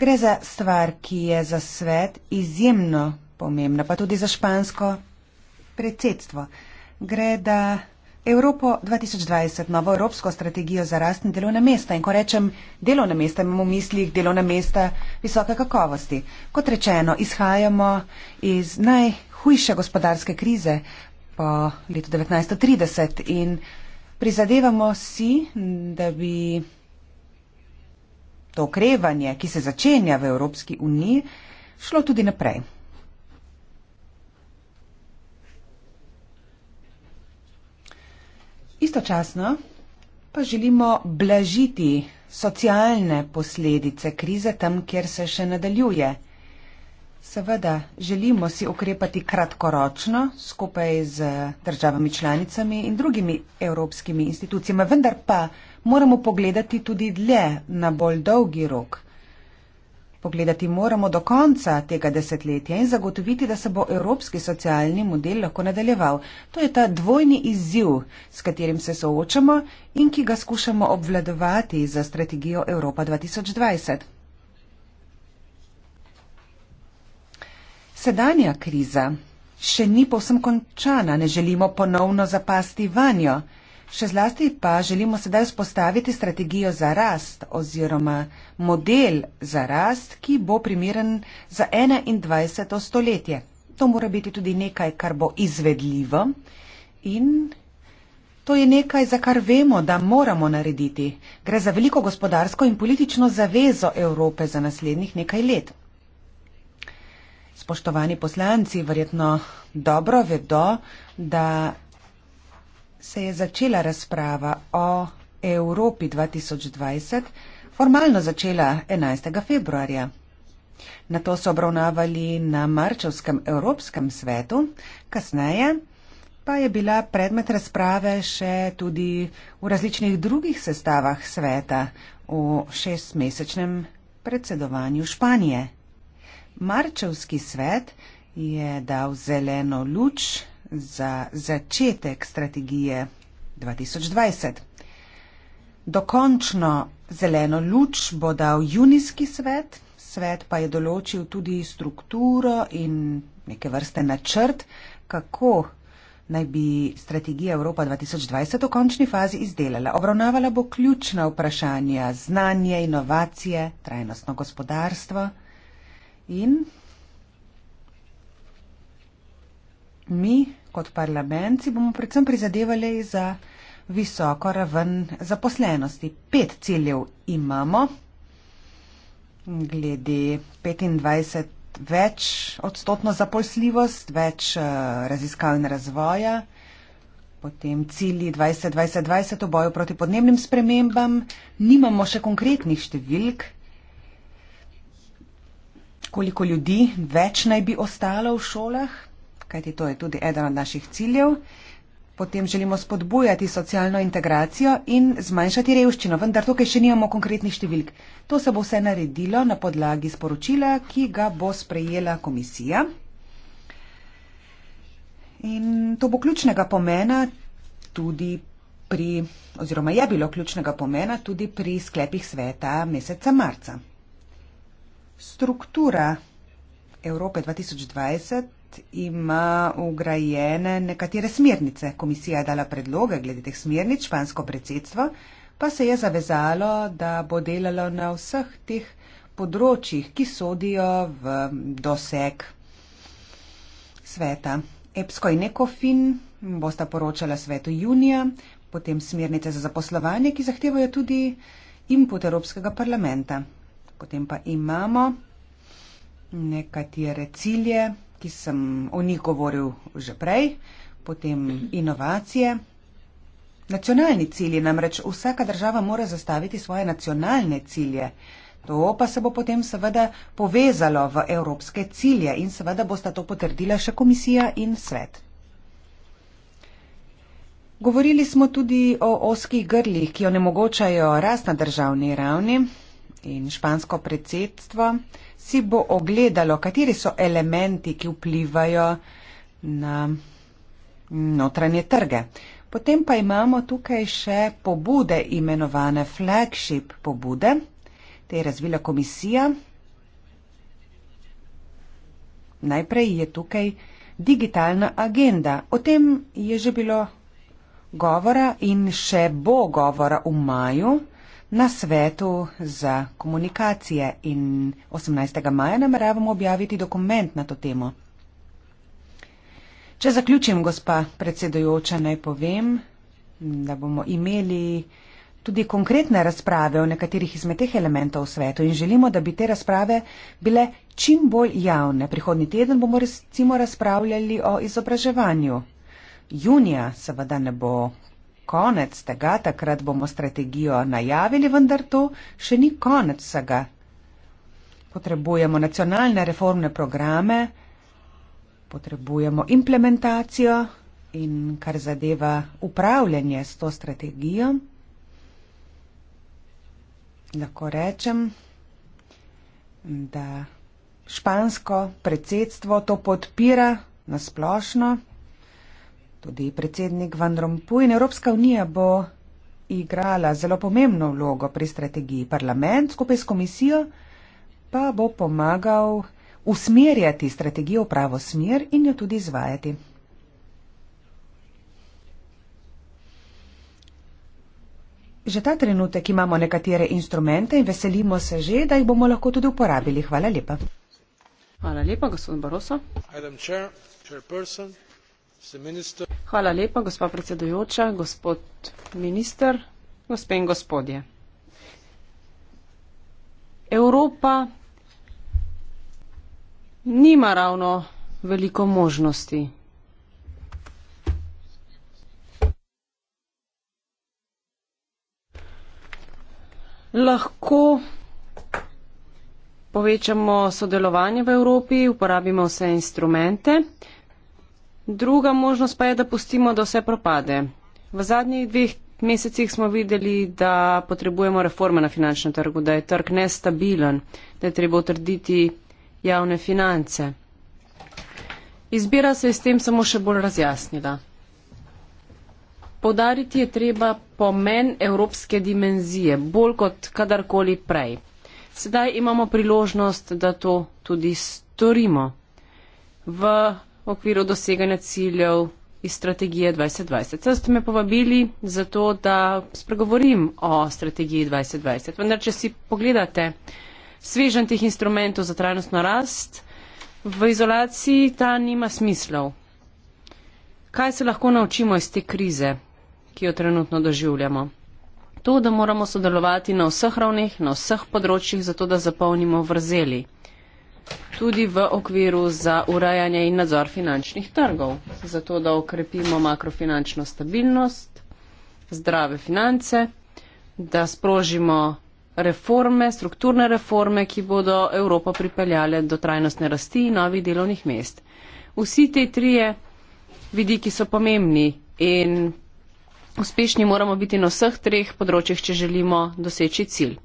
Gre za stvar, ki je za svet izjemno pomembna, pa tudi za špansko predsedstvo. Gre da Evropo 2020, novo evropsko strategijo za rast in delovna mesta. In ko rečem delovna mesta, imamo v mislih delovna mesta visoke kakovosti. Kot rečeno, izhajamo iz najhujše gospodarske krize po letu 1930 in prizadevamo si, da bi to okrevanje, ki se začenja v Evropski uniji, šlo tudi naprej. Istočasno pa želimo blažiti socialne posledice krize tam, kjer se še nadaljuje. Seveda, želimo si ukrepati kratkoročno skupaj z državami članicami in drugimi evropskimi institucijami, vendar pa moramo pogledati tudi dlje na bolj dolgi rok. Pogledati moramo do konca tega desetletja in zagotoviti, da se bo evropski socialni model lahko nadaljeval. To je ta dvojni izziv, s katerim se soočamo in ki ga skušamo obvladovati za strategijo Evropa 2020. Sedanja kriza še ni povsem končana, ne želimo ponovno zapasti vanjo. Še zlasti pa želimo sedaj vzpostaviti strategijo za rast oziroma model za rast, ki bo primeren za 21. stoletje. To mora biti tudi nekaj, kar bo izvedljivo in to je nekaj, za kar vemo, da moramo narediti. Gre za veliko gospodarsko in politično zavezo Evrope za naslednjih nekaj let spoštovani poslanci verjetno dobro vedo, da se je začela razprava o Evropi 2020 formalno začela 11. februarja. Na to so obravnavali na Marčevskem Evropskem svetu, kasneje pa je bila predmet razprave še tudi v različnih drugih sestavah sveta v šestmesečnem predsedovanju Španije. Marčevski svet je dal zeleno luč za začetek strategije 2020. Dokončno zeleno luč bo dal junijski svet, svet pa je določil tudi strukturo in neke vrste načrt, kako naj bi strategija Evropa 2020 v končni fazi izdelala. Obravnavala bo ključna vprašanja znanje, inovacije, trajnostno gospodarstvo. In mi kot parlament si bomo predvsem prizadevali za visoko raven zaposlenosti. Pet ciljev imamo glede 25 več odstotno zaposljivost, več eh, raziskav in razvoja, potem cilji 2020-2020 v boju proti podnebnim spremembam. Nimamo še konkretnih številk koliko ljudi več naj bi ostalo v šolah, kajti to je tudi eden od naših ciljev. Potem želimo spodbujati socialno integracijo in zmanjšati revščino, vendar tukaj še nimamo konkretnih številk. To se bo vse naredilo na podlagi sporočila, ki ga bo sprejela komisija. In to bo ključnega pomena tudi pri, oziroma je bilo ključnega pomena tudi pri sklepih sveta meseca marca. Struktura Evrope 2020 ima ugrajene nekatere smernice. Komisija je dala predloge glede teh smernic, špansko predsedstvo pa se je zavezalo, da bo delalo na vseh teh področjih, ki sodijo v doseg sveta. EPSKO in ECOFIN bosta poročala svetu junija, potem smernice za zaposlovanje, ki zahtevajo tudi input Evropskega parlamenta. Potem pa imamo nekatere cilje, ki sem o njih govoril že prej, potem inovacije. Nacionalni cilji, namreč vsaka država mora zastaviti svoje nacionalne cilje. To pa se bo potem seveda povezalo v evropske cilje in seveda bosta to potrdila še komisija in svet. Govorili smo tudi o oskih grlih, ki onemogočajo rast na državni ravni in špansko predsedstvo si bo ogledalo, kateri so elementi, ki vplivajo na notranje trge. Potem pa imamo tukaj še pobude imenovane flagship pobude, te je razvila komisija. Najprej je tukaj digitalna agenda. O tem je že bilo govora in še bo govora v maju na svetu za komunikacije in 18. maja nameravamo objaviti dokument na to temo. Če zaključim, gospa predsedojoča, naj povem, da bomo imeli tudi konkretne razprave o nekaterih izmed teh elementov v svetu in želimo, da bi te razprave bile čim bolj javne. Prihodni teden bomo recimo razpravljali o izobraževanju. Junija seveda ne bo konec tega, takrat bomo strategijo najavili, vendar to še ni konec vsega. Potrebujemo nacionalne reformne programe, potrebujemo implementacijo in kar zadeva upravljanje s to strategijo, lahko rečem, da špansko predsedstvo to podpira na splošno. Tudi predsednik Van Rompuy in Evropska unija bo igrala zelo pomembno vlogo pri strategiji. Parlament skupaj s komisijo pa bo pomagal usmerjati strategijo v pravo smer in jo tudi izvajati. Že ta trenutek imamo nekatere instrumente in veselimo se že, da jih bomo lahko tudi uporabili. Hvala lepa. Hvala lepa, gospod Baroso. Hvala lepa, gospa predsedujoča, gospod minister, gospe in gospodje. Evropa nima ravno veliko možnosti. Lahko povečamo sodelovanje v Evropi, uporabimo vse instrumente, Druga možnost pa je, da pustimo, da vse propade. V zadnjih dveh mesecih smo videli, da potrebujemo reforme na finančnem trgu, da je trg nestabilen, da je treba utrditi javne finance. Izbira se je s tem samo še bolj razjasnila. Podariti je treba pomen evropske dimenzije, bolj kot kadarkoli prej. Sedaj imamo priložnost, da to tudi storimo. V okviru doseganja ciljev iz strategije 2020. Zdaj ste me povabili za to, da spregovorim o strategiji 2020. Vendar, če si pogledate svežen teh instrumentov za trajnostno rast, v izolaciji ta nima smislov. Kaj se lahko naučimo iz te krize, ki jo trenutno doživljamo? To, da moramo sodelovati na vseh ravneh, na vseh področjih, zato da zapolnimo vrzeli tudi v okviru za urajanje in nadzor finančnih trgov, zato da okrepimo makrofinančno stabilnost, zdrave finance, da sprožimo reforme, strukturne reforme, ki bodo Evropo pripeljale do trajnostne rasti in novih delovnih mest. Vsi te trije vidiki so pomembni in uspešni moramo biti na vseh treh področjih, če želimo doseči cilj.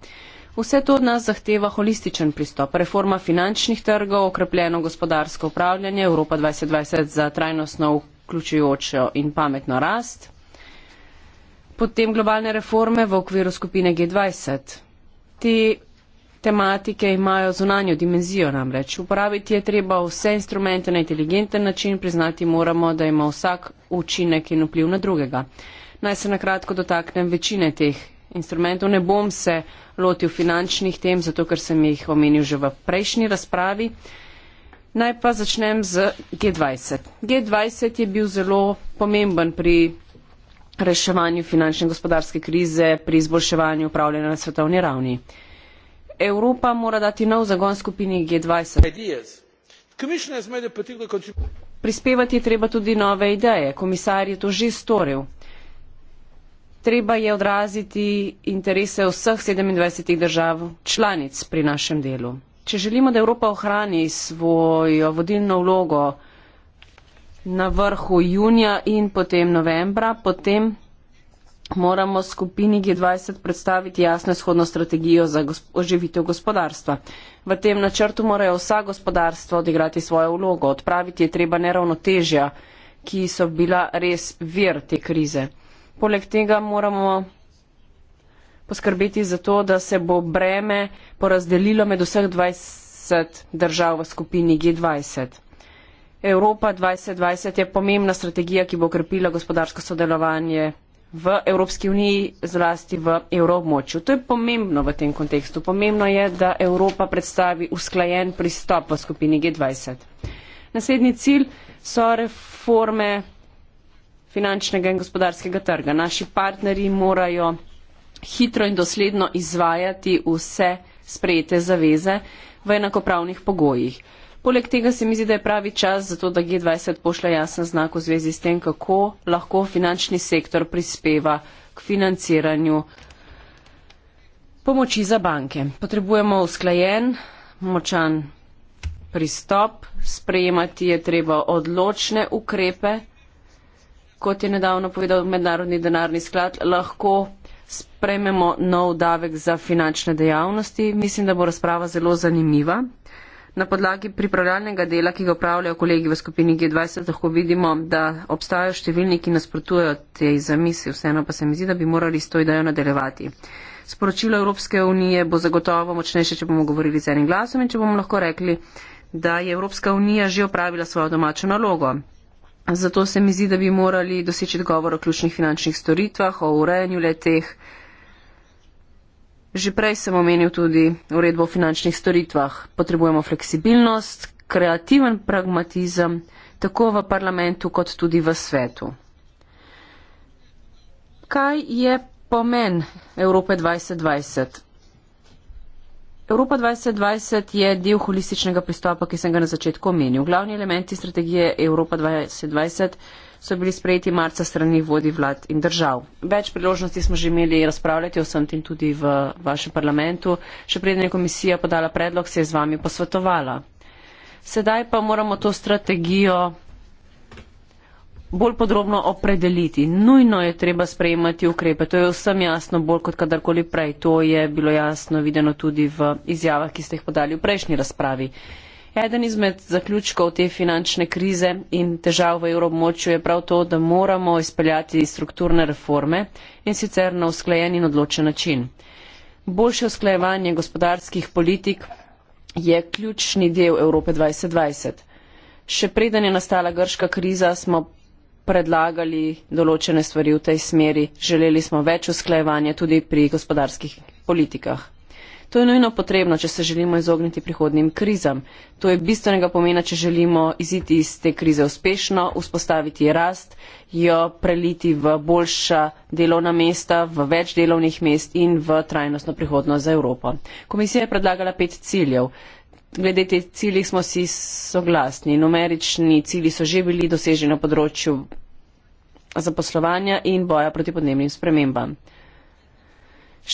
Vse to od nas zahteva holističen pristop. Reforma finančnih trgov, okrepljeno gospodarsko upravljanje, Evropa 2020 za trajnostno vključujočo in pametno rast. Potem globalne reforme v okviru skupine G20. Te tematike imajo zunanjo dimenzijo namreč. Uporabiti je treba vse instrumente na inteligenten način, priznati moramo, da ima vsak učinek in vpliv na drugega. Naj se nakratko dotaknem večine teh instrumentov. Ne bom se lotil finančnih tem, zato ker sem jih omenil že v prejšnji razpravi. Naj pa začnem z G20. G20 je bil zelo pomemben pri reševanju finančne in gospodarske krize, pri izboljševanju upravljanja na svetovni ravni. Evropa mora dati nov zagon skupini G20. Prispevati je treba tudi nove ideje. Komisar je to že storil treba je odraziti interese vseh 27 držav članic pri našem delu. Če želimo, da Evropa ohrani svojo vodilno vlogo na vrhu junija in potem novembra, potem moramo skupini G20 predstaviti jasno izhodno strategijo za oživitev gospodarstva. V tem načrtu morajo vsa gospodarstva odigrati svojo vlogo. Odpraviti je treba neravnotežja, ki so bila res vir te krize. Poleg tega moramo poskrbeti za to, da se bo breme porazdelilo med vseh 20 držav v skupini G20. Evropa 2020 je pomembna strategija, ki bo okrepila gospodarsko sodelovanje v Evropski uniji, zlasti v evroobmočju. To je pomembno v tem kontekstu. Pomembno je, da Evropa predstavi usklajen pristop v skupini G20. Naslednji cilj so reforme finančnega in gospodarskega trga. Naši partnerji morajo hitro in dosledno izvajati vse sprejete zaveze v enakopravnih pogojih. Poleg tega se mi zdi, da je pravi čas za to, da G20 pošlje jasen znak v zvezi s tem, kako lahko finančni sektor prispeva k financiranju pomoči za banke. Potrebujemo usklajen, močan pristop, sprejemati je treba odločne ukrepe, kot je nedavno povedal Mednarodni denarni sklad, lahko sprejmemo nov davek za finančne dejavnosti. Mislim, da bo razprava zelo zanimiva. Na podlagi pripravljalnega dela, ki ga upravljajo kolegi v skupini G20, lahko vidimo, da obstajajo številni, ki nasprotujejo tej zamisli. Vseeno pa se mi zdi, da bi morali s to idejo nadaljevati. Sporočilo Evropske unije bo zagotovo močnejše, če bomo govorili z enim glasom in če bomo lahko rekli, da je Evropska unija že opravila svojo domačo nalogo. Zato se mi zdi, da bi morali doseči dogovor o ključnih finančnih storitvah, o urejanju leteh. Že prej sem omenil tudi uredbo o finančnih storitvah. Potrebujemo fleksibilnost, kreativen pragmatizem, tako v parlamentu kot tudi v svetu. Kaj je pomen Evrope 2020? Evropa 2020 je del holističnega pristopa, ki sem ga na začetku omenil. Glavni elementi strategije Evropa 2020 so bili sprejeti marca strani vodi vlad in držav. Več priložnosti smo že imeli razpravljati o vsem tem tudi v vašem parlamentu. Še preden je komisija podala predlog, se je z vami posvetovala. Sedaj pa moramo to strategijo bolj podrobno opredeliti. Nujno je treba sprejemati ukrepe. To je vsem jasno, bolj kot kadarkoli prej. To je bilo jasno videno tudi v izjavah, ki ste jih podali v prejšnji razpravi. Eden izmed zaključkov te finančne krize in težav v evroobmočju je prav to, da moramo izpeljati strukturne reforme in sicer na usklajen in odločen način. Boljše usklajevanje gospodarskih politik je ključni del Evrope 2020. Še preden je nastala grška kriza, smo predlagali določene stvari v tej smeri. Želeli smo več usklajevanja tudi pri gospodarskih politikah. To je nujno potrebno, če se želimo izogniti prihodnim krizam. To je bistvenega pomena, če želimo iziti iz te krize uspešno, vzpostaviti rast, jo preliti v boljša delovna mesta, v več delovnih mest in v trajnostno prihodnost za Evropo. Komisija je predlagala pet ciljev glede te cilji smo si soglasni. Numerični cilji so že bili doseženi na področju zaposlovanja in boja proti podnebnim spremembam.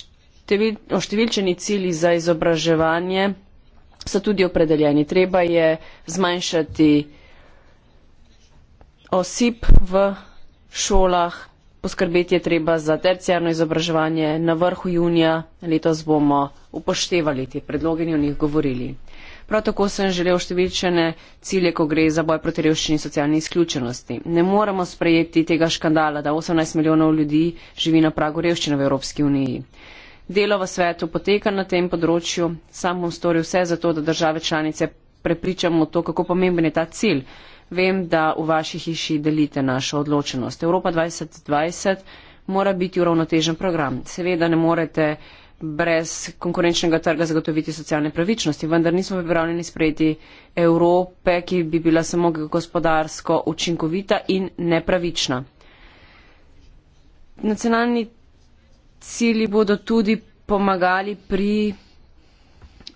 Števil, oštevilčeni cilji za izobraževanje so tudi opredeljeni. Treba je zmanjšati osip v šolah, poskrbeti je treba za terciarno izobraževanje. Na vrhu junija letos bomo upoštevali te predloge in o njih govorili. Prav tako sem želel številčene cilje, ko gre za boj proti revščini in socialni izključenosti. Ne moremo sprejeti tega škandala, da 18 milijonov ljudi živi na pragu revščine v Evropski uniji. Delo v svetu poteka na tem področju, sam bom storil vse za to, da države članice prepričamo to, kako pomemben je ta cilj. Vem, da v vaši hiši delite našo odločenost. Evropa 2020 mora biti uravnotežen program. Seveda ne morete brez konkurenčnega trga zagotoviti socialne pravičnosti, vendar nismo pripravljeni sprejeti Evrope, ki bi bila samo gospodarsko učinkovita in nepravična. Nacionalni cilji bodo tudi pomagali pri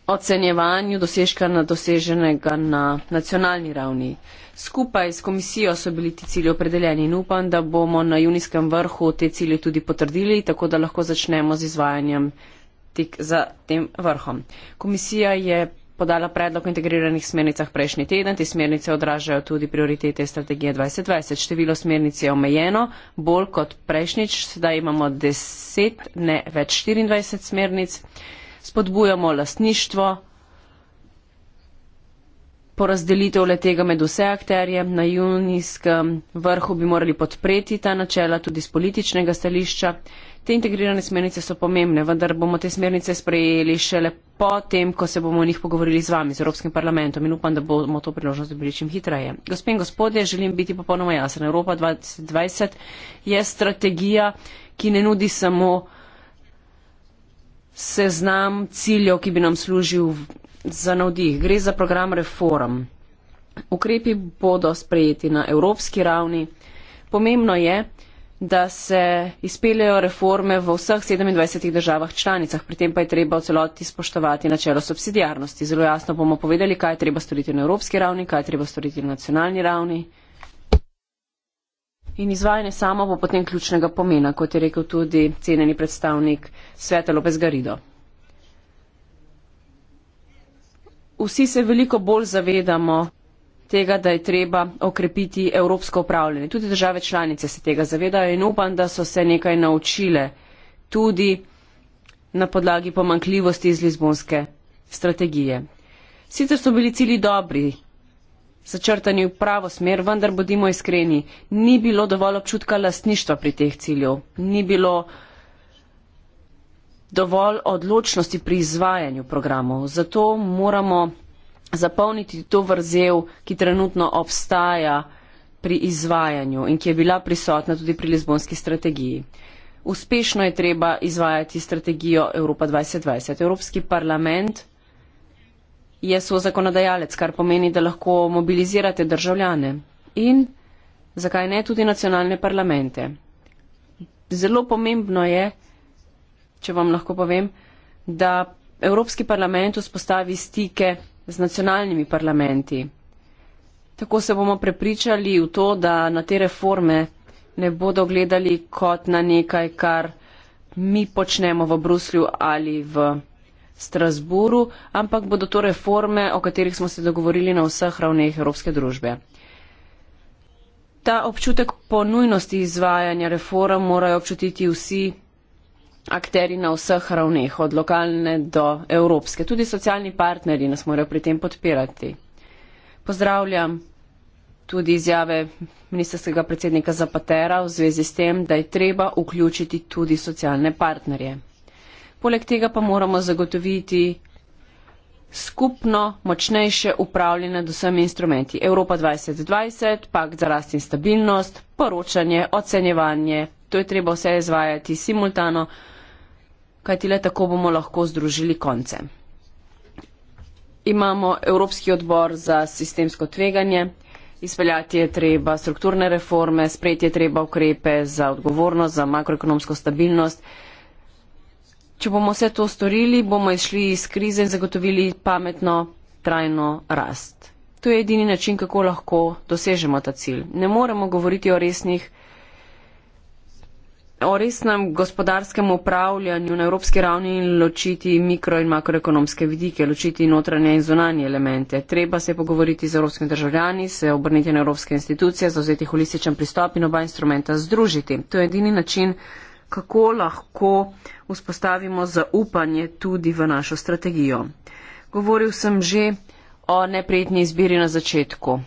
ocenjevanju dosežka na doseženega na nacionalni ravni. Skupaj s komisijo so bili ti cilji opredeljeni in upam, da bomo na junijskem vrhu te cilje tudi potrdili, tako da lahko začnemo z izvajanjem tik za tem vrhom. Komisija je podala predlog o integriranih smernicah prejšnji teden. Te smernice odražajo tudi prioritete strategije 2020. Število smernic je omejeno, bolj kot prejšnjič. Sedaj imamo 10, ne več 24 smernic. Spodbujamo lastništvo, porazdelitev le tega med vse akterje. Na junijskem vrhu bi morali podpreti ta načela tudi z političnega stališča. Te integrirane smernice so pomembne, vendar bomo te smernice sprejeli šele potem, ko se bomo o njih pogovorili z vami, z Evropskim parlamentom in upam, da bomo to priložnost dobili čim hitreje. Gospe in gospodje, želim biti popolnoma jasen. Evropa 2020 je strategija, ki ne nudi samo seznam ciljev, ki bi nam služil za navdih. Gre za program reform. Ukrepi bodo sprejeti na evropski ravni. Pomembno je, da se izpeljajo reforme v vseh 27 državah članicah. Pri tem pa je treba v celoti spoštovati načelo subsidijarnosti. Zelo jasno bomo povedali, kaj je treba storiti na evropski ravni, kaj je treba storiti na nacionalni ravni. In izvajanje samo bo potem ključnega pomena, kot je rekel tudi cenjeni predstavnik Sveta Lopez Garido. Vsi se veliko bolj zavedamo tega, da je treba okrepiti evropsko upravljanje. Tudi države članice se tega zavedajo in upam, da so se nekaj naučile tudi na podlagi pomankljivosti iz Lizbonske strategije. Sicer so bili cili dobri, začrtani v pravo smer, vendar bodimo iskreni, ni bilo dovolj občutka lastništva pri teh ciljev, ni bilo dovolj odločnosti pri izvajanju programov. Zato moramo zapolniti to vrzel, ki trenutno obstaja pri izvajanju in ki je bila prisotna tudi pri Lizbonski strategiji. Uspešno je treba izvajati strategijo Evropa 2020. Evropski parlament je svoj zakonodajalec, kar pomeni, da lahko mobilizirate državljane in zakaj ne tudi nacionalne parlamente. Zelo pomembno je, če vam lahko povem, da Evropski parlament vzpostavi stike z nacionalnimi parlamenti. Tako se bomo prepričali v to, da na te reforme ne bodo gledali kot na nekaj, kar mi počnemo v Bruslju ali v Strasburu, ampak bodo to reforme, o katerih smo se dogovorili na vseh ravneh Evropske družbe. Ta občutek po nujnosti izvajanja reform morajo občutiti vsi akteri na vseh ravneh, od lokalne do evropske. Tudi socialni partnerji nas morajo pri tem podpirati. Pozdravljam tudi izjave ministerskega predsednika Zapatera v zvezi s tem, da je treba vključiti tudi socialne partnerje. Poleg tega pa moramo zagotoviti skupno močnejše upravljanje nad vsemi instrumenti. Evropa 2020, pakt za rast in stabilnost, poročanje, ocenjevanje, to je treba vse izvajati simultano kajti le tako bomo lahko združili konce. Imamo Evropski odbor za sistemsko tveganje, izpeljati je treba strukturne reforme, sprejeti je treba ukrepe za odgovornost, za makroekonomsko stabilnost. Če bomo vse to storili, bomo izšli iz krize in zagotovili pametno, trajno rast. To je edini način, kako lahko dosežemo ta cilj. Ne moremo govoriti o resnih O resnem gospodarskem upravljanju na evropski ravni in ločiti mikro- in makroekonomske vidike, ločiti notranje in zunanje elemente. Treba se pogovoriti z evropskimi državljani, se obrniti na evropske institucije, zauzeti holističen pristop in oba instrumenta združiti. To je edini način, kako lahko vzpostavimo zaupanje tudi v našo strategijo. Govoril sem že o neprijetni izbiri na začetku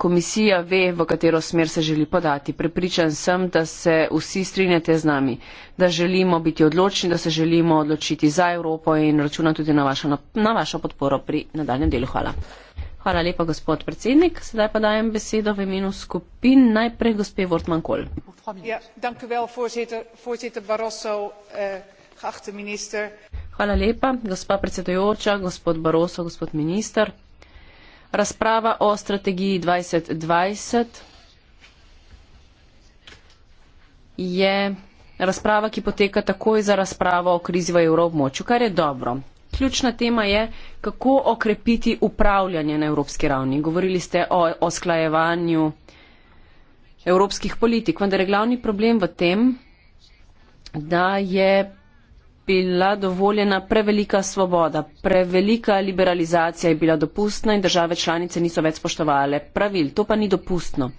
komisija ve, v katero smer se želi podati. Prepričan sem, da se vsi strinjate z nami, da želimo biti odločni, da se želimo odločiti za Evropo in računam tudi na vašo, na vašo podporo pri nadaljem delu. Hvala. Hvala lepa, gospod predsednik. Sedaj pa dajem besedo v imenu skupin. Najprej gospe Wortman Kol. Ja, eh, Hvala lepa, gospa predsedujoča, gospod Baroso, gospod minister razprava o strategiji 2020 je razprava, ki poteka takoj za razpravo o krizi v evroobmočju, kar je dobro. Ključna tema je, kako okrepiti upravljanje na evropski ravni. Govorili ste o osklajevanju evropskih politik, vendar je glavni problem v tem, da je bila dovoljena prevelika svoboda, prevelika liberalizacija je bila dopustna in države članice niso več spoštovale pravil. To pa ni dopustno.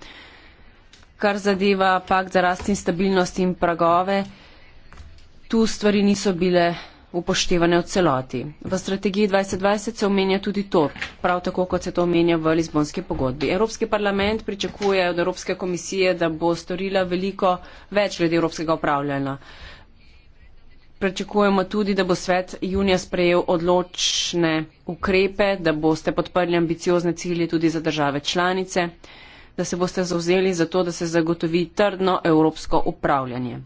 Kar zadeva pakt za rast in stabilnost in pragove, tu stvari niso bile upoštevane v celoti. V strategiji 2020 se omenja tudi to, prav tako kot se to omenja v Lizbonski pogodbi. Evropski parlament pričakuje od Evropske komisije, da bo storila veliko več glede Evropskega upravljanja. Prečakujemo tudi, da bo svet junija sprejel odločne ukrepe, da boste podprli ambiciozne cilje tudi za države članice, da se boste zauzeli za to, da se zagotovi trdno evropsko upravljanje.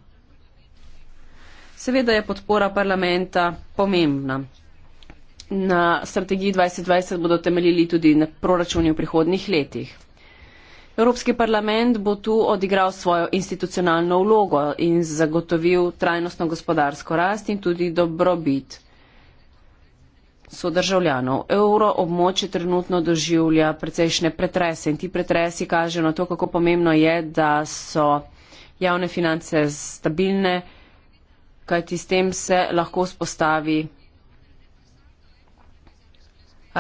Seveda je podpora parlamenta pomembna. Na strategiji 2020 bodo temeljili tudi na proračuni v prihodnih letih. Evropski parlament bo tu odigral svojo institucionalno vlogo in zagotovil trajnostno gospodarsko rast in tudi dobrobit sodržavljanov. Euro območje trenutno doživlja precejšnje pretrese in ti pretresi kažejo na to, kako pomembno je, da so javne finance stabilne, kajti s tem se lahko spostavi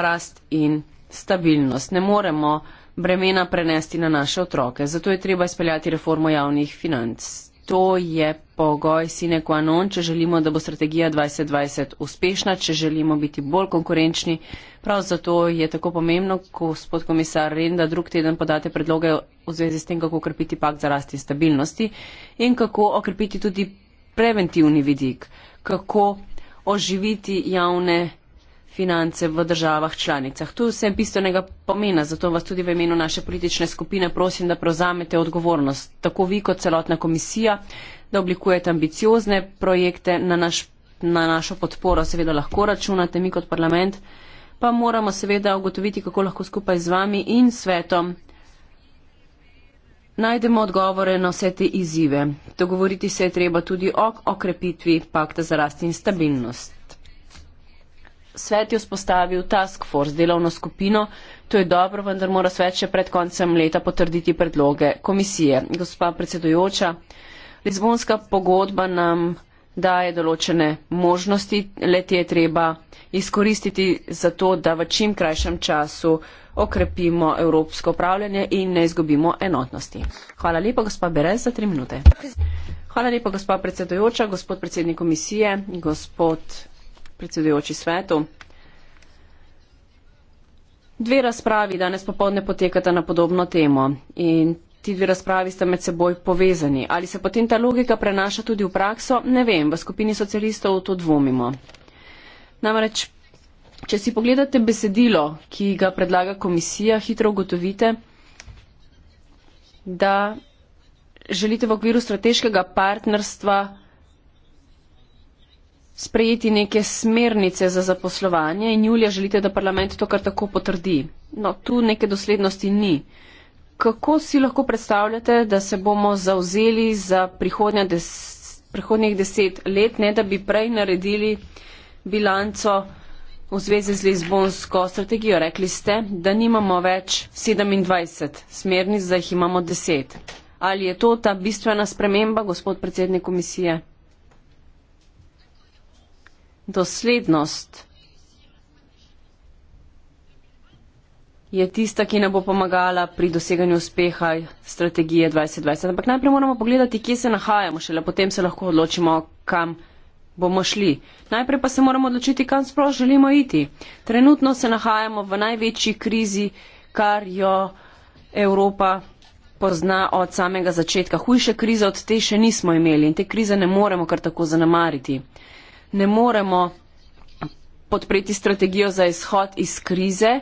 rast in stabilnost. Ne moremo bremena prenesti na naše otroke. Zato je treba izpeljati reformo javnih financ. To je pogoj sine qua non, če želimo, da bo strategija 2020 uspešna, če želimo biti bolj konkurenčni. Prav zato je tako pomembno, ko spod komisar Renda drug teden podate predloge v zvezi s tem, kako okrepiti pakt za rast in stabilnosti in kako okrepiti tudi preventivni vidik, kako oživiti javne finance v državah članicah. To je vsem bistvenega pomena, zato vas tudi v imenu naše politične skupine prosim, da prevzamete odgovornost, tako vi kot celotna komisija, da oblikujete ambiciozne projekte na, naš, na našo podporo, seveda lahko računate, mi kot parlament, pa moramo seveda ugotoviti, kako lahko skupaj z vami in svetom najdemo odgovore na vse te izzive. Dogovoriti se je treba tudi o okrepitvi pakta za rast in stabilnost. Svet je vzpostavil task force delovno skupino, to je dobro, vendar mora svet še pred koncem leta potrditi predloge komisije. Gospa predsedujoča, Lizbonska pogodba nam daje določene možnosti, letje je treba izkoristiti za to, da v čim krajšem času okrepimo evropsko upravljanje in ne izgubimo enotnosti. Hvala lepa, gospa Berez, za tri minute. Hvala lepa, gospa predsedujoča, gospod predsednik komisije, gospod predsedujoči svetu. Dve razpravi danes popovdne potekata na podobno temo in ti dve razpravi sta med seboj povezani. Ali se potem ta logika prenaša tudi v prakso, ne vem, v skupini socialistov to dvomimo. Namreč, če si pogledate besedilo, ki ga predlaga komisija, hitro ugotovite, da želite v okviru strateškega partnerstva sprejeti neke smernice za zaposlovanje in julija želite, da parlament to kar tako potrdi. No, tu neke doslednosti ni. Kako si lahko predstavljate, da se bomo zauzeli za des, prihodnjih deset let, ne da bi prej naredili bilanco v zvezi z Lizbonsko strategijo? Rekli ste, da nimamo več 27 smernic, da jih imamo deset. Ali je to ta bistvena sprememba, gospod predsednik komisije? doslednost je tista, ki ne bo pomagala pri doseganju uspeha strategije 2020. Ampak najprej moramo pogledati, kje se nahajamo, šele potem se lahko odločimo, kam bomo šli. Najprej pa se moramo odločiti, kam sploh želimo iti. Trenutno se nahajamo v največji krizi, kar jo Evropa pozna od samega začetka. Hujše krize od te še nismo imeli in te krize ne moremo kar tako zanemariti ne moremo podpreti strategijo za izhod iz krize,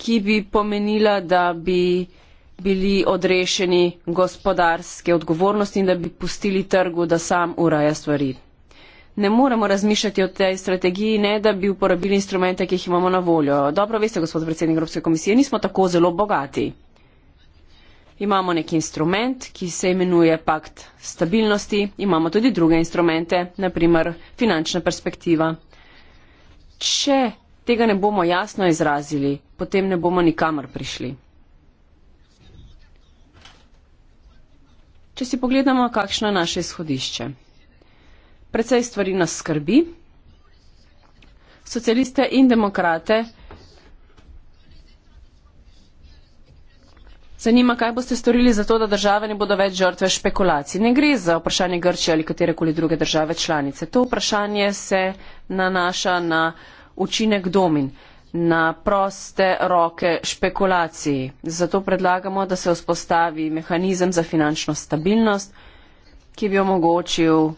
ki bi pomenila, da bi bili odrešeni gospodarske odgovornosti in da bi pustili trgu, da sam uraja stvari. Ne moremo razmišljati o tej strategiji, ne da bi uporabili instrumente, ki jih imamo na voljo. Dobro veste, gospod predsednik Evropske komisije, nismo tako zelo bogati imamo nek instrument, ki se imenuje pakt stabilnosti, imamo tudi druge instrumente, naprimer finančna perspektiva. Če tega ne bomo jasno izrazili, potem ne bomo nikamor prišli. Če si pogledamo, kakšno je naše izhodišče. Predvsej stvari nas skrbi. Socialiste in demokrate. Zanima, kaj boste storili za to, da države ne bodo več žrtve špekulacij. Ne gre za vprašanje Grčije ali katere koli druge države članice. To vprašanje se nanaša na učinek domin, na proste roke špekulaciji. Zato predlagamo, da se vzpostavi mehanizem za finančno stabilnost, ki bi omogočil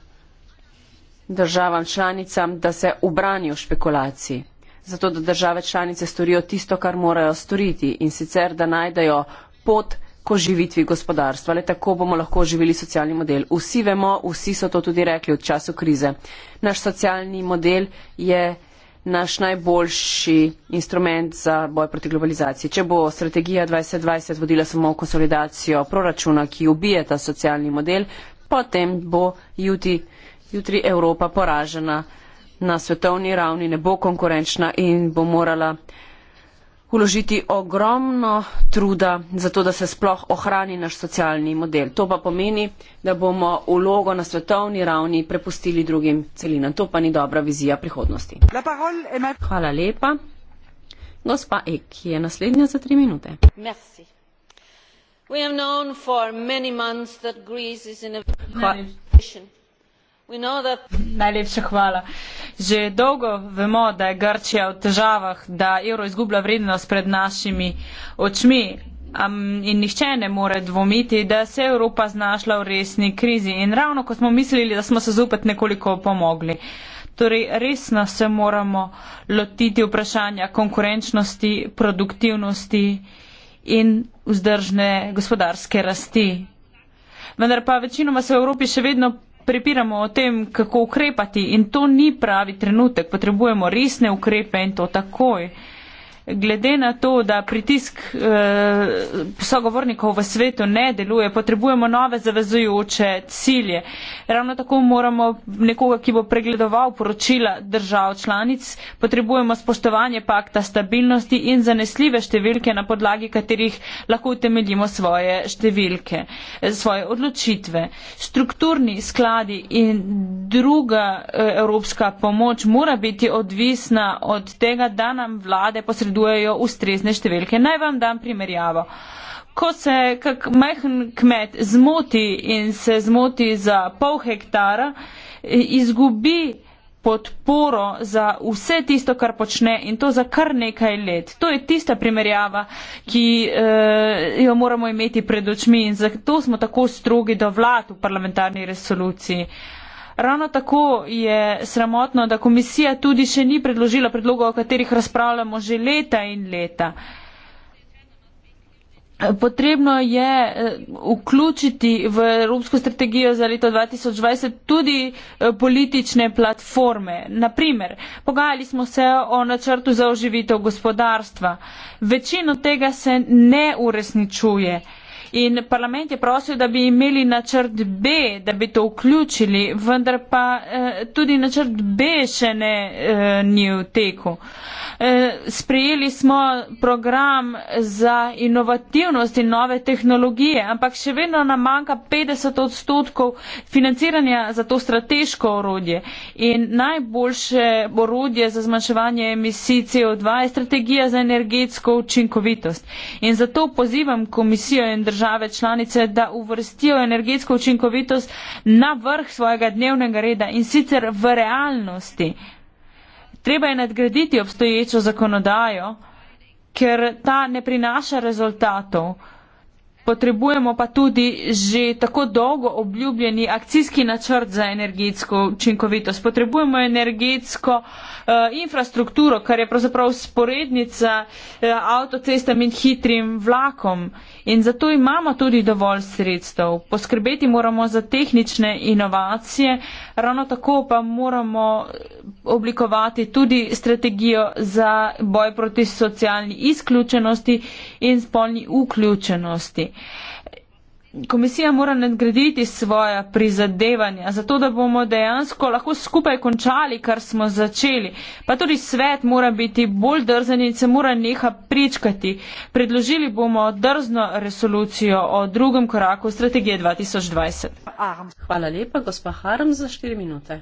državam članicam, da se obranijo špekulaciji. Zato, da države članice storijo tisto, kar morajo storiti in sicer, da najdejo pot k oživitvi gospodarstva. Le tako bomo lahko oživili socialni model. Vsi vemo, vsi so to tudi rekli v času krize. Naš socialni model je naš najboljši instrument za boj proti globalizaciji. Če bo strategija 2020 vodila samo v konsolidacijo proračuna, ki ubije ta socialni model, potem bo jutri, jutri Evropa poražena na svetovni ravni, ne bo konkurenčna in bo morala vložiti ogromno truda zato, da se sploh ohrani naš socialni model. To pa pomeni, da bomo vlogo na svetovni ravni prepustili drugim celinam. To pa ni dobra vizija prihodnosti. Hvala lepa. Gospa Ek je naslednja za tri minute. Merci. We have known for many months that Greece is in a financial situation. Najlepša hvala. Že dolgo vemo, da je Grčija v težavah, da evro izgublja vrednost pred našimi očmi. Um, in nihče ne more dvomiti, da se je Evropa znašla v resni krizi in ravno ko smo mislili, da smo se zopet nekoliko pomogli. Torej, resno se moramo lotiti vprašanja konkurenčnosti, produktivnosti in vzdržne gospodarske rasti. Vendar pa večinoma se v Evropi še vedno prepiramo o tem, kako ukrepati in to ni pravi trenutek. Potrebujemo resne ukrepe in to takoj glede na to, da pritisk e, sogovornikov v svetu ne deluje, potrebujemo nove zavezujoče cilje. Ravno tako moramo nekoga, ki bo pregledoval poročila držav članic, potrebujemo spoštovanje pakta stabilnosti in zanesljive številke, na podlagi katerih lahko utemeljimo svoje številke, eh, svoje odločitve. Strukturni skladi in druga eh, evropska pomoč mora biti odvisna od tega, da nam vlade posredujejo potrebujejo ustrezne številke. Naj vam dam primerjavo. Ko se kak majhen kmet zmoti in se zmoti za pol hektara, izgubi podporo za vse tisto, kar počne in to za kar nekaj let. To je tista primerjava, ki eh, jo moramo imeti pred očmi in zato smo tako strogi do vlad v parlamentarni resoluciji. Eh, Ravno tako je sramotno, da komisija tudi še ni predložila predlogov, o katerih razpravljamo že leta in leta. Potrebno je eh, vključiti v Evropsko strategijo za leto 2020 tudi eh, politične platforme. Naprimer, pogajali smo se o načrtu za oživitev gospodarstva. Večino tega se ne uresničuje in parlament je prosil, da bi imeli načrt B, da bi to vključili, vendar pa eh, tudi načrt B še ne eh, ni v teku. Eh, sprejeli smo program za inovativnost in nove tehnologije, ampak še vedno nam manjka 50 odstotkov financiranja za to strateško orodje. In najboljše orodje za zmanjševanje emisij CO2 je strategija za energetsko učinkovitost. In zato pozivam komisijo in državo, države članice, da uvrstijo energetsko učinkovitost na vrh svojega dnevnega reda in sicer v realnosti. Treba je nadgraditi obstoječo zakonodajo, ker ta ne prinaša rezultatov. Potrebujemo pa tudi že tako dolgo obljubljeni akcijski načrt za energetsko učinkovitost. Potrebujemo energetsko uh, infrastrukturo, kar je pravzaprav sporednica uh, avtocestam in hitrim vlakom in zato imamo tudi dovolj sredstev. Poskrbeti moramo za tehnične inovacije, ravno tako pa moramo oblikovati tudi strategijo za boj proti socialni izključenosti in spolni vključenosti. Uh, Komisija mora nadgraditi svoja prizadevanja, zato da bomo dejansko lahko skupaj končali, kar smo začeli. Pa tudi svet mora biti bolj drzen in se mora neha pričkati. Predložili bomo drzno resolucijo o drugem koraku strategije 2020. Hvala lepa, gospa Harm, za štiri minute.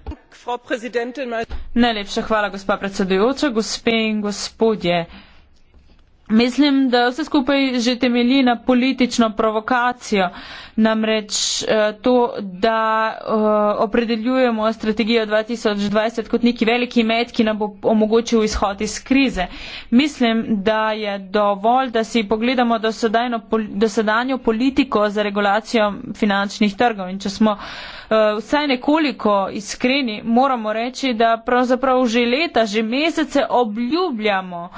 Najlepša hvala, gospa predsedujoča, gospe in gospodje. Mislim, da vse skupaj že temelji na politično provokacijo. Namreč eh, to, da eh, opredeljujemo strategijo 2020 kot neki veliki med, ki nam bo omogočil izhod iz krize. Mislim, da je dovolj, da si pogledamo dosedanjo politiko za regulacijo finančnih trgov. In če smo eh, vsaj nekoliko iskreni, moramo reči, da pravzaprav že leta, že mesece obljubljamo.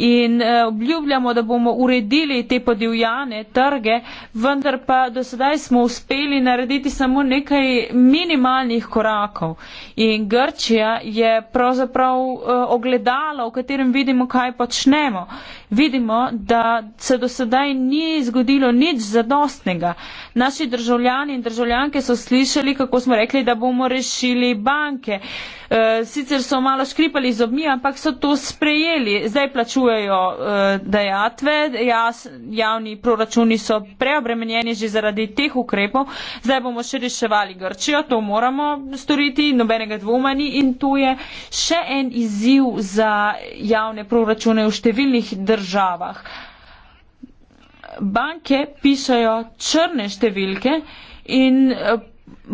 In obljubljamo, da bomo uredili te podivjane trge, vendar pa dosedanje sedaj smo uspeli narediti samo nekaj minimalnih korakov. In Grčija je pravzaprav eh, ogledalo, v katerem vidimo, kaj počnemo. Vidimo, da se do sedaj ni zgodilo nič zadostnega. Naši državljani in državljanke so slišali, kako smo rekli, da bomo rešili banke. Uh, Eh, sicer so malo škripali z obmi, ampak so to sprejeli. Zdaj plačujejo eh, dejatve, jaz, javni proračuni so preobremenjeni že zaradi teh ukrepov. Zdaj bomo še reševali Grčijo, to moramo storiti, nobenega dvoma ni in to je še en izziv za javne proračune v številnih državah. Banke pišajo črne številke in eh,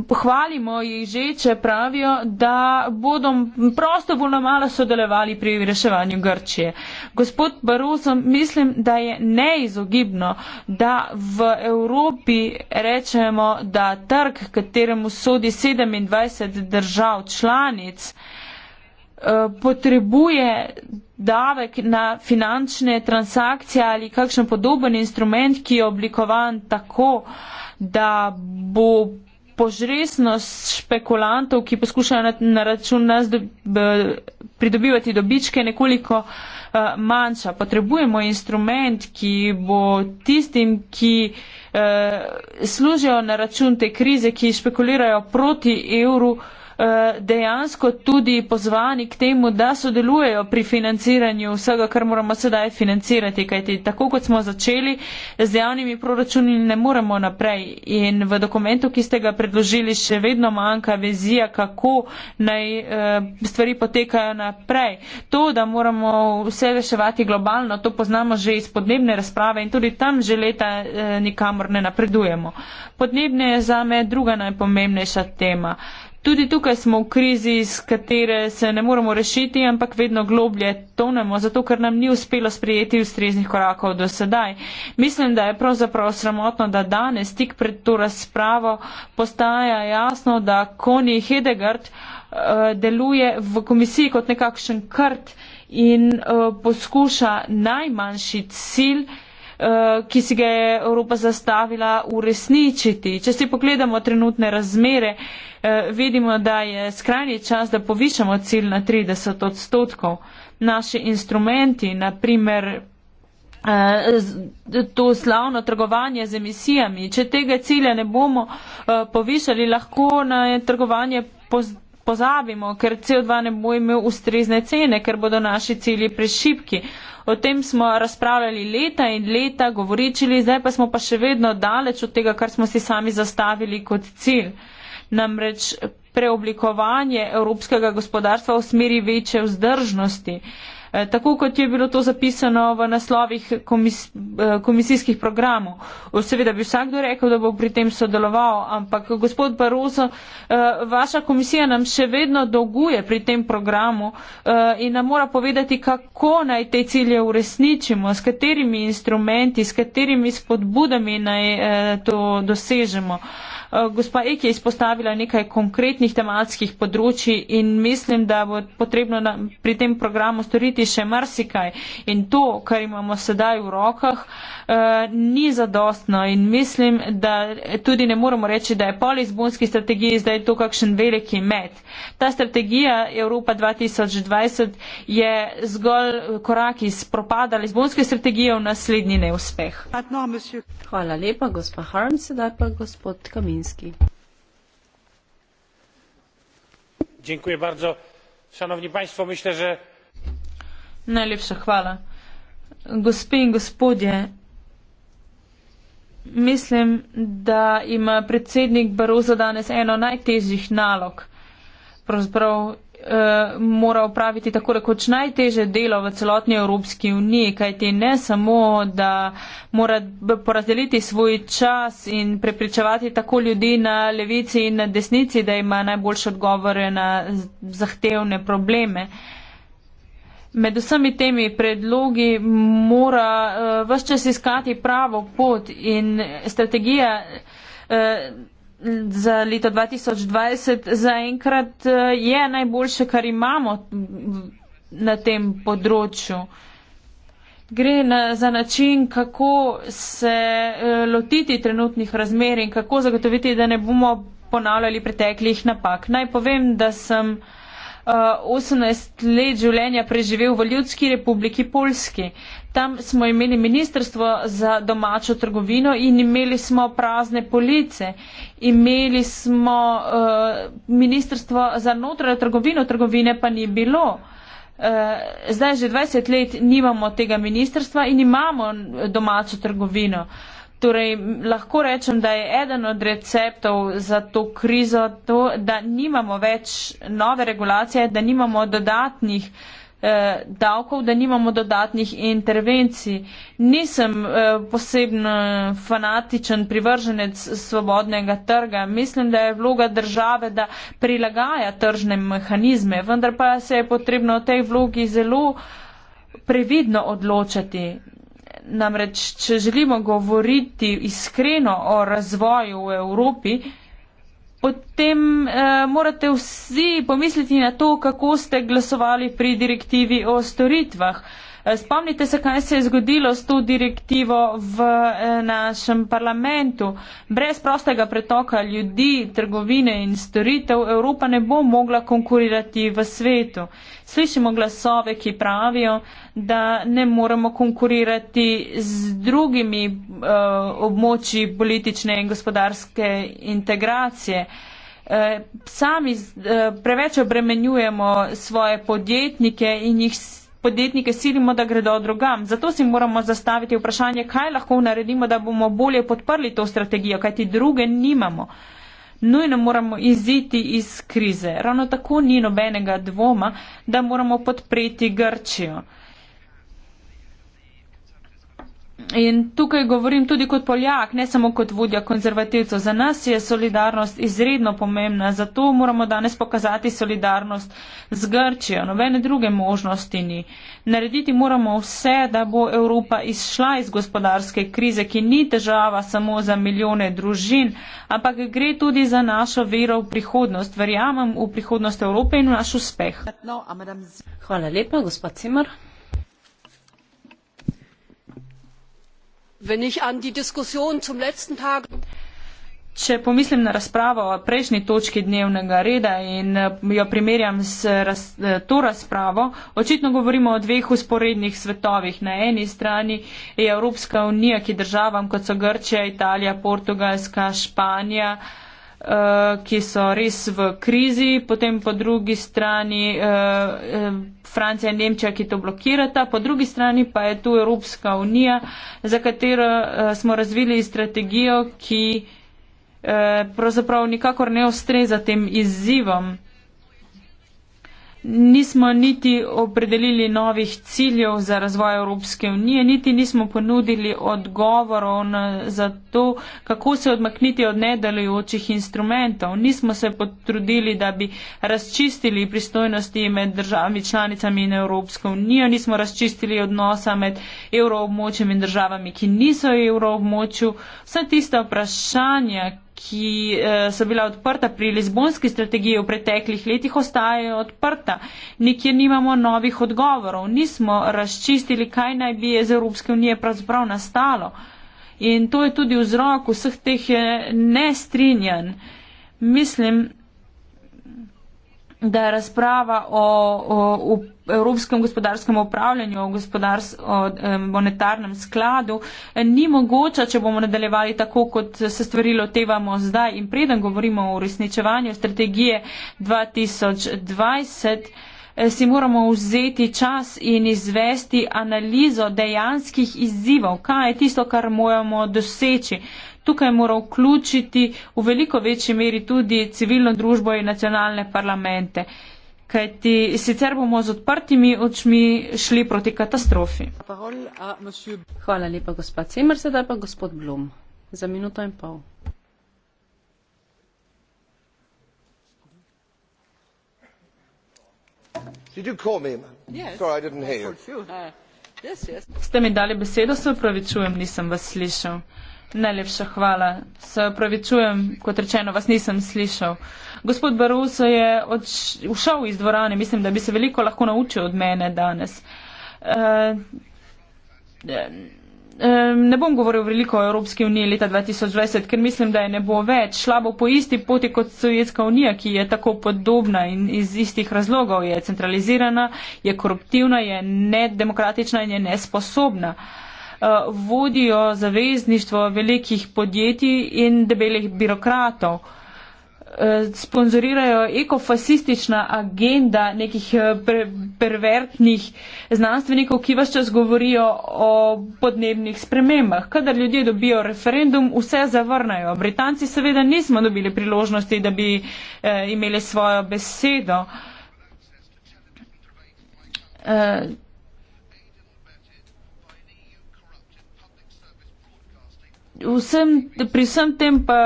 pohvalimo jih že, če pravijo, da bodo prosto bolj namala sodelovali pri reševanju Grčije. Gospod Barroso, mislim, da je neizogibno, da v Evropi rečemo, da trg, kateremu sodi 27 držav članic, eh, potrebuje davek na finančne transakcije ali kakšen podoben instrument, ki je oblikovan tako, da bo požresnost špekulantov, ki poskušajo na račun nas pridobivati dobičke, nekoliko eh, manjša. Potrebujemo instrument, ki bo tistim, ki eh, služijo na račun te krize, ki špekulirajo proti evru, Eh, dejansko tudi pozvani k temu, da sodelujejo pri financiranju vsega, kar moramo sedaj financirati, kajti tako kot smo začeli, z javnimi proračuni ne moremo naprej. In v dokumentu, ki ste ga predložili, še vedno manjka vizija, kako naj eh, stvari potekajo naprej. To, da moramo vse reševati globalno, to poznamo že iz podnebne razprave in tudi tam že leta eh, nikamor ne napredujemo. Podnebne je zame druga najpomembnejša tema. Tudi tukaj smo v krizi, iz katere se ne moremo rešiti, ampak vedno globlje tonemo, zato ker nam ni uspelo sprijeti ustreznih korakov do sedaj. Mislim, da je pravzaprav sramotno, da danes, tik pred to razpravo, postaja jasno, da Koni Hedegard uh, eh, deluje v komisiji kot nekakšen krt in uh, poskuša najmanjši cilj, Eh, ki si ga je Evropa zastavila, uresničiti. Če si pogledamo trenutne razmere, eh, vidimo, da je skrajni čas, da povišamo cilj na 30 odstotkov. Naši instrumenti, naprimer eh, to slavno trgovanje z emisijami, če tega cilja ne bomo povišali, lahko na trgovanje pozdravljamo pozabimo, ker CO2 ne bo imel ustrezne cene, ker bodo naši cilji prešipki. O tem smo razpravljali leta in leta, govoričili, zdaj pa smo pa še vedno daleč od tega, kar smo si sami zastavili kot cilj. Namreč preoblikovanje evropskega gospodarstva v smeri večje vzdržnosti. Uh, Eh, tako kot je bilo to zapisano v naslovih komis, eh, komisijskih programov. Seveda bi vsakdo rekel, da bo pri tem sodeloval, ampak gospod Baroso, eh, vaša komisija nam še vedno dolguje pri tem programu in nam mora povedati, kako naj te cilje uresničimo, s katerimi instrumenti, s katerimi spodbudami naj to dosežemo. Eh, gospa Ek je izpostavila nekaj konkretnih tematskih področji in mislim, da bo potrebno na, pri tem programu storiti še marsikaj. In to, kar imamo sedaj v rokah, eh, ni zadostno in mislim, da tudi ne moramo reči, da je po Lizbonski strategiji zdaj to kakšen veliki med. Ta strategija Evropa 2020 je zgolj korak iz propada Lizbonske strategije v naslednji neuspeh. Hvala lepa, gospa Harm, sedaj pa gospod Kamil kamiński najlepša hvala gospe in gospodje mislim da ima predsednik barozo danes eno najtežjih nalog pravzaprav Eh, mora opraviti tako rekoč najteže delo v celotni Evropski uniji, kajti ne samo, da mora porazdeliti svoj čas in prepričevati tako ljudi na levici in na desnici, da ima najboljše odgovore na zahtevne probleme. Med vsemi temi predlogi mora uh, eh, vse čas iskati pravo pot in strategija. Uh, za leto 2020 zaenkrat eh, je najboljše, kar imamo na tem področju. Gre na, za način, kako se eh, lotiti trenutnih razmer in kako zagotoviti, da ne bomo ponavljali preteklih napak. Naj povem, da sem uh, eh, 18 let življenja preživel v Ljudski republiki Polski. Tam smo imeli ministrstvo za domačo trgovino in imeli smo prazne police. Imeli smo uh, ministrstvo za notranjo trgovino, trgovine pa ni bilo. Uh, zdaj že 20 let nimamo tega ministrstva in imamo domačo trgovino. Torej, lahko rečem, da je eden od receptov za to krizo to, da nimamo več nove regulacije, da nimamo dodatnih uh, eh, davkov, da nimamo dodatnih intervencij. Nisem eh, posebno fanatičen privrženec svobodnega trga. Mislim, da je vloga države, da prilagaja tržne mehanizme, vendar pa se je potrebno v tej vlogi zelo previdno odločati. Namreč, če želimo govoriti iskreno o razvoju v Evropi, eh, potem uh, morate vsi pomisliti na to, kako ste glasovali pri direktivi o storitvah. Uh, Spomnite se, kaj se je zgodilo s to direktivo v eh, našem parlamentu. Brez prostega pretoka ljudi, trgovine in storitev Evropa ne bo mogla konkurirati v svetu. Slišimo glasove, ki pravijo, da ne moremo konkurirati z drugimi eh, območji politične in gospodarske integracije. Eh, sami eh, preveč obremenjujemo svoje podjetnike in jih podjetnike silimo, da gredo drugam. Zato si moramo zastaviti vprašanje, kaj lahko naredimo, da bomo bolje podprli to strategijo, kajti druge nimamo. Nujno moramo iziti iz krize. Ravno tako ni nobenega dvoma, da moramo podpreti Grčijo. In tukaj govorim tudi kot Poljak, ne samo kot vodja konzervativcev. Za nas je solidarnost izredno pomembna, zato moramo danes pokazati solidarnost z Grčijo. Nobene druge možnosti ni. Narediti moramo vse, da bo Evropa izšla iz gospodarske krize, ki ni težava samo za milijone družin, ampak gre tudi za našo vero v prihodnost. Verjamem v prihodnost Evrope in v naš uspeh. Hvala lepa, gospod Cimer. Če pomislim na razpravo o prejšnji točki dnevnega reda in eh, jo primerjam s raz, eh, to razpravo, očitno govorimo o dveh usporednih svetovih. Na eni strani je Evropska unija, ki državam, kot so Grčija, Italija, Portugalska, Španija, eh, Eh, ki so res v krizi, potem po drugi strani eh, eh, Francija in Nemčija, ki to blokirata, po drugi strani pa je tu Evropska unija, za katero smo razvili strategijo, ki pravzaprav nikakor ne ustreza tem izzivom. Nismo niti opredelili novih ciljev za razvoj Evropske unije, niti nismo ponudili odgovorov za to, kako se odmakniti od nedelujočih instrumentov. Nismo se potrudili, da bi razčistili pristojnosti med državami članicami in Evropsko unijo, nismo razčistili odnosa med evroobmočjem in državami, ki niso v evroobmočju. Vsa tista vprašanja, ki eh, so bila odprta pri Lizbonski strategiji v preteklih letih, ostajajo odprta. Nikjer nimamo novih odgovorov, nismo razčistili, kaj naj bi iz Evropske unije pravzaprav nastalo. In to je tudi vzrok vseh teh eh, nestrinjanj. Mislim, da je razprava o, o, o evropskem gospodarskem upravljanju, o, gospodars, o monetarnem skladu eh, ni mogoča, če bomo nadaljevali tako, kot se stvari lotevamo zdaj in preden govorimo o uresničevanju strategije 2020 eh, si moramo vzeti čas in izvesti analizo dejanskih izzivov, kaj je tisto, kar moramo doseči tukaj mora vključiti v veliko večji meri tudi civilno družbo in nacionalne parlamente, kajti sicer bomo z odprtimi očmi šli proti katastrofi. Hvala lepa, gospod Cimer, sedaj pa gospod Blum za minuto in pol. Uh, Ste mi dali besedo, se upravičujem, nisem vas slišal. Najlepša hvala. Se opravičujem, kot rečeno, vas nisem slišal. Gospod Baruso je ušel iz dvorane, mislim, da bi se veliko lahko naučil od mene danes. E, ne bom govoril veliko o Evropski uniji leta 2020, ker mislim, da je ne bo več. Šla bo po isti poti kot Sovjetska unija, ki je tako podobna in iz istih razlogov je centralizirana, je koruptivna, je nedemokratična in je nesposobna. E, Eh, vodijo zavezništvo velikih podjetij in debelih birokratov. Eh, sponzorirajo ekofasistična agenda nekih eh, per, pervertnih znanstvenikov, ki vse čas govorijo o podnebnih spremembah. Kadar ljudje dobijo referendum, vse zavrnajo. Britanci seveda nismo dobili priložnosti, da bi eh, imeli svojo besedo. Eh, vsem, pri vsem tem pa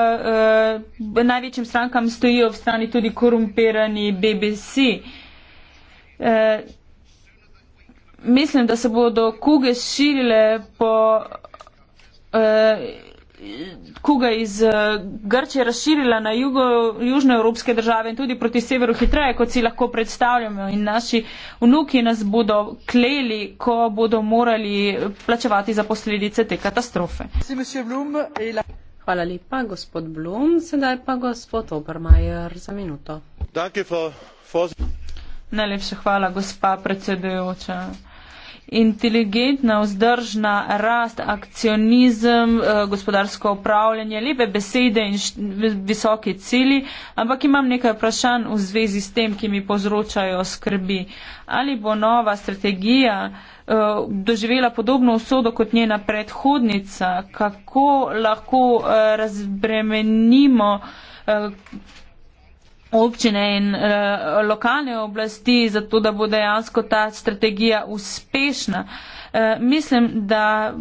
uh, največjim strankam stojijo v strani tudi korumpirani BBC. Uh, eh, mislim, da se bodo kuge širile po. Uh, kuga iz eh, Grče razširila na jugo, južne evropske države in tudi proti severu hitreje, kot si lahko predstavljamo. In naši vnuki nas bodo kleli, ko bodo morali plačevati za posledice te katastrofe. Hvala lepa, gospod Blum. Sedaj pa gospod Obermajer za minuto. Najlepša hvala, gospa predsedujoča inteligentna, vzdržna rast, akcionizem, eh, gospodarsko upravljanje, lepe besede in visoki cili, ampak imam nekaj vprašanj v zvezi s tem, ki mi povzročajo skrbi. Ali bo nova strategija eh, doživela podobno usodo kot njena predhodnica, kako lahko eh, razbremenimo občine in e, lokalne oblasti, zato da bo dejansko ta strategija uspešna. E, mislim, da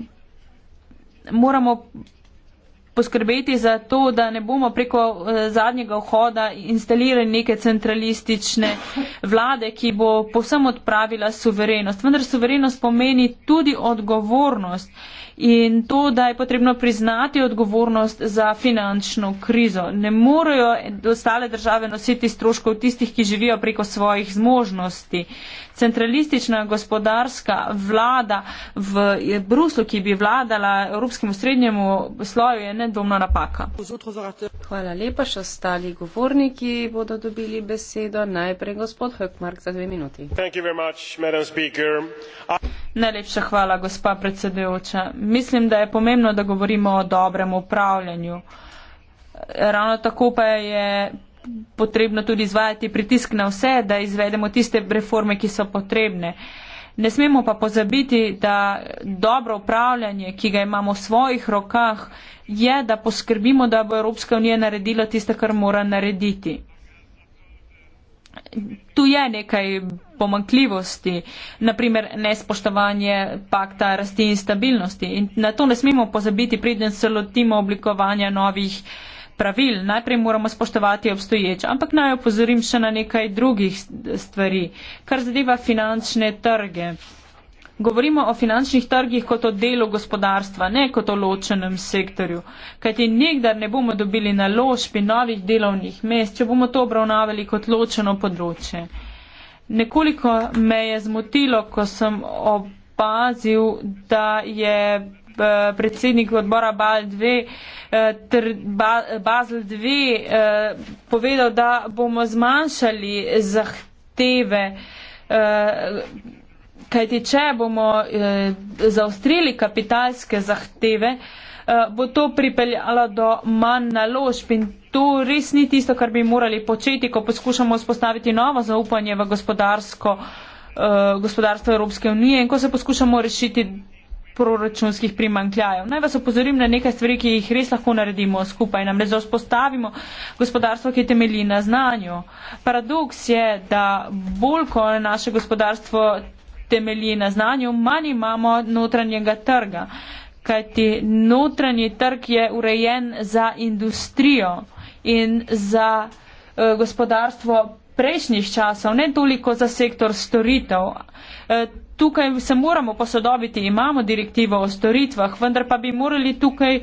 moramo poskrbeti za to, da ne bomo preko eh, zadnjega vhoda instalirali neke centralistične vlade, ki bo povsem odpravila suverenost. Vendar suverenost pomeni tudi odgovornost in to, da je potrebno priznati odgovornost za finančno krizo. Ne morejo ostale države nositi stroškov tistih, ki živijo preko svojih zmožnosti. Centralistična gospodarska vlada v Bruslu, ki bi vladala evropskemu srednjemu sloju, je nedvomna napaka. Hvala lepa, še ostali govorniki bodo dobili besedo. Najprej gospod Hökmark za dve minuti. Much, I... Najlepša hvala, gospa predsedujoča mislim, da je pomembno, da govorimo o dobrem upravljanju. Ravno tako pa je potrebno tudi izvajati pritisk na vse, da izvedemo tiste reforme, ki so potrebne. Ne smemo pa pozabiti, da dobro upravljanje, ki ga imamo v svojih rokah, je, da poskrbimo, da bo Evropska unija naredila tisto, kar mora narediti tu je nekaj pomankljivosti, naprimer nespoštovanje pakta rasti in stabilnosti. In na to ne smemo pozabiti, preden se lotimo oblikovanja novih pravil. Najprej moramo spoštovati obstoječe, ampak naj opozorim še na nekaj drugih stvari, kar zadeva finančne trge. Govorimo o finančnih trgih kot o delu gospodarstva, ne kot o ločenem sektorju. Kajti nekdar ne bomo dobili naložbi novih delovnih mest, če bomo to obravnavali kot ločeno področje. Nekoliko me je zmotilo, ko sem opazil, da je eh, predsednik odbora Bal 2, eh, ter Basel 2 eh, povedal, da bomo zmanjšali zahteve kajti če bomo eh, zaostrili kapitalske zahteve, eh, bo to pripeljalo do manj naložb in to res ni tisto, kar bi morali početi, ko poskušamo vzpostaviti novo zaupanje v gospodarsko, eh, gospodarstvo Evropske unije in ko se poskušamo rešiti proračunskih primankljajev. Naj vas opozorim na nekaj stvari, ki jih res lahko naredimo skupaj. Namreč, da vzpostavimo gospodarstvo, ki temelji na znanju. Paradoks je, da bolj, ko je naše gospodarstvo temelji na znanju, manj imamo notranjega trga. Kajti notranji trg je urejen za industrijo in za eh, gospodarstvo prejšnjih časov, ne toliko za sektor storitev. Eh, tukaj se moramo posodobiti, imamo direktivo o storitvah, vendar pa bi morali tukaj eh,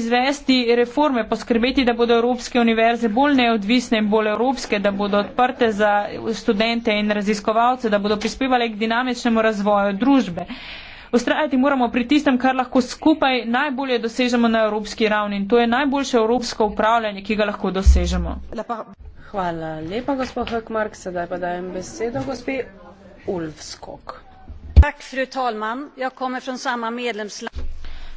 izvesti reforme, poskrbeti, da bodo evropske univerze bolj neodvisne in bolj evropske, da bodo odprte za študente in raziskovalce, da bodo prispevali k dinamičnemu razvoju družbe. Ustrajati moramo pri tistem, kar lahko skupaj najbolje dosežemo na evropski ravni in to je najboljše evropsko upravljanje, ki ga lahko dosežemo. Hvala lepa, gospod Hökmark. Sedaj pa dajem besedo gospe Ulfskog fru talman jag kommer från samma medlemsland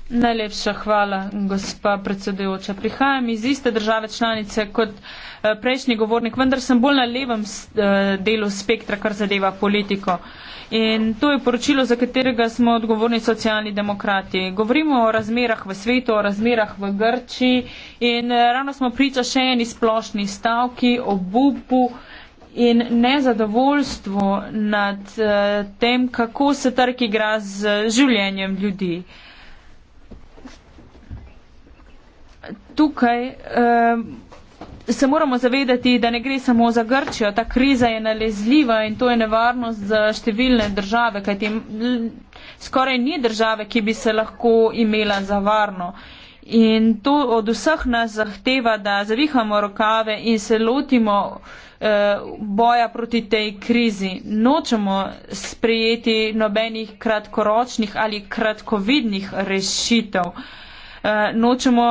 Najlepša hvala, gospa predsedujoča. Prihajam iz iste države članice kot eh, prejšnji govornik, vendar sem bolj na levem eh, delu spektra, kar zadeva politiko. In to je poročilo, za katerega smo odgovorni socialni demokrati. Govorimo o razmerah v svetu, o razmerah v Grči in eh, ravno smo priča še eni splošni stavki o bupu, in nezadovoljstvo nad uh, tem, kako se trg igra z življenjem ljudi. Tukaj uh, se moramo zavedati, da ne gre samo za Grčijo. Ta kriza je nalezljiva in to je nevarnost za številne države, kajti skoraj ni države, ki bi se lahko imela za varno. Uh, In to od vseh nas zahteva, da zavihamo rokave in se lotimo eh, boja proti tej krizi. Nočemo sprejeti nobenih kratkoročnih ali kratkovidnih rešitev. Eh, nočemo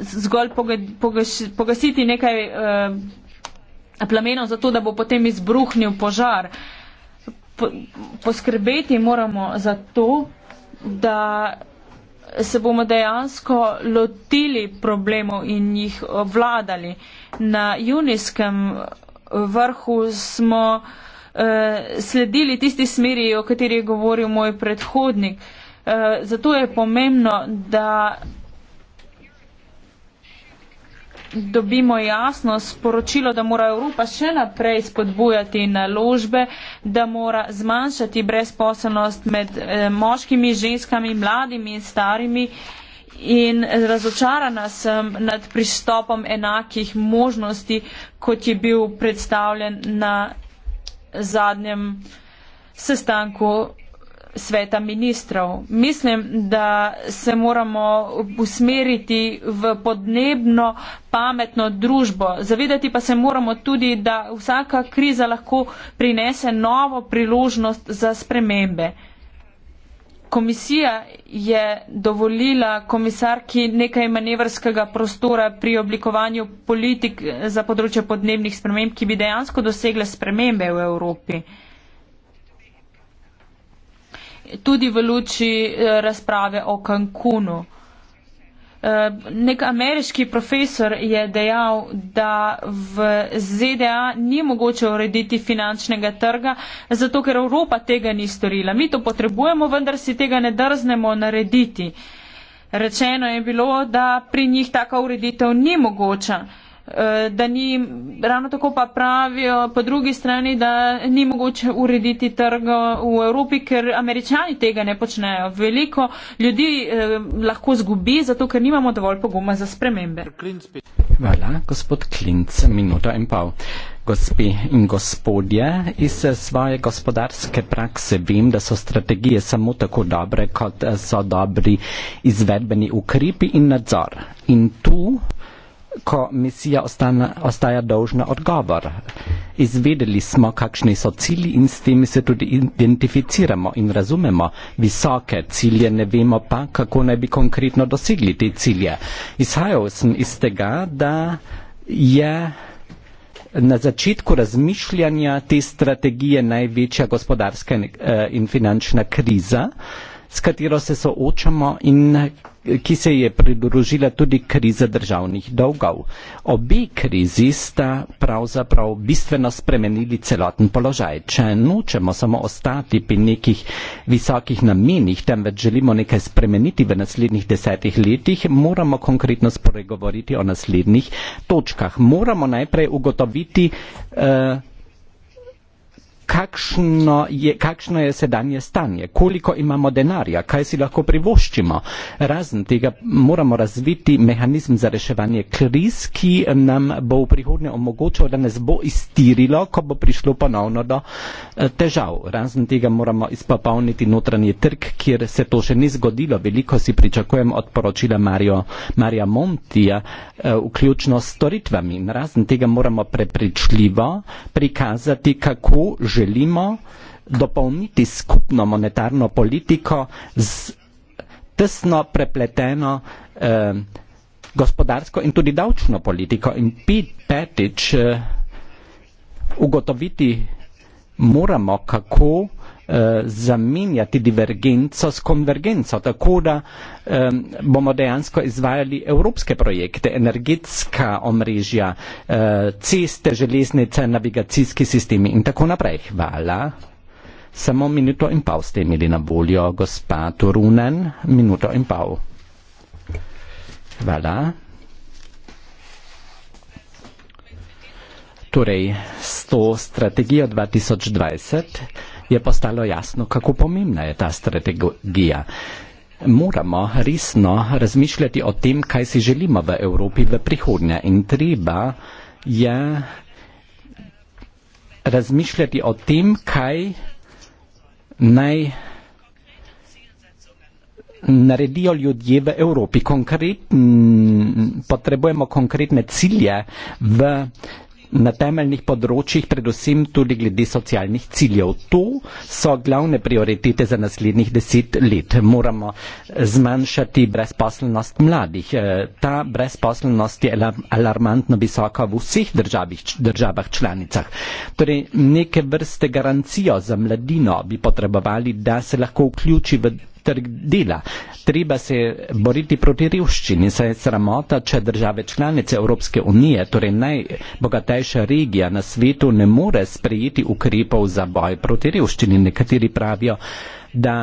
zgolj poga, pogaš, pogasiti nekaj eh, plamenov, zato da bo potem izbruhnil požar. Po, poskrbeti moramo za to, da se bomo dejansko lotili problemov in jih obvladali. Na junijskem eh, vrhu smo eh, sledili tisti smeri, o kateri je govoril moj predhodnik. Eh, zato je pomembno, da dobimo jasno sporočilo, da mora Evropa še naprej spodbujati naložbe, da mora zmanjšati brezposelnost med eh, moškimi, ženskami, mladimi in starimi. In razočarana sem nad pristopom enakih možnosti, kot je bil predstavljen na zadnjem sestanku sveta ministrov. Mislim, da se moramo usmeriti v podnebno pametno družbo. Zavedati pa se moramo tudi, da vsaka kriza lahko prinese novo priložnost za spremembe. Komisija je dovolila komisarki nekaj manevrskega prostora pri oblikovanju politik za področje podnebnih sprememb, ki bi dejansko dosegle spremembe v Evropi tudi v luči eh, razprave o Cancunu. Eh, nek ameriški profesor je dejal, da v ZDA ni mogoče urediti finančnega trga, zato ker Evropa tega ni storila. Mi to potrebujemo, vendar si tega ne drznemo narediti. Rečeno je bilo, da pri njih taka ureditev ni mogoča. Eh, da ni, ravno tako pa pravijo po drugi strani, da ni mogoče urediti trg v Evropi, ker američani tega ne počnejo. Veliko ljudi eh, lahko zgubi, zato ker nimamo dovolj poguma za spremembe. Hvala, gospod Klinc, minuto in pol. Gospi in gospodje, iz svoje gospodarske prakse vem, da so strategije samo tako dobre, kot so dobri izvedbeni ukrepi in nadzor. In tu komisija ostana, ostaja dolžna odgovor. Izvedeli smo, kakšni so cilji in s temi se tudi identificiramo in razumemo visoke cilje, ne vemo pa, kako naj bi konkretno dosegli te cilje. Izhajal sem iz tega, da je na začetku razmišljanja te strategije največja gospodarska eh, in finančna kriza, s katero se soočamo in ki se je pridružila tudi kriza državnih dolgov. Obi krizi sta pravzaprav bistveno spremenili celoten položaj. Če nočemo samo ostati pri nekih visokih namenih, temveč želimo nekaj spremeniti v naslednjih desetih letih, moramo konkretno spregovoriti o naslednjih točkah. Moramo najprej ugotoviti, uh, kakšno je, kakšno je sedanje stanje, koliko imamo denarja, kaj si lahko privoščimo. Razen tega moramo razviti mehanizem za reševanje kriz, ki nam bo v prihodnje omogočal, da nas bo iztirilo, ko bo prišlo ponovno do eh, težav. Razen tega moramo izpopolniti notranji trg, kjer se to še ni zgodilo. Veliko si pričakujem od poročila Mario, Marija Montija, eh, vključno s storitvami. Razen tega moramo prepričljivo prikazati, kako že želimo dopolniti skupno monetarno politiko z tesno prepleteno eh, gospodarsko in tudi davčno politiko in pet, petič eh, ugotoviti moramo, kako Eh, zamenjati divergenco s konvergenco, tako da um, bomo dejansko izvajali evropske projekte, energetska omrežja, uh, ceste, železnice, navigacijski sistemi in tako naprej. Hvala. Samo minuto in pol ste imeli na voljo, gospa Turunen. Minuto in pol. Hvala. Torej, 100 strategijo 2020 je postalo jasno, kako pomembna je ta strategija. Moramo resno razmišljati o tem, kaj si želimo v Evropi v prihodnje in treba je razmišljati o tem, kaj naj naredijo ljudje v Evropi. Konkretn, potrebujemo konkretne cilje v Evropi na temeljnih področjih, predvsem tudi glede socialnih ciljev. To so glavne prioritete za naslednjih deset let. Moramo zmanjšati brezposelnost mladih. E, ta brezposelnost je alarmantno visoka v vseh državih, državah članicah. Torej, neke vrste garancijo za mladino bi potrebovali, da se lahko vključi v trg dela. Treba se boriti proti revščini, saj je sramota, če države članice Evropske unije, torej najbogatejša regija na svetu, ne more sprejeti ukrepov za boj proti revščini. Nekateri pravijo, da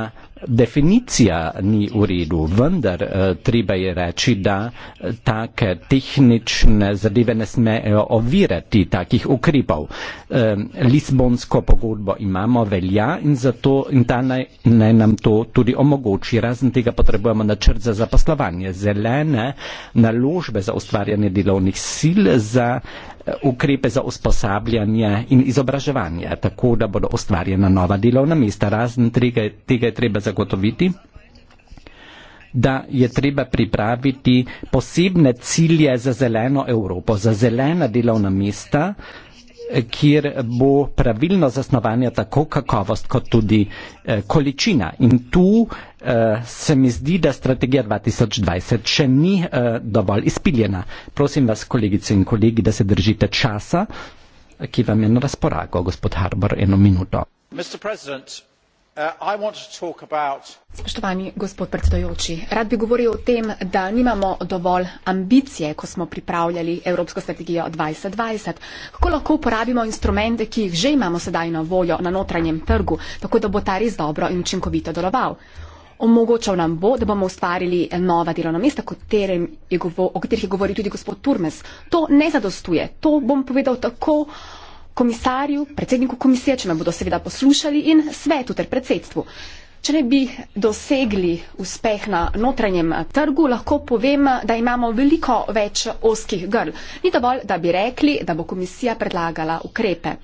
Definicija ni v redu, vendar eh, treba je reči, da eh, take tehnične zadeve ne smejo ovirati takih ukrepov. Eh, Lisbonsko pogodbo imamo, velja in, zato, in ta naj, naj nam to tudi omogoči. Razen tega potrebujemo načrt za zaposlovanje, zelene naložbe za ustvarjanje delovnih sil, za Eh, ukrepe za usposabljanje in izobraževanje, tako da bodo ustvarjena nova delovna mesta. Razen tega, tega je treba zagotoviti, da je treba pripraviti posebne cilje za zeleno Evropo, za zelena delovna mesta, kjer bo pravilno zasnovanje tako kakovost kot tudi eh, količina. In tu eh, se mi zdi, da strategija 2020 še ni eh, dovolj izpiljena. Prosim vas, kolegice in kolegi, da se držite časa, ki vam je na razporago, gospod Harbor, eno minuto. Mr. President, Uh, Spoštovani gospod predsedujoči, rad bi govoril o tem, da nimamo dovolj ambicije, ko smo pripravljali Evropsko strategijo 2020. Kako lahko uporabimo instrumente, ki jih že imamo sedaj na voljo na notranjem trgu, tako da bo ta res dobro in učinkovito deloval? Omogočal nam bo, da bomo ustvarili nova delovna mesta, o katerih je govoril tudi gospod Turmes. To ne zadostuje. To bom povedal tako komisarju, predsedniku komisije, če me bodo seveda poslušali, in svetu ter predsedstvu. Če ne bi dosegli uspeh na notranjem trgu, lahko povem, da imamo veliko več oskih grl. Ni dovolj, da bi rekli, da bo komisija predlagala ukrepe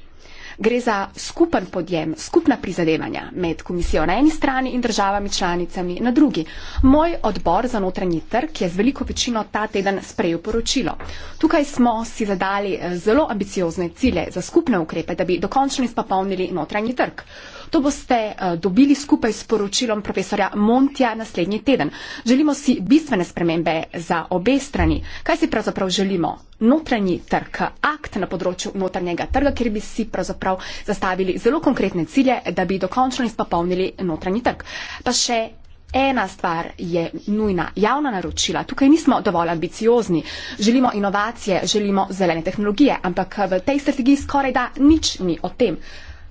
gre za skupen podjem, skupna prizadevanja med komisijo na eni strani in državami članicami na drugi. Moj odbor za notranji trg je z veliko večino ta teden sprejel poročilo. Tukaj smo si zadali eh, zelo ambiciozne cilje za skupne ukrepe, da bi dokončno izpopolnili notranji trg. To boste eh, dobili skupaj s poročilom profesorja Montja naslednji teden. Želimo si bistvene spremembe za obe strani. Kaj si pravzaprav želimo? Notranji trg, akt na področju notranjega trga, kjer bi si pravzaprav zastavili zelo konkretne cilje, da bi dokončno izpopolnili notranji trg. Pa še ena stvar je nujna. Javna naročila. Tukaj nismo dovolj ambiciozni. Želimo inovacije, želimo zelene tehnologije, ampak v tej strategiji skoraj da nič ni o tem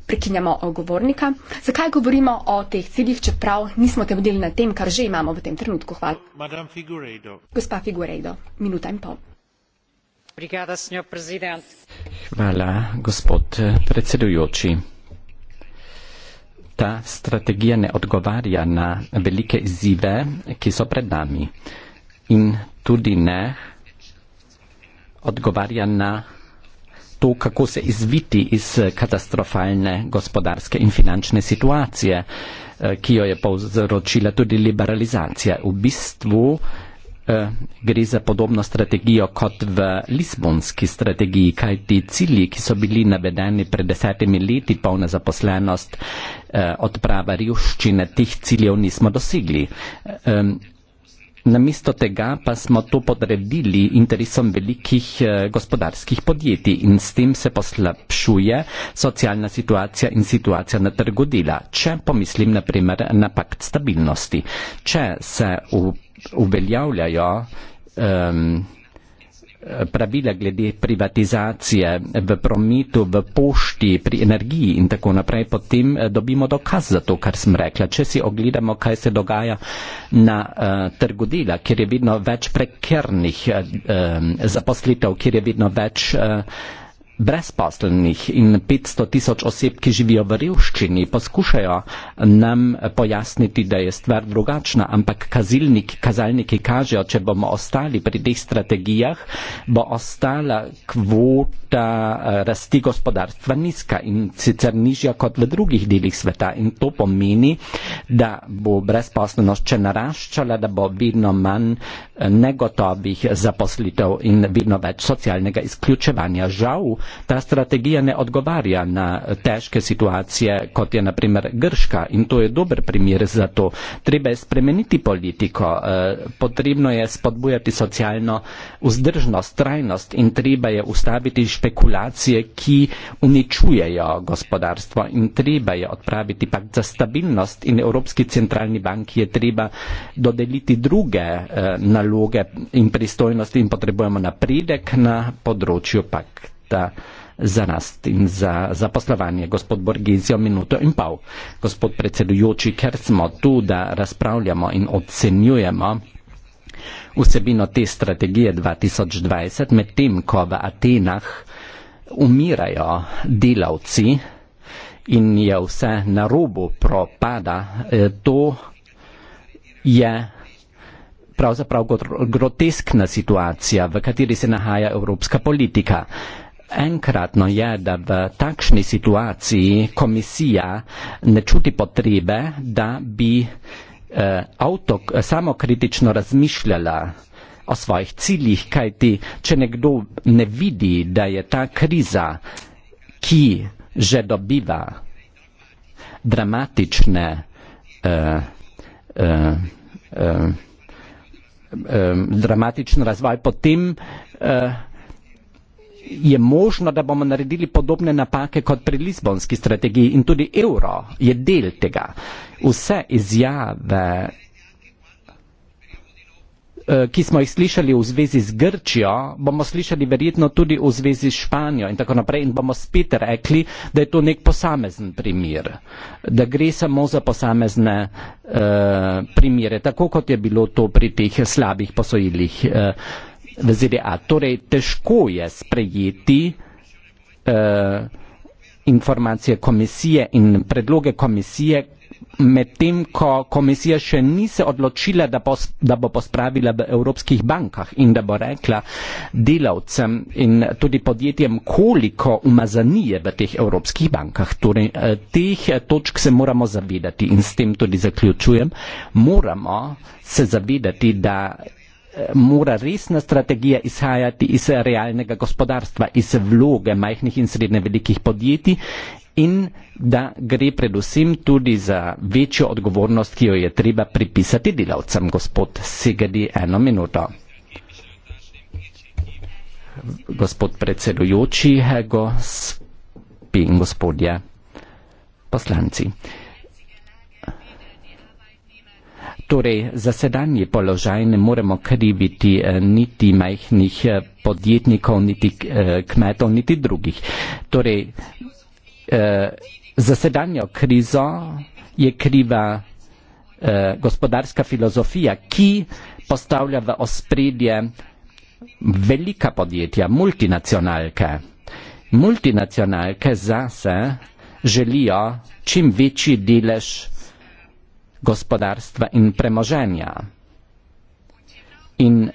prekinjamo eh, govornika. Zakaj govorimo o teh ciljih, čeprav nismo temeljili na tem, kar že imamo v tem trenutku? Hvala. Figuredo. Gospa Figuredo, minuta in pol. Obrigada, Hvala, gospod eh, predsedujoči. Ta strategija ne odgovarja na velike izzive, ki so pred nami in tudi ne odgovarja na to, kako se izviti iz eh, katastrofalne gospodarske in finančne situacije, eh, ki jo je povzročila tudi liberalizacija. V bistvu eh, gre za podobno strategijo kot v Lisbonski strategiji, kaj ti cilji, ki so bili navedeni pred desetimi leti, polna zaposlenost, odprava rjuščine, teh ciljev nismo dosegli. Namesto tega pa smo to podredili interesom velikih eh, gospodarskih podjetij in s tem se poslabšuje socialna situacija in situacija na trgu dela. Če pomislim na primer na pakt stabilnosti, če se uveljavljajo um, pravila glede privatizacije v prometu, v pošti, pri energiji in tako naprej, potem eh, dobimo dokaz za to, kar sem rekla. Če si ogledamo, kaj se dogaja na uh, trgu dela, kjer je vedno več prekernih uh, zaposlitev, kjer je vedno več. Uh, brezposelnih in 500 tisoč oseb, ki živijo v revščini, poskušajo nam pojasniti, da je stvar drugačna, ampak kazilnik, kazalniki kažejo, če bomo ostali pri teh strategijah, bo ostala kvota eh, rasti gospodarstva nizka in sicer nižja kot v drugih delih sveta. In to pomeni, da bo brezposelnost še naraščala, da bo vedno manj eh, negotovih zaposlitev in vedno več socialnega izključevanja. Žal, ta strategija ne odgovarja na težke situacije, kot je naprimer Grška in to je dober primer za to. Treba je spremeniti politiko, eh, potrebno je spodbujati socialno vzdržnost, trajnost in treba je ustaviti špekulacije, ki uničujejo gospodarstvo in treba je odpraviti pakt za stabilnost in Evropski centralni bank je treba dodeliti druge eh, naloge in pristojnosti in potrebujemo napredek na področju pakta ta za rast in za zaposlovanje. Gospod Borgizijo, minuto in pol. Gospod predsedujoči, ker smo tu, da razpravljamo in ocenjujemo vsebino te strategije 2020, medtem ko v Atenah umirajo delavci in je vse na robu propada, eh, to je pravzaprav groteskna situacija, v kateri se nahaja evropska politika enkratno je, da v takšni situaciji komisija ne čuti potrebe, da bi eh, avto samokritično razmišljala o svojih ciljih, kajti če nekdo ne vidi, da je ta kriza, ki že dobiva dramatične eh, eh, eh, eh, dramatičen razvoj, potem eh, je možno, da bomo naredili podobne napake kot pri lizbonski strategiji in tudi evro je del tega. Vse izjave, eh, ki smo jih slišali v zvezi z Grčijo, bomo slišali verjetno tudi v zvezi s Španijo in tako naprej in bomo spet rekli, da je to nek posamezen primir, da gre samo za posamezne uh, eh, primire, tako kot je bilo to pri teh slabih posojilih. Uh, v ZDA. Torej, težko je sprejeti uh, informacije komisije in predloge komisije, medtem ko komisija še ni se odločila, da, pos, da bo pospravila v evropskih bankah in da bo rekla delavcem in tudi podjetjem, koliko umazanije v teh evropskih bankah. Torej, eh, teh eh, točk se moramo zavedati in s tem tudi zaključujem. Moramo se zavedati, da mora resna strategija izhajati iz realnega gospodarstva, iz vloge majhnih in srednje velikih podjetij in da gre predvsem tudi za večjo odgovornost, ki jo je treba pripisati delavcem. Gospod Segedi, eno minuto. Gospod predsedujoči, gospod in gospodje poslanci. Torej, za sedanji položaj ne moremo kriviti eh, niti majhnih eh, podjetnikov, niti eh, kmetov, niti drugih. Torej, za sedanjo krizo je kriva gospodarska filozofija, ki postavlja v ospredje velika podjetja, multinacionalke. Multinacionalke zase želijo čim večji delež gospodarstva in premoženja. In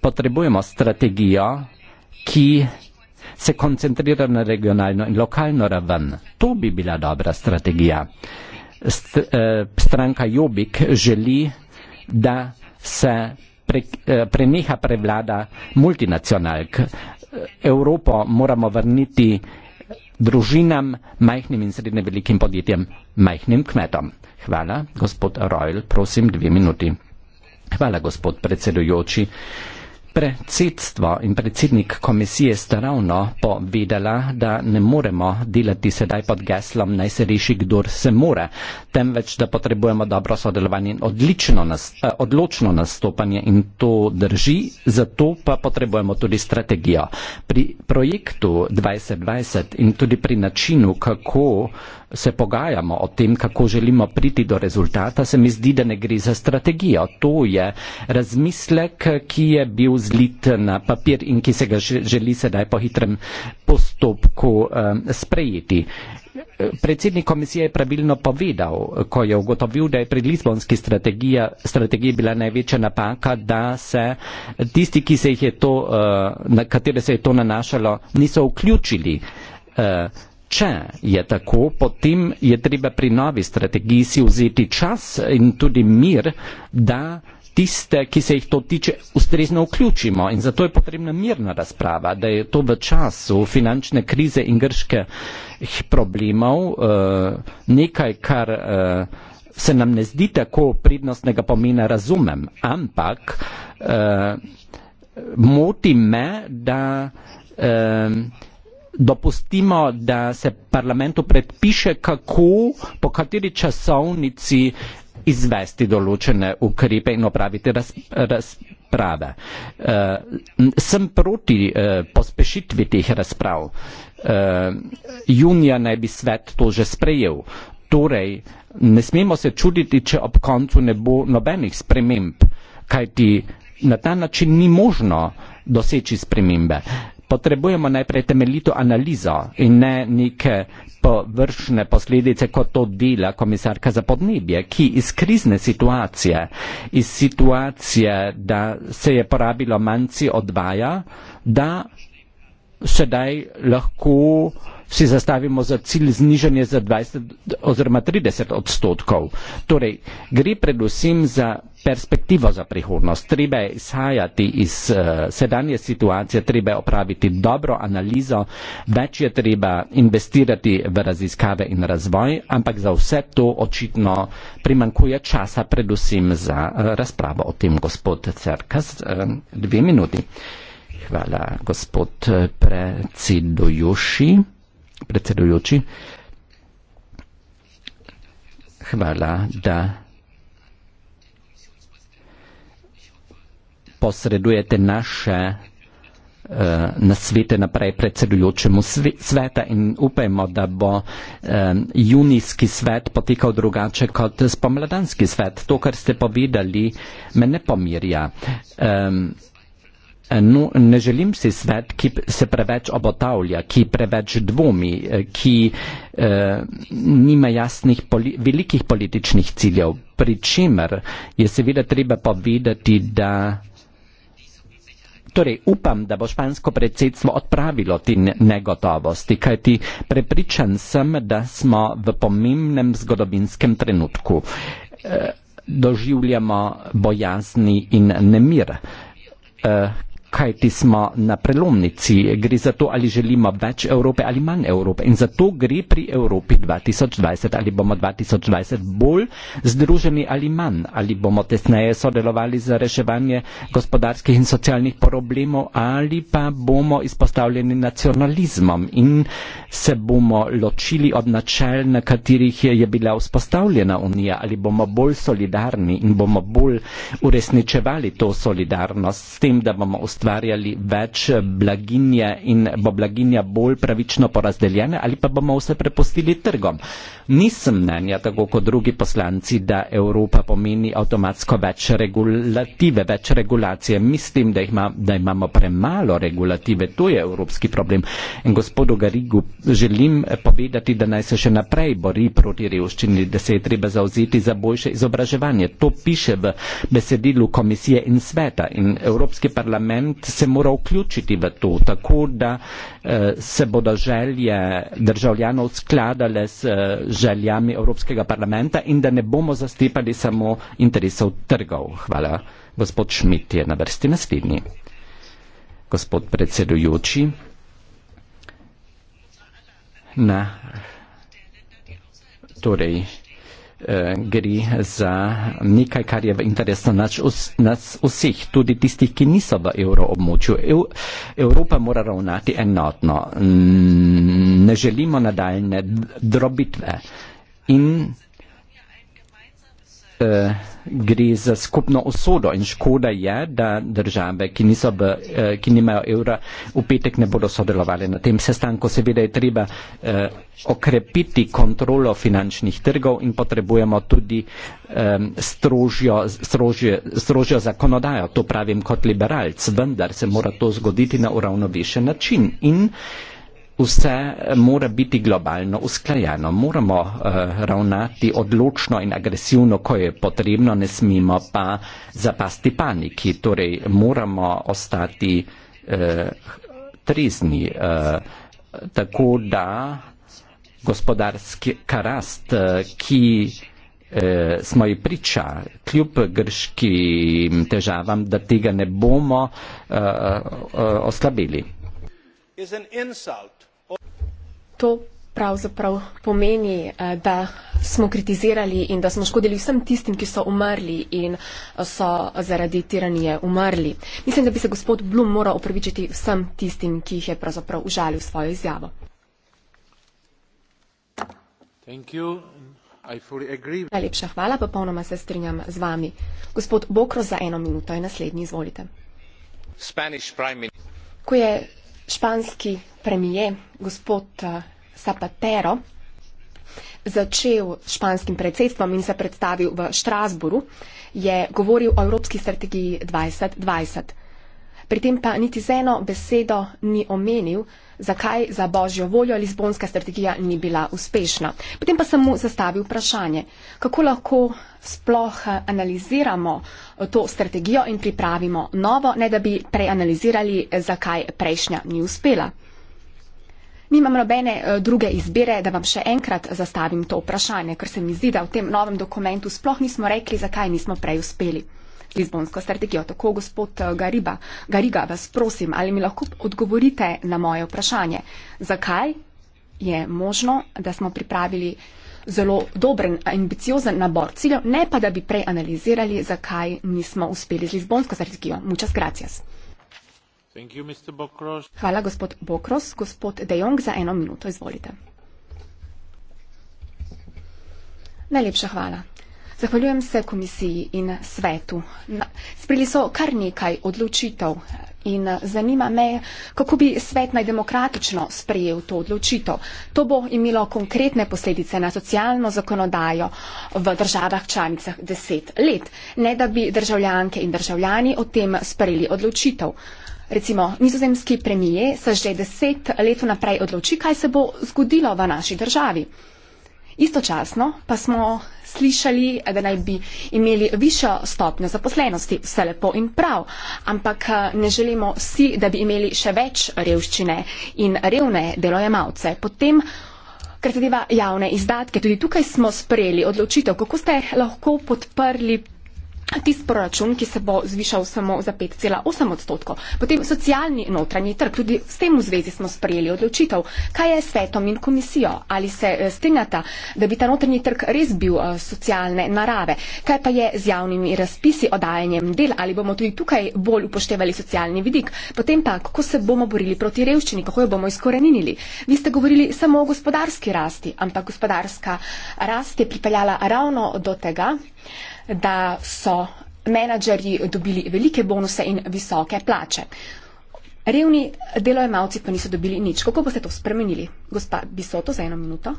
potrebujemo strategijo, ki se koncentrira na regionalno in lokalno raven. To bi bila dobra strategija. St eh, stranka Jobik želi, da se pre eh, preneha prevlada multinacionalk. Evropo moramo vrniti družinam, majhnim in srednje velikim podjetjem, majhnim kmetom. Hvala, gospod Royal, prosim dve minuti. Hvala, gospod predsedujoči. Predsedstvo in predsednik komisije sta ravno povedala, da ne moremo delati sedaj pod geslom naj se reši, kdor se more, temveč, da potrebujemo dobro sodelovanje in odlično nas, eh, odločno nastopanje in to drži, zato pa potrebujemo tudi strategijo. Pri projektu 2020 in tudi pri načinu, kako se pogajamo o tem, kako želimo priti do rezultata, se mi zdi, da ne gre za strategijo. To je razmislek, ki je bil zelo zlit na papir in ki se ga želi sedaj po hitrem postopku eh, sprejeti. Predsednik komisije je pravilno povedal, ko je ugotovil, da je pri Lizbonski strategiji bila največja napaka, da se tisti, se je to, eh, na katere se je to nanašalo, niso vključili. Eh, če je tako, potem je treba pri novi strategiji si vzeti čas in tudi mir, da tiste, ki se jih to tiče, ustrezno vključimo. In zato je potrebna mirna razprava, da je to v času finančne krize in grških problemov eh, nekaj, kar eh, se nam ne zdi tako pridnostnega pomena, razumem, ampak eh, moti me, da dopustimo, da se parlamentu predpiše, kako, po kateri časovnici izvesti določene ukrepe in opraviti raz, razprave. Uh, sem proti uh, pospešitvi teh razprav. Uh, junija naj bi svet to že sprejel. Torej, ne smemo se čuditi, če ob koncu ne bo nobenih sprememb, kajti na ta način ni možno doseči spremembe. Uh, potrebujemo najprej temeljito analizo in ne neke površne posledice, kot to dela komisarka za podnebje, ki iz krizne situacije, iz situacije, da se je porabilo manjci odvaja, da sedaj lahko uh, si zastavimo za cilj znižanje za 20 oziroma 30 odstotkov. Torej, gre predvsem za perspektivo za prihodnost. Treba je izhajati iz uh, sedanje situacije, treba je opraviti dobro analizo, več je treba investirati v raziskave in razvoj, ampak za vse to očitno primankuje časa, predvsem za uh, razpravo o tem, gospod Cerkas. Uh, dve minuti. Hvala, gospod predsedujoči predsedujoči. Hvala, da posredujete naše eh, na svete naprej predsedujočemu sveta in upajmo, da bo eh, junijski svet potekal drugače kot spomladanski svet. To, kar ste povedali, me ne pomirja. No, ne želim si svet, ki se preveč obotavlja, ki preveč dvomi, eh, ki eh, nima jasnih poli velikih političnih ciljev. Pri čemer je seveda treba povedati, da. Torej, upam, da bo špansko predsedstvo odpravilo te negotovosti, kajti prepričan sem, da smo v pomembnem zgodovinskem trenutku. Eh, doživljamo bojazni in nemir, eh, kaj ti smo na prelomnici, gre za to, ali želimo več Evrope ali manj Evrope. In zato gre pri Evropi 2020, ali bomo 2020 bolj združeni ali manj, ali bomo tesneje sodelovali za reševanje gospodarskih in socialnih problemov, ali pa bomo izpostavljeni nacionalizmom in se bomo ločili od načel, na katerih je bila vzpostavljena Unija, ali bomo bolj solidarni in bomo bolj uresničevali to solidarnost s tem, da bomo ustavili ustvarjali več blaginje in bo blaginja bolj pravično porazdeljena ali pa bomo vse prepustili trgom. Nisem mnenja, tako kot drugi poslanci, da Evropa pomeni avtomatsko več regulative, več regulacije. Mislim, da, ima, da imamo premalo regulative, to je evropski problem. In gospodu Garigu želim povedati, da naj se še naprej bori proti revščini, da se je treba zauzeti za boljše izobraževanje. To piše v besedilu komisije in sveta in Evropski parlament parlament se mora vključiti v to, tako da eh, se bodo želje državljanov skladale z eh, željami Evropskega parlamenta in da ne bomo zastepali samo interesov trgov. Hvala. Gospod Šmit je na vrsti naslednji. Gospod predsedujoči. Na. Torej. Eh, gre za nekaj, kar je v interesu nas, nas vseh, tudi tistih, ki niso v evroobmočju. Ev, Evropa mora ravnati enotno. Ne želimo nadaljne drobitve. In Eh, gre za skupno usodo in škoda je, da države, ki, niso, eh, ki nimajo evra, v petek ne bodo sodelovali na tem sestanku. Seveda je treba eh, okrepiti kontrolo finančnih trgov in potrebujemo tudi strožjo, strožjo, strožjo zakonodajo. To pravim kot liberalc, vendar se mora to zgoditi na uravnovešen način. In vse mora biti globalno usklajeno. Moramo uh, ravnati odločno in agresivno, ko je potrebno, ne smemo pa zapasti paniki. Torej, moramo ostati uh, trezni, uh, tako da gospodarska rast, ki uh, smo ji priča, kljub grškim težavam, da tega ne bomo uh, uh, oslabili to pravzaprav pomeni, eh, da smo kritizirali in da smo škodili vsem tistim, ki so umrli in eh, so zaradi tiranije umrli. Mislim, da bi se gospod Blum moral opravičiti vsem tistim, ki jih je pravzaprav užalil svojo izjavo. Najlepša hvala, popolnoma se strinjam z vami. Gospod Bokro za eno minuto je naslednji, izvolite. Ko je španski premije, gospod eh, Zapatero, začel s španskim predsedstvom in se predstavil v Štrasburu, je govoril o Evropski strategiji 2020. Pri tem pa niti z eno besedo ni omenil, zakaj za božjo voljo Lizbonska strategija ni bila uspešna. Potem pa sem mu zastavil vprašanje, kako lahko sploh eh, analiziramo eh, to strategijo in pripravimo novo, ne da bi preanalizirali, eh, zakaj prejšnja ni uspela. Nimam nobene druge izbire, da vam še enkrat zastavim to vprašanje, ker se mi zdi, da v tem novem dokumentu sploh nismo rekli, zakaj nismo prej uspeli. Lizbonsko strategijo. Tako, gospod eh, Gariba, Gariga, vas prosim, ali mi lahko odgovorite na moje vprašanje, zakaj je možno, da smo pripravili zelo dobren, ambiciozen nabor ciljev, ne pa da bi prej analizirali, zakaj nismo uspeli z Lizbonsko strategijo. Muchas gracias. You, Hvala, gospod Bokros. Gospod De Jong, za eno minuto, izvolite. Najlepša hvala. Zahvaljujem se komisiji in svetu. Sprili so kar nekaj odločitev in zanima me, kako bi svet najdemokratično sprejel to odločitev. To bo imelo konkretne posledice na socialno zakonodajo v državah članicah deset let, ne da bi državljanke in državljani o tem sprejeli odločitev. Recimo, nizozemski premije se že deset let naprej odloči, kaj se bo zgodilo v naši državi. Istočasno pa smo slišali, da naj bi imeli višjo stopnjo zaposlenosti, vse lepo in prav, ampak eh, ne želimo vsi, da bi imeli še več revščine in revne delojemalce. Potem, kar zadeva javne izdatke, tudi tukaj smo sprejeli odločitev, kako ste lahko podprli tisti proračun, ki se bo zvišal samo za 5,8 odstotkov. Potem socialni notranji trg, tudi s tem v zvezi smo sprejeli odločitev, kaj je svetom in komisijo, ali se eh, strinjata, da bi ta notranji trg res bil eh, socialne narave, kaj pa je z javnimi razpisi, odajanjem del, ali bomo tudi tukaj bolj upoštevali socialni vidik, potem pa kako se bomo borili proti revščini, kako jo bomo izkoreninili. Vi ste govorili samo o gospodarski rasti, ampak gospodarska rast je pripeljala ravno do tega, da so menedžerji dobili velike bonuse in visoke plače. Revni delojemalci pa niso dobili nič. Kako boste to spremenili? Gospa Bisoto, za eno minuto.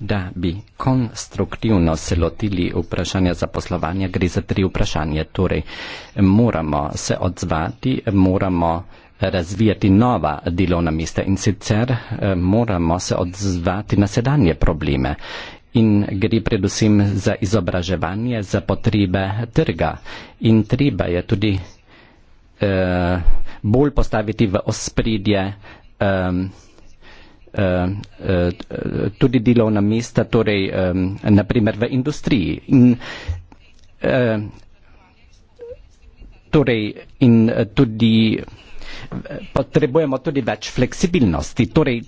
Da bi konstruktivno se lotili vprašanja zaposlovanja, gre za tri vprašanja. Torej, moramo se odzvati, moramo razvijati nova delovna mesta in sicer eh, moramo se odzvati na sedanje probleme in gre predvsem za izobraževanje, za potrebe trga. In treba je tudi eh, bolj postaviti v ospredje eh, eh, tudi delovna mesta, torej eh, naprimer v industriji. In, eh, torej, in tudi potrebujemo tudi več fleksibilnosti. Torej,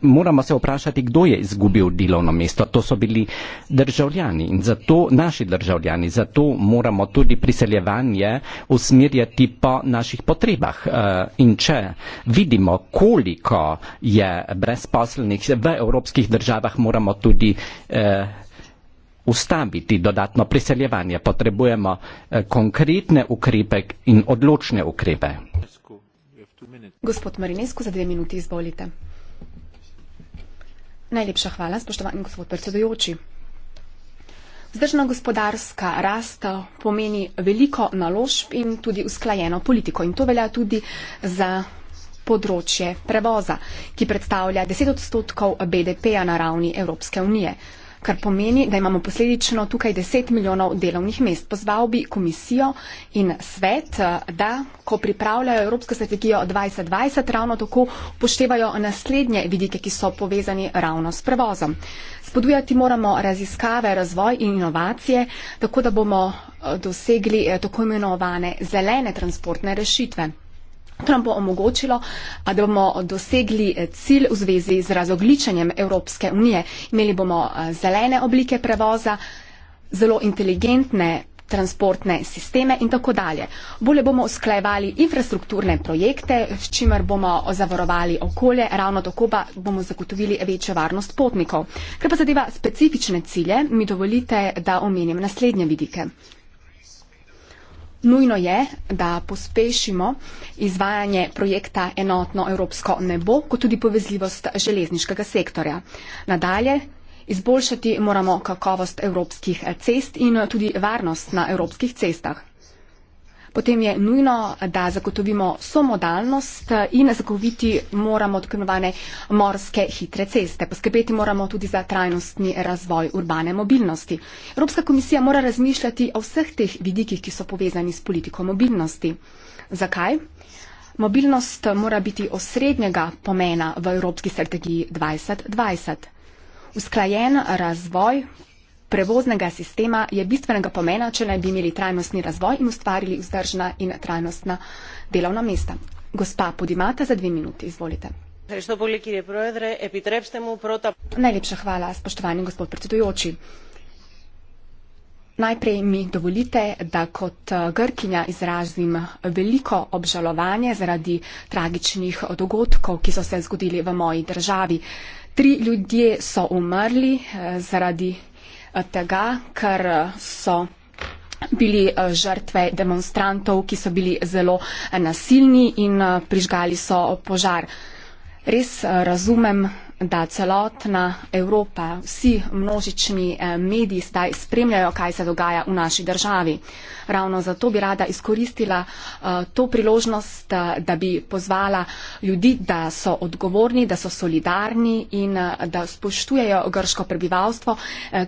moramo se vprašati, kdo je izgubil delovno mesto. To so bili državljani in zato naši državljani, zato moramo tudi priseljevanje usmerjati po naših potrebah. Eh, in če vidimo, koliko je brezposelnih v evropskih državah, moramo tudi eh, ustaviti dodatno priseljevanje. Potrebujemo eh, konkretne ukrepe in odločne ukrepe. Gospod Marinesko, za dve minuti izvolite. Najlepša hvala, spoštovani gospod predsedujoči. Vzdržna gospodarska rast eh, pomeni veliko naložb in tudi usklajeno politiko in to velja tudi za področje prevoza, ki predstavlja deset odstotkov BDP-ja na ravni Evropske unije kar pomeni, da imamo posledično tukaj 10 milijonov delovnih mest. Pozval bi komisijo in svet, eh, da, ko pripravljajo Evropsko strategijo 2020, ravno tako poštevajo naslednje vidike, ki so povezani ravno s prevozom. Spodujati moramo raziskave, razvoj in inovacije, tako da bomo eh, dosegli eh, tako imenovane zelene transportne rešitve nam bo omogočilo, da bomo dosegli eh, cilj v zvezi z razogličenjem Evropske unije. Imeli bomo eh, zelene oblike prevoza, zelo inteligentne transportne sisteme in tako dalje. Bole bomo usklajevali infrastrukturne projekte, s čimer bomo zavarovali okolje, ravno tako pa bomo zagotovili večjo varnost potnikov. Ker pa zadeva specifične cilje, mi dovolite, da omenim naslednje vidike. Nujno je, da pospešimo izvajanje projekta Enotno Evropsko nebo, kot tudi povezljivost železniškega sektorja. Nadalje, izboljšati moramo kakovost evropskih cest in tudi varnost na evropskih cestah. Potem je nujno, da zagotovimo somodalnost in zagotoviti moramo tako imenovane morske hitre ceste. Poskrbeti moramo tudi za trajnostni razvoj urbane mobilnosti. Evropska komisija mora razmišljati o vseh teh vidikih, ki so povezani s politiko mobilnosti. Zakaj? Mobilnost mora biti osrednjega pomena v Evropski strategiji 2020. Usklajen razvoj prevoznega sistema je bistvenega pomena, če naj bi imeli trajnostni razvoj in ustvarili vzdržna in trajnostna delovna mesta. Gospa, podimata za dve minuti, izvolite. Najlepša hvala, spoštovani gospod predsedujoči. Najprej mi dovolite, da kot eh, Grkinja izrazim veliko obžalovanje zaradi tragičnih dogodkov, ki so se zgodili v moji državi. Tri ljudje so umrli eh, zaradi tega, kar so bili žrtve demonstrantov, ki so bili zelo nasilni in prižgali so požar. Res razumem da celotna Evropa, vsi množični eh, mediji zdaj spremljajo, kaj se dogaja v naši državi. Ravno zato bi rada izkoristila eh, to priložnost, eh, da bi pozvala ljudi, da so odgovorni, da so solidarni in da spoštujejo grško prebivalstvo,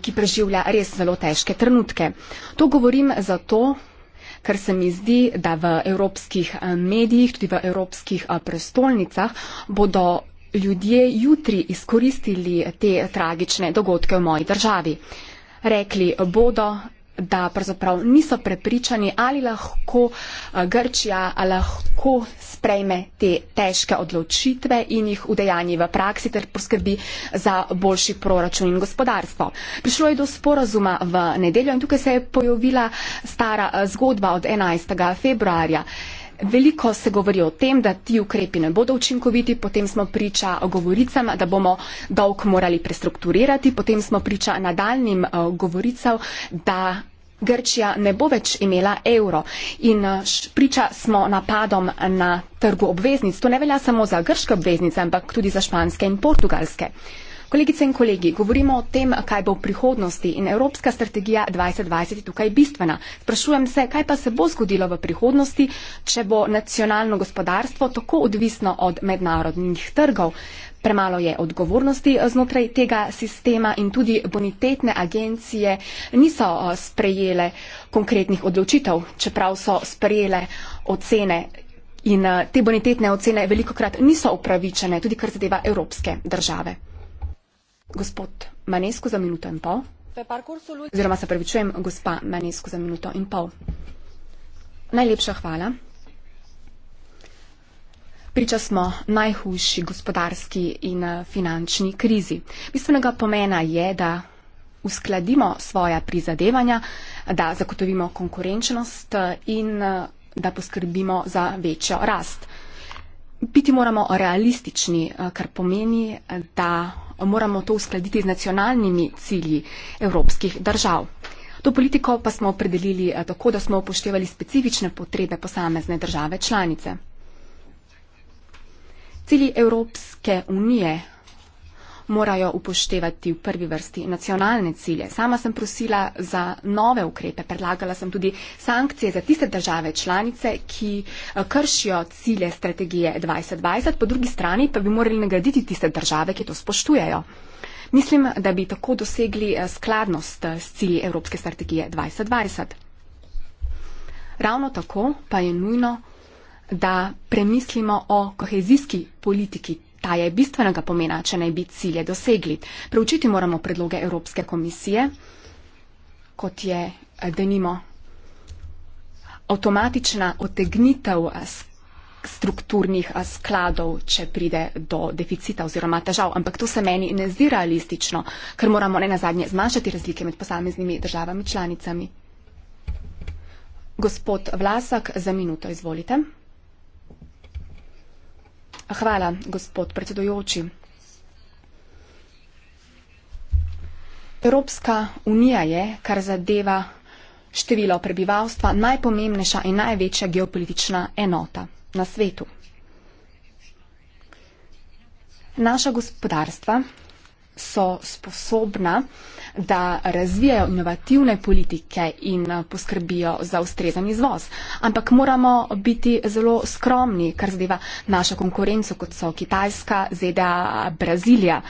ki preživlja res zelo težke trenutke. To govorim zato, ker se mi zdi, da v evropskih medijih, tudi v evropskih prestolnicah, bodo ljudje jutri izkoristili te tragične dogodke v moji državi. Rekli bodo, da pravzaprav niso prepričani, ali lahko eh, Grčija lahko sprejme te težke odločitve in jih udejanji v praksi ter poskrbi za boljši proračun in gospodarstvo. Prišlo je do sporazuma v nedeljo in tukaj se je pojavila stara eh, zgodba od 11. februarja. Veliko se govori o tem, da ti ukrepi ne bodo učinkoviti, potem smo priča govoricam, da bomo dolg morali prestrukturirati, potem smo priča nadaljnim eh, govoricam, da. Grčija ne bo več imela evro in eh, priča smo napadom na trgu obveznic. To ne velja samo za grške obveznice, ampak tudi za španske in portugalske. Uh, Kolegice in kolegi, govorimo o tem, kaj bo v prihodnosti in Evropska strategija 2020 je tukaj bistvena. Sprašujem se, kaj pa se bo zgodilo v prihodnosti, če bo nacionalno gospodarstvo tako odvisno od mednarodnih trgov. Premalo je odgovornosti eh, znotraj tega sistema in tudi bonitetne agencije eh, niso eh, sprejele konkretnih odločitev, čeprav so sprejele ocene. In te bonitetne ocene veliko krat niso upravičene, tudi kar zadeva evropske države gospod Manesko za minuto in pol. Oziroma se prevečujem, gospa Manesko za minuto in pol. Najlepša hvala. Priča smo najhujši gospodarski in eh, finančni krizi. Bistvenega pomena je, da uskladimo svoja prizadevanja, da zagotovimo konkurenčnost eh, in eh, da poskrbimo za večjo rast. Biti moramo realistični, kar pomeni, da moramo to uskladiti z nacionalnimi cilji evropskih držav. To politiko pa smo opredelili eh, tako, da smo upoštevali specifične potrebe posamezne države članice. Cilji Evropske unije morajo upoštevati v prvi vrsti nacionalne cilje. Sama sem prosila za nove ukrepe, predlagala sem tudi sankcije za tiste države članice, ki eh, kršijo cilje strategije 2020, po drugi strani pa bi morali nagraditi tiste države, ki to spoštujejo. Mislim, da bi tako dosegli eh, skladnost eh, s cilji Evropske strategije 2020. Ravno tako pa je nujno, da premislimo o kohezijski politiki Ta je bistvenega pomena, če naj bi cilje dosegli. Preučiti moramo predloge Evropske komisije, kot je eh, denimo avtomatična otegnitev eh, strukturnih eh, skladov, če pride do deficita oziroma težav. Ampak to se meni ne zdi realistično, ker moramo ne nazadnje zmanjšati razlike med posameznimi državami članicami. Gospod Vlasak, za minuto izvolite. Hvala, gospod predsedujoči. Evropska unija je, kar zadeva število prebivalstva, najpomembnejša in največja geopolitična enota na svetu. Naša gospodarstva so sposobna da razvijajo inovativne politike in eh, poskrbijo za ustrezan izvoz. Ampak moramo biti zelo skromni, kar zadeva našo konkurenco, kot so Kitajska, ZDA, Brazilija.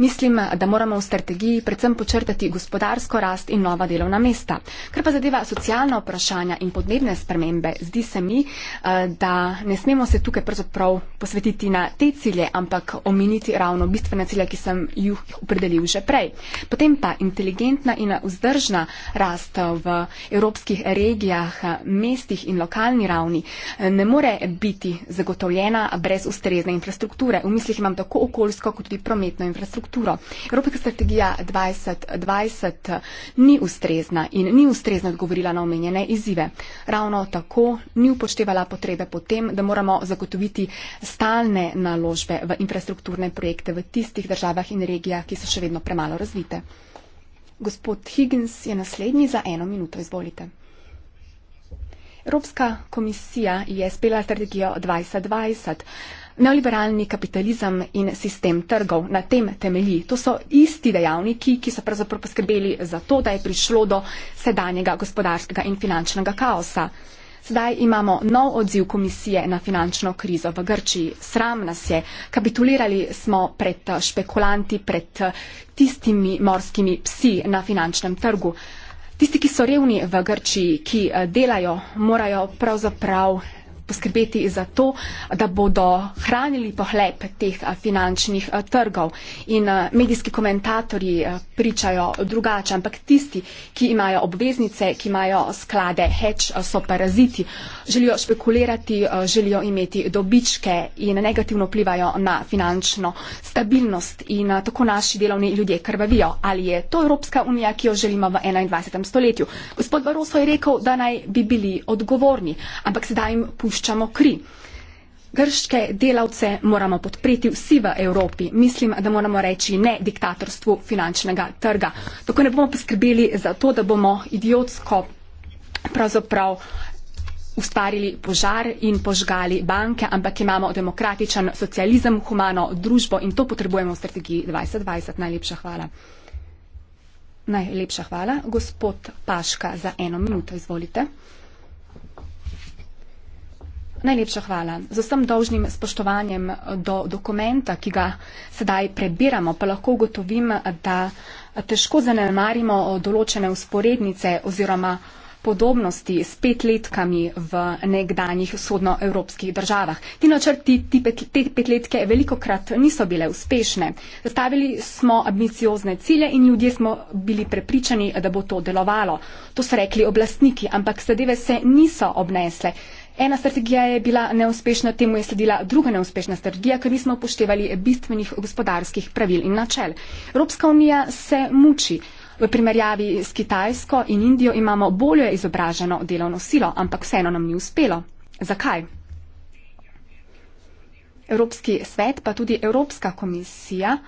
Mislim, da moramo v strategiji predvsem počrtati gospodarsko rast in nova delovna mesta. Ker pa zadeva socialna vprašanja in podnebne spremembe, zdi se mi, eh, da ne smemo se tukaj pravzaprav posvetiti na te cilje, ampak omeniti ravno bistvene cilje, ki sem jih opredelil že prej. Potem pa inteligentna in vzdržna rast v evropskih regijah, mestih in lokalni ravni eh, ne more biti zagotovljena brez ustrezne infrastrukture. V mislih imam tako okoljsko, kot tudi prometno infrastrukturo infrastrukturo. Evropska strategija 2020 ni ustrezna in ni ustrezna odgovorila na omenjene izzive. Ravno tako ni upoštevala potrebe potem, da moramo zagotoviti stalne naložbe v infrastrukturne projekte v tistih državah in regijah, ki so še vedno premalo razvite. Gospod Higgins je naslednji za eno minuto. Izvolite. Evropska komisija je spela strategijo 2020. Neoliberalni kapitalizem in sistem trgov na tem temelji. To so isti dejavniki, ki so pravzaprav poskrbeli za to, da je prišlo do sedanjega gospodarskega in finančnega kaosa. Zdaj imamo nov odziv komisije na finančno krizo v Grčiji. Sram nas je. Kapitulirali smo pred eh, špekulanti, pred eh, tistimi morskimi psi na finančnem trgu. Tisti, ki so revni v Grčiji, ki eh, delajo, morajo pravzaprav poskrbeti za to, da bodo hranili pohlep teh finančnih trgov. In medijski komentatorji pričajo drugače, ampak tisti, ki imajo obveznice, ki imajo sklade hedge, so paraziti, želijo špekulirati, želijo imeti dobičke in negativno vplivajo na finančno stabilnost in tako naši delovni ljudje krvavijo. Ali je to Evropska unija, ki jo želimo v 21. stoletju? Gospod Varoso je rekel, da naj bi bili odgovorni, ampak sedaj jim puščajo puščamo kri. Grške delavce moramo podpreti vsi v Evropi. Mislim, da moramo reči ne diktatorstvu finančnega trga. Tako ne bomo poskrbeli za to, da bomo idiotsko pravzaprav ustvarili požar in požgali banke, ampak imamo demokratičen socializem, humano družbo in to potrebujemo v strategiji 2020. Najlepša hvala. Najlepša hvala. Gospod Paška, za eno minuto izvolite. Najlepša hvala. Z vsem dolžnim spoštovanjem do dokumenta, ki ga sedaj prebiramo, pa lahko ugotovim, da težko zanemarimo določene usporednice oziroma podobnosti s petletkami v nekdanjih vzhodnoevropskih državah. Ti načrti, ti pet, te petletke veliko krat niso bile uspešne. Zastavili smo ambiciozne cilje in ljudje smo bili prepričani, da bo to delovalo. To so rekli oblastniki, ampak zadeve se niso obnesle. Ena strategija je bila neuspešna, temu je sledila druga neuspešna strategija, ker nismo upoštevali bistvenih gospodarskih pravil in načel. Evropska unija se muči. V primerjavi s Kitajsko in Indijo imamo bolje izobraženo delovno silo, ampak vseeno nam ni uspelo. Zakaj? Evropski svet, pa tudi Evropska komisija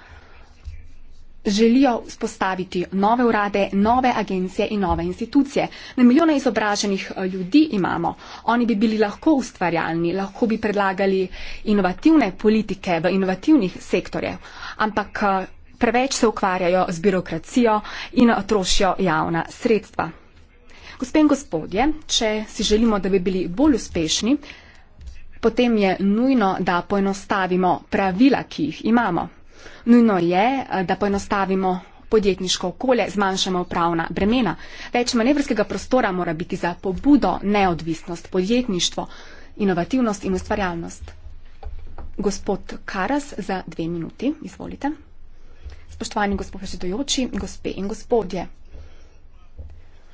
želijo spostaviti nove urade, nove agencije in nove institucije. Na milijone izobraženih eh, ljudi imamo. Oni bi bili lahko ustvarjalni, lahko bi predlagali inovativne politike v inovativnih sektorjev, ampak eh, preveč se ukvarjajo z birokracijo in eh, trošijo javna sredstva. Gospe in gospodje, če si želimo, da bi bili bolj uspešni, potem je nujno, da poenostavimo pravila, ki jih imamo. Nujno je, eh, da poenostavimo podjetniško okolje, zmanjšamo upravna bremena. Več manevrskega prostora mora biti za pobudo, neodvisnost, podjetništvo, inovativnost in ustvarjalnost. Gospod Karas, za dve minuti, izvolite. Spoštovani gospod predsedujoči, gospe in gospodje.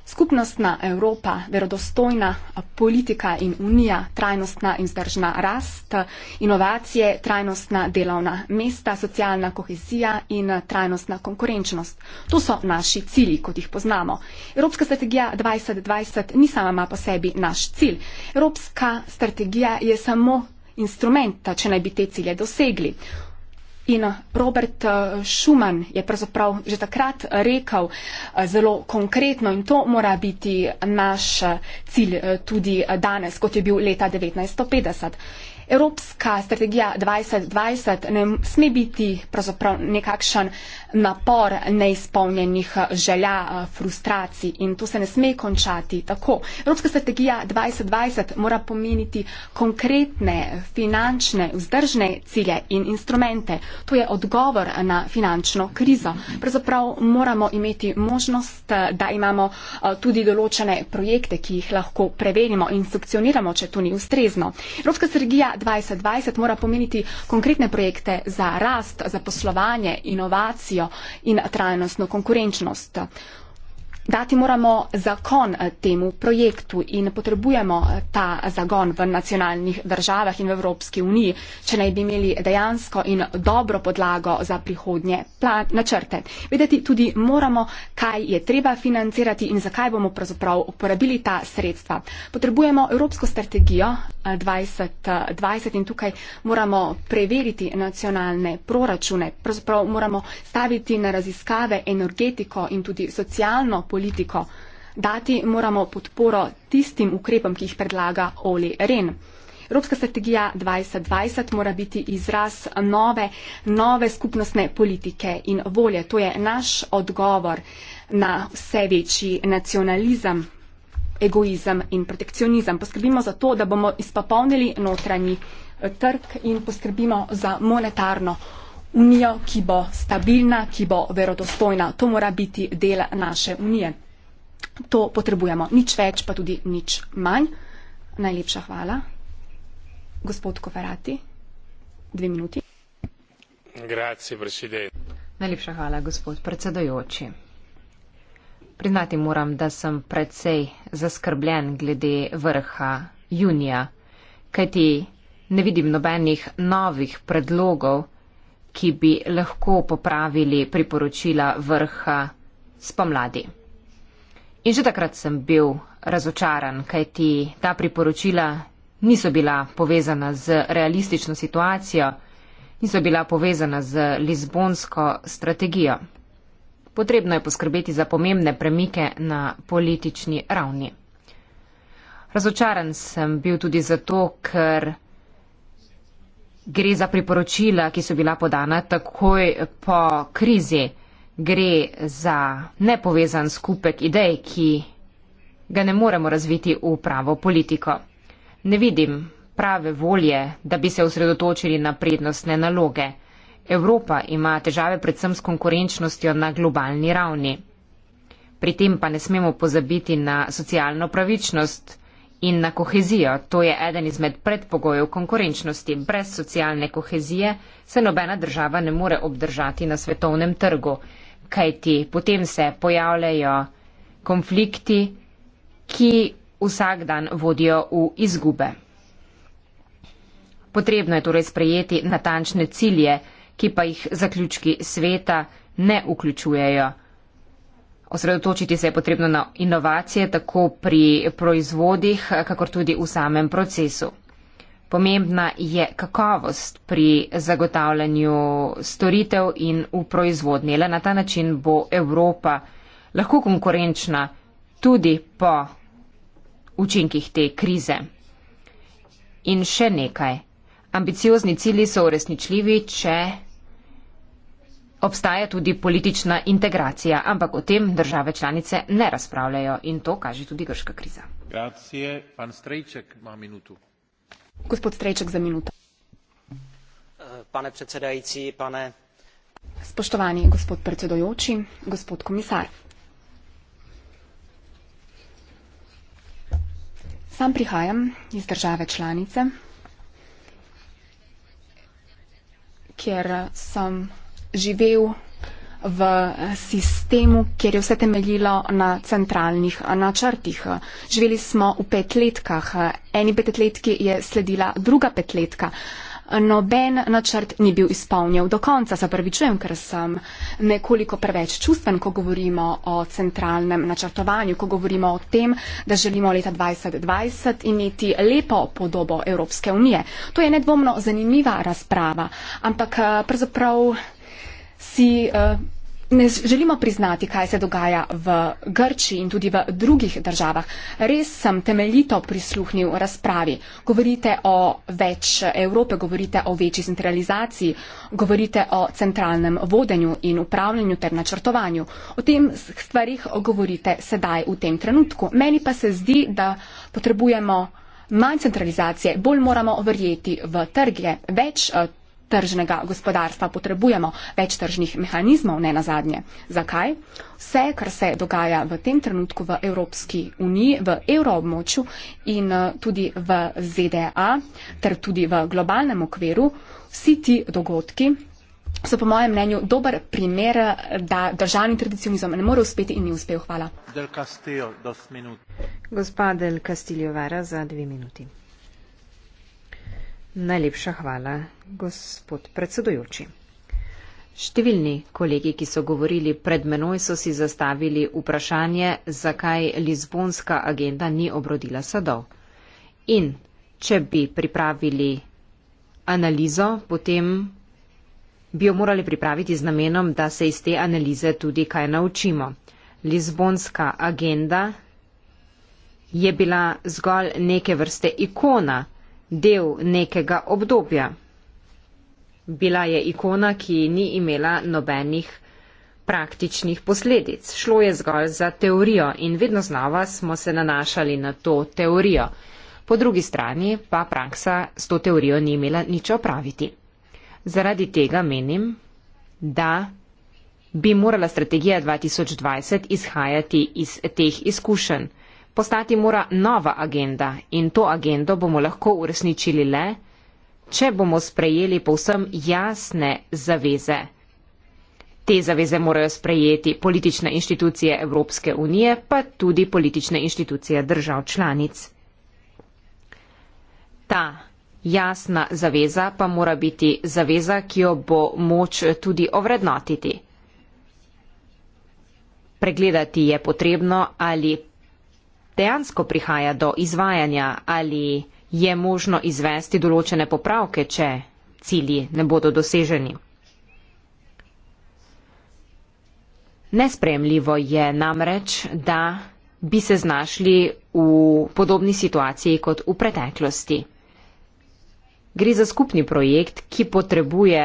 Skupnostna Evropa, verodostojna politika in unija, trajnostna in zdržna rast, inovacije, trajnostna delovna mesta, socialna kohezija in trajnostna konkurenčnost. To so naši cilji, kot jih poznamo. Evropska strategija 2020 ni sama po sebi naš cilj. Evropska strategija je samo instrument, če naj bi te cilje dosegli. In eh, Robert eh, Schuman je pravzaprav že takrat eh, rekel zelo konkretno in to mora biti naš cilj tudi danes, kot je bil leta 1950. Evropska strategija 2020 ne sme biti pravzaprav nekakšen napor neizpolnjenih želja, frustracij in to se ne sme končati tako. Evropska strategija 2020 mora pomeniti konkretne finančne vzdržne cilje in instrumente. To je odgovor na finančno krizo. Pravzaprav moramo imeti možnost, da imamo tudi določene projekte, ki jih lahko preverimo in sankcioniramo, če to ni ustrezno. Evropska strategija 2020 mora pomeniti konkretne projekte za rast, za poslovanje, inovacijo in trajnostno konkurenčnost. Dati moramo zakon eh, temu projektu in potrebujemo eh, ta eh, zagon v nacionalnih državah in v Evropski uniji, če naj bi imeli dejansko in dobro podlago za prihodnje načrte. Vedeti tudi moramo, kaj je treba financirati in zakaj bomo pravzaprav uporabili ta sredstva. Potrebujemo Evropsko strategijo 2020 in tukaj moramo preveriti nacionalne proračune. Pravzaprav moramo staviti na raziskave energetiko in tudi socialno politiko politiko. Dati moramo podporo tistim ukrepom, ki jih predlaga Oli Ren. Evropska strategija 2020 mora biti izraz nove, nove skupnostne politike in volje. To je naš odgovor na vse večji nacionalizem, egoizem in protekcionizem. Poskrbimo za to, da bomo izpopolnili notranji eh, trg in poskrbimo za monetarno unijo, ki bo stabilna, ki bo verodostojna. To mora biti del naše unije. To potrebujemo. Nič več, pa tudi nič manj. Najlepša hvala. Gospod Koferati, dve minuti. Grazie, Najlepša hvala, gospod predsedojoči. Priznati moram, da sem predvsej zaskrbljen glede vrha junija, kajti ne vidim nobenih novih predlogov, ki bi lahko popravili priporočila vrha spomladi. In že takrat sem bil razočaran, kajti ta priporočila niso bila povezana z realistično situacijo, niso bila povezana z lizbonsko strategijo. Potrebno je poskrbeti za pomembne premike na politični ravni. Razočaran sem bil tudi zato, ker Gre za priporočila, ki so bila podana takoj po krizi. Gre za nepovezan skupek idej, ki ga ne moremo razviti v pravo politiko. Ne vidim prave volje, da bi se osredotočili na prednostne naloge. Evropa ima težave predvsem s konkurenčnostjo na globalni ravni. Pri tem pa ne smemo pozabiti na socialno pravičnost, in na kohezijo. To je eden izmed predpogojev konkurenčnosti. Brez socialne kohezije se nobena država ne more obdržati na svetovnem trgu, kajti potem se pojavljajo konflikti, ki vsak dan vodijo v izgube. Potrebno je torej sprejeti natančne cilje, ki pa jih zaključki sveta ne vključujejo. Osredotočiti se je potrebno na inovacije tako pri proizvodih, kakor tudi v samem procesu. Pomembna je kakovost pri zagotavljanju storitev in v proizvodnje. Le na ta način bo Evropa lahko konkurenčna tudi po učinkih te krize. In še nekaj. Ambiciozni cilji so uresničljivi, če Obstaja tudi politična integracija, ampak o tem države članice ne razpravljajo in to kaže tudi grška kriza. Grazie, pan Strejček ima minuto. Gospod Strejček za minuto. Pane predsedajci, pane. Spoštovani gospod predsedojoči, gospod komisar. Sam prihajam iz države članice, kjer sem živel v sistemu, kjer je vse temeljilo na centralnih načrtih. Živeli smo v petletkah, eni petletki je sledila druga petletka. Noben načrt ni bil izpolnjen do konca, se pravičujem, ker sem nekoliko preveč čustven, ko govorimo o centralnem načrtovanju, ko govorimo o tem, da želimo leta 2020 imeti lepo podobo Evropske unije. To je nedvomno zanimiva razprava, ampak eh, pravzaprav si eh, ne želimo priznati, kaj se dogaja v Grčiji in tudi v drugih državah. Res sem temeljito prisluhnil razpravi. Govorite o več Evrope, govorite o večji centralizaciji, govorite o centralnem vodenju in upravljanju ter načrtovanju. O tem stvarih govorite sedaj v tem trenutku. Meni pa se zdi, da potrebujemo manj centralizacije, bolj moramo verjeti v trge, več eh, tržnega gospodarstva. Potrebujemo več tržnih mehanizmov, ne na zadnje. Zakaj? Vse, kar se dogaja v tem trenutku v Evropski uniji, v evroobmočju in eh, tudi v ZDA, ter tudi v globalnem okviru, vsi ti dogodki so po mojem mnenju dober primer, eh, da državni tradicionizem ne more uspeti in ni uspel. Hvala. Del Castillo, Gospa Del Castillo Vara za dve minuti. Najlepša hvala, gospod predsedujoči. Številni kolegi, ki so govorili pred menoj, so si zastavili vprašanje, zakaj Lizbonska agenda ni obrodila sadov. In če bi pripravili analizo, potem bi jo morali pripraviti z namenom, da se iz te analize tudi kaj naučimo. Lizbonska agenda je bila zgolj neke vrste ikona del nekega obdobja. Bila je ikona, ki ni imela nobenih praktičnih posledic. Šlo je zgolj za teorijo in vedno znova smo se nanašali na to teorijo. Po drugi strani pa praksa s to teorijo ni imela nič opraviti. Zaradi tega menim, da bi morala strategija 2020 izhajati iz teh izkušenj postati mora nova agenda in to agendo bomo lahko uresničili le, če bomo sprejeli povsem jasne zaveze. Te zaveze morajo sprejeti politične inštitucije Evropske unije, pa tudi politične inštitucije držav članic. Ta jasna zaveza pa mora biti zaveza, ki jo bo moč tudi ovrednotiti. Pregledati je potrebno, ali dejansko prihaja do izvajanja ali je možno izvesti določene popravke, če cilji ne bodo doseženi. Nespremljivo je namreč, da bi se znašli v podobni situaciji kot v preteklosti. Gre za skupni projekt, ki potrebuje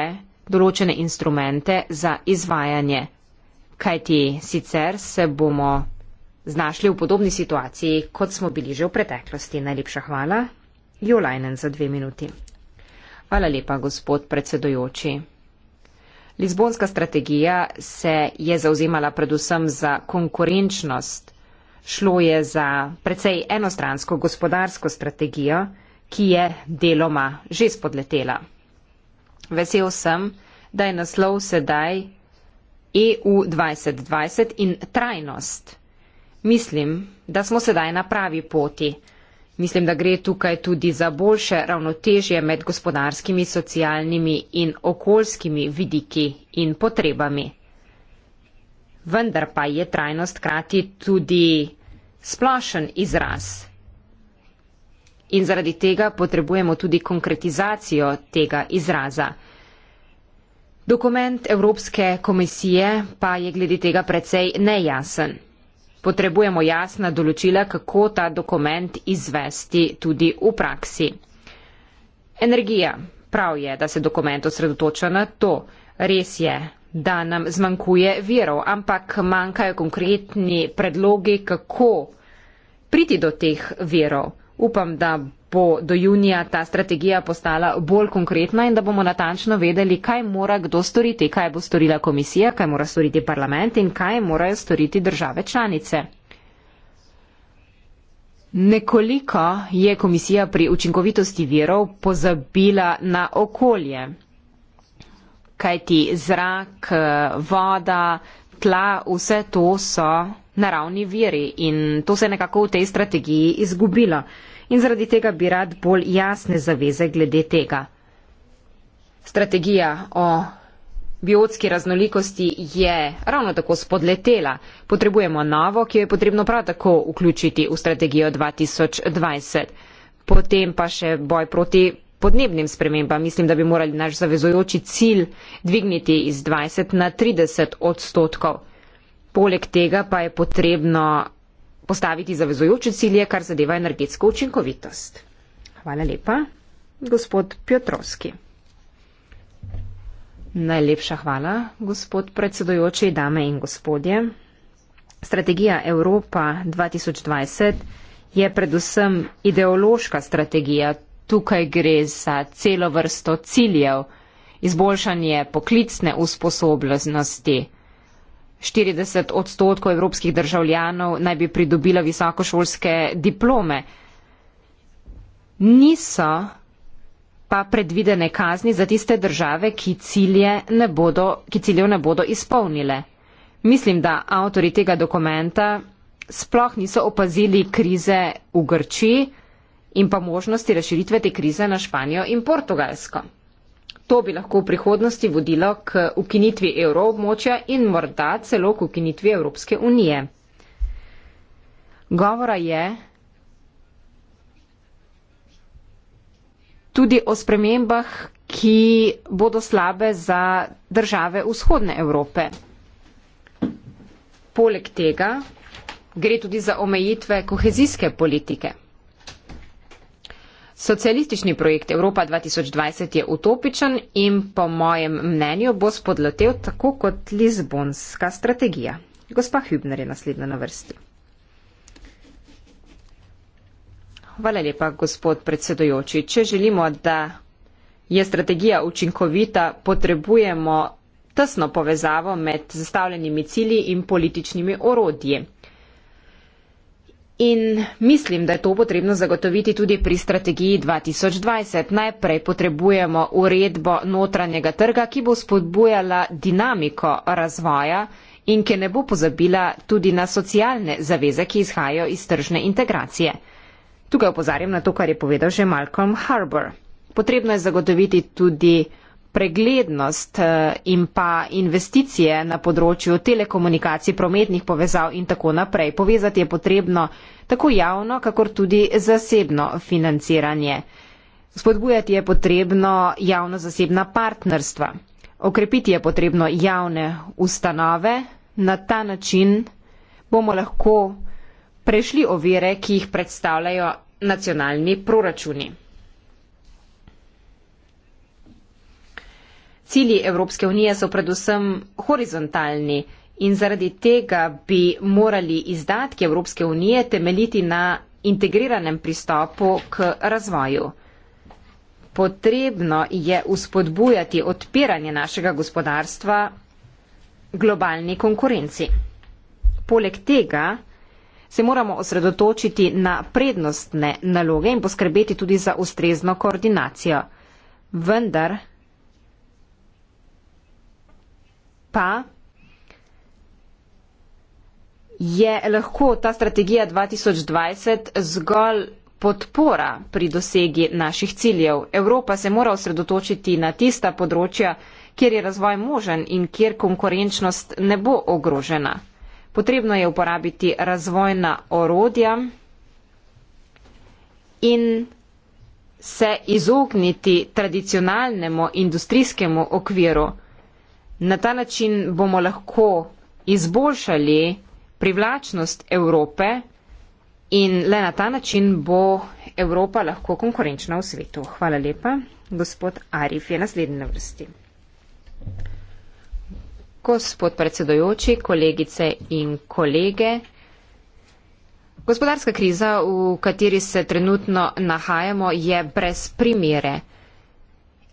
določene instrumente za izvajanje, kajti sicer se bomo znašli v podobni situaciji, kot smo bili že v preteklosti. Najlepša hvala. Jolajnen za dve minuti. Hvala lepa, gospod predsedojoči. Lizbonska strategija se je zauzemala predvsem za konkurenčnost. Šlo je za precej enostransko gospodarsko strategijo, ki je deloma že spodletela. Vesel sem, da je naslov sedaj EU 2020 in trajnost. Mislim, da smo sedaj na pravi poti. Mislim, da gre tukaj tudi za boljše ravnotežje med gospodarskimi, socialnimi in okoljskimi vidiki in potrebami. Vendar pa je trajnost krati tudi splošen izraz. In zaradi tega potrebujemo tudi konkretizacijo tega izraza. Dokument Evropske komisije pa je glede tega precej nejasen. Potrebujemo jasna določila, kako ta dokument izvesti tudi v praksi. Energija. Prav je, da se dokument osredotoča na to. Res je, da nam zmanjkuje virov, ampak manjkajo konkretni predlogi, kako priti do teh virov. Upam, da bo do junija ta strategija postala bolj konkretna in da bomo natančno vedeli, kaj mora kdo storiti, kaj bo storila komisija, kaj mora storiti parlament in kaj morajo storiti države članice. Nekoliko je komisija pri učinkovitosti virov pozabila na okolje, kajti zrak, voda, tla, vse to so naravni viri in to se je nekako v tej strategiji izgubilo in zaradi tega bi rad bolj jasne zaveze glede tega. Strategija o biotski raznolikosti je ravno tako spodletela. Potrebujemo novo, ki jo je potrebno prav tako vključiti v strategijo 2020. Potem pa še boj proti podnebnim spremembam. Mislim, da bi morali naš zavezojoči cilj dvigniti iz 20 na 30 odstotkov. Poleg tega pa je potrebno postaviti zavezujoče cilje, kar zadeva energetsko učinkovitost. Hvala lepa, gospod Piotrovski. Najlepša hvala, gospod predsedujoči, dame in gospodje. Strategija Evropa 2020 je predvsem ideološka strategija. Tukaj gre za celo vrsto ciljev, izboljšanje poklicne usposobljenosti, 40 odstotkov evropskih državljanov naj bi pridobila visokošolske diplome. Niso pa predvidene kazni za tiste države, ki, cilje ne bodo, ki ciljev ne bodo izpolnile. Mislim, da avtori tega dokumenta sploh niso opazili krize v Grči in pa možnosti razširitve te krize na Španijo in Portugalsko. To bi lahko v prihodnosti vodilo k ukinitvi evroobmočja in morda celo k ukinitvi Evropske unije. Govora je tudi o spremembah, ki bodo slabe za države vzhodne Evrope. Poleg tega gre tudi za omejitve kohezijske politike. Socialistični projekt Evropa 2020 je utopičen in po mojem mnenju bo spodletel tako kot Lizbonska strategija. Gospa Hübner je naslednja na vrsti. Hvala lepa, gospod predsedojoči. Če želimo, da je strategija učinkovita, potrebujemo tesno povezavo med zastavljenimi cilji in političnimi orodji. In mislim, da je to potrebno zagotoviti tudi pri strategiji 2020. Najprej potrebujemo uredbo notranjega trga, ki bo spodbujala dinamiko razvoja in ki ne bo pozabila tudi na socialne zaveze, ki izhajajo iz tržne integracije. Tukaj opozarjam na to, kar je povedal že Malcolm Harbour. Potrebno je zagotoviti tudi preglednost eh, in pa investicije na področju telekomunikacij, prometnih povezav in tako naprej. Povezati je potrebno tako javno, kakor tudi zasebno financiranje. Spodbujati je potrebno javno-zasebna partnerstva. Okrepiti je potrebno javne ustanove. Na ta način bomo lahko prešli ovire, ki jih predstavljajo nacionalni proračuni. Cilji Evropske unije so predvsem horizontalni in zaradi tega bi morali izdatki Evropske unije temeljiti na integriranem pristopu k razvoju. Potrebno je uspodbujati odpiranje našega gospodarstva globalni konkurenci. Poleg tega se moramo osredotočiti na prednostne naloge in poskrbeti tudi za ustrezno koordinacijo. Vendar pa je lahko ta strategija 2020 zgolj podpora pri dosegi naših ciljev. Evropa se mora osredotočiti na tista področja, kjer je razvoj možen in kjer konkurenčnost ne bo ogrožena. Potrebno je uporabiti razvojna orodja in se izogniti tradicionalnemu industrijskemu okviru. Na ta način bomo lahko izboljšali privlačnost Evrope in le na ta način bo Evropa lahko konkurenčna v svetu. Hvala lepa. Gospod Arif je naslednji na vrsti. Gospod predsedojoči, kolegice in kolege. Gospodarska kriza, v kateri se trenutno nahajamo, je brez primere.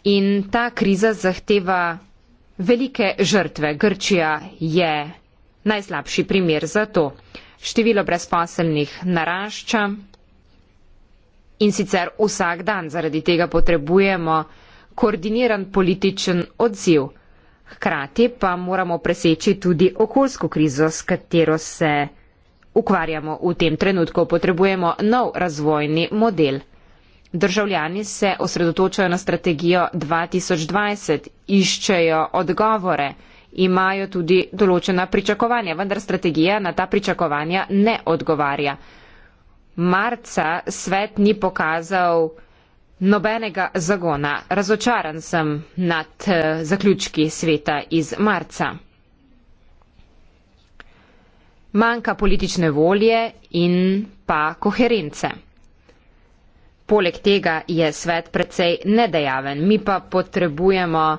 In ta kriza zahteva velike žrtve. Grčija je najslabši primer za to. Število brezposelnih narašča in sicer vsak dan zaradi tega potrebujemo koordiniran političen odziv. Hkrati pa moramo preseči tudi okoljsko krizo, s katero se ukvarjamo v tem trenutku. Potrebujemo nov razvojni model. Državljani se osredotočajo na strategijo 2020, iščejo odgovore, imajo tudi določena pričakovanja, vendar strategija na ta pričakovanja ne odgovarja. Marca svet ni pokazal nobenega zagona. Razočaran sem nad eh, zaključki sveta iz marca. Manjka politične volje in pa koherence. Poleg tega je svet precej nedejaven, mi pa potrebujemo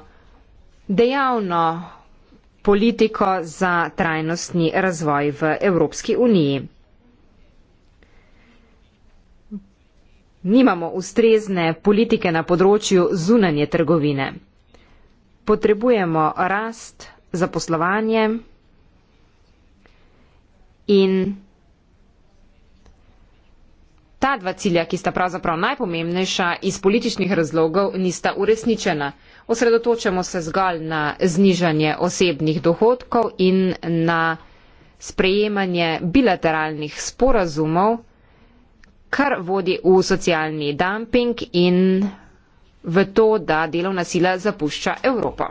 dejavno politiko za trajnostni razvoj v Evropski uniji. Nimamo ustrezne politike na področju zunanje trgovine. Potrebujemo rast, zaposlovanje in ta dva cilja, ki sta pravzaprav najpomembnejša, iz političnih razlogov nista uresničena. Osredotočamo se zgolj na znižanje osebnih dohodkov in na sprejemanje bilateralnih sporazumov, kar vodi v socialni dumping in v to, da delovna sila zapušča Evropo.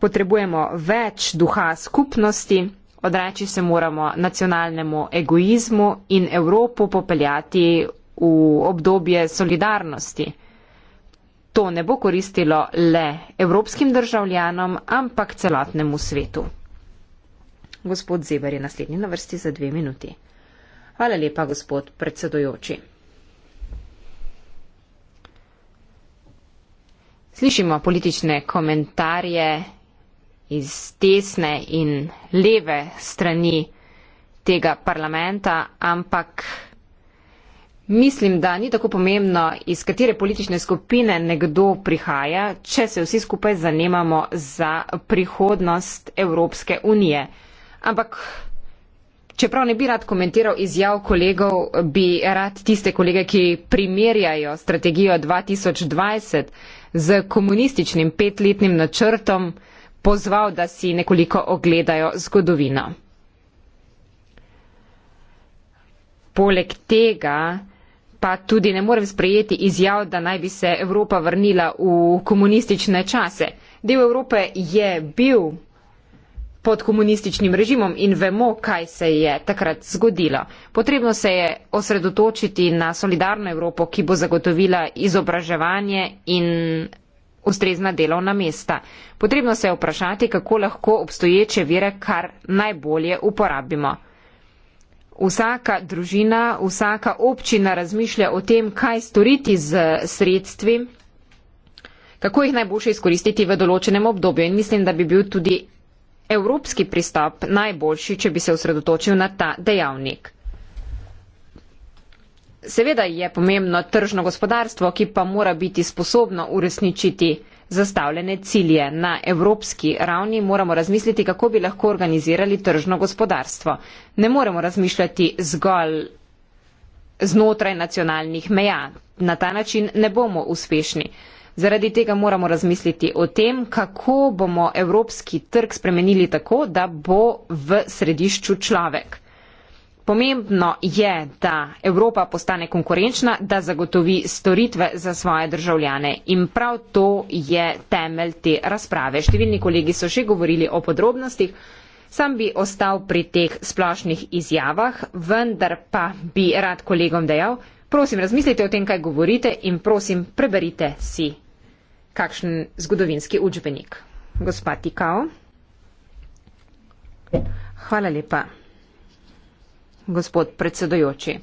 Potrebujemo več duha skupnosti odreči se moramo nacionalnemu egoizmu in Evropo popeljati v obdobje solidarnosti. To ne bo koristilo le evropskim državljanom, ampak celotnemu svetu. Gospod Zeber je naslednji na vrsti za dve minuti. Hvala lepa, gospod predsedojoči. Slišimo politične komentarje iz desne in leve strani tega parlamenta, ampak mislim, da ni tako pomembno, iz katere politične skupine nekdo prihaja, če se vsi skupaj zanimamo za prihodnost Evropske unije. Ampak čeprav ne bi rad komentiral izjav kolegov, bi rad tiste kolege, ki primerjajo strategijo 2020 z komunističnim petletnim načrtom, pozval, da si nekoliko ogledajo zgodovino. Poleg tega pa tudi ne morem sprejeti izjav, da naj bi se Evropa vrnila v komunistične čase. Del Evrope je bil pod komunističnim režimom in vemo, kaj se je takrat zgodilo. Potrebno se je osredotočiti na solidarno Evropo, ki bo zagotovila izobraževanje in ustrezna delovna mesta. Potrebno se je vprašati, kako lahko obstoječe vire kar najbolje uporabimo. Vsaka družina, vsaka občina razmišlja o tem, kaj storiti z sredstvi, kako jih najboljše izkoristiti v določenem obdobju. In mislim, da bi bil tudi evropski pristop najboljši, če bi se osredotočil na ta dejavnik. Seveda je pomembno tržno gospodarstvo, ki pa mora biti sposobno uresničiti zastavljene cilje. Na evropski ravni moramo razmisliti, kako bi lahko organizirali tržno gospodarstvo. Ne moremo razmišljati zgolj znotraj nacionalnih meja. Na ta način ne bomo uspešni. Zaradi tega moramo razmisliti o tem, kako bomo evropski trg spremenili tako, da bo v središču človek. Pomembno je, da Evropa postane konkurenčna, da zagotovi storitve za svoje državljane in prav to je temelj te razprave. Številni kolegi so še govorili o podrobnostih. Sam bi ostal pri teh splošnih izjavah, vendar pa bi rad kolegom dejal, prosim, razmislite o tem, kaj govorite in prosim, preberite si kakšen zgodovinski učbenik. Gospa Tikao. Hvala lepa gospod predsedujoči.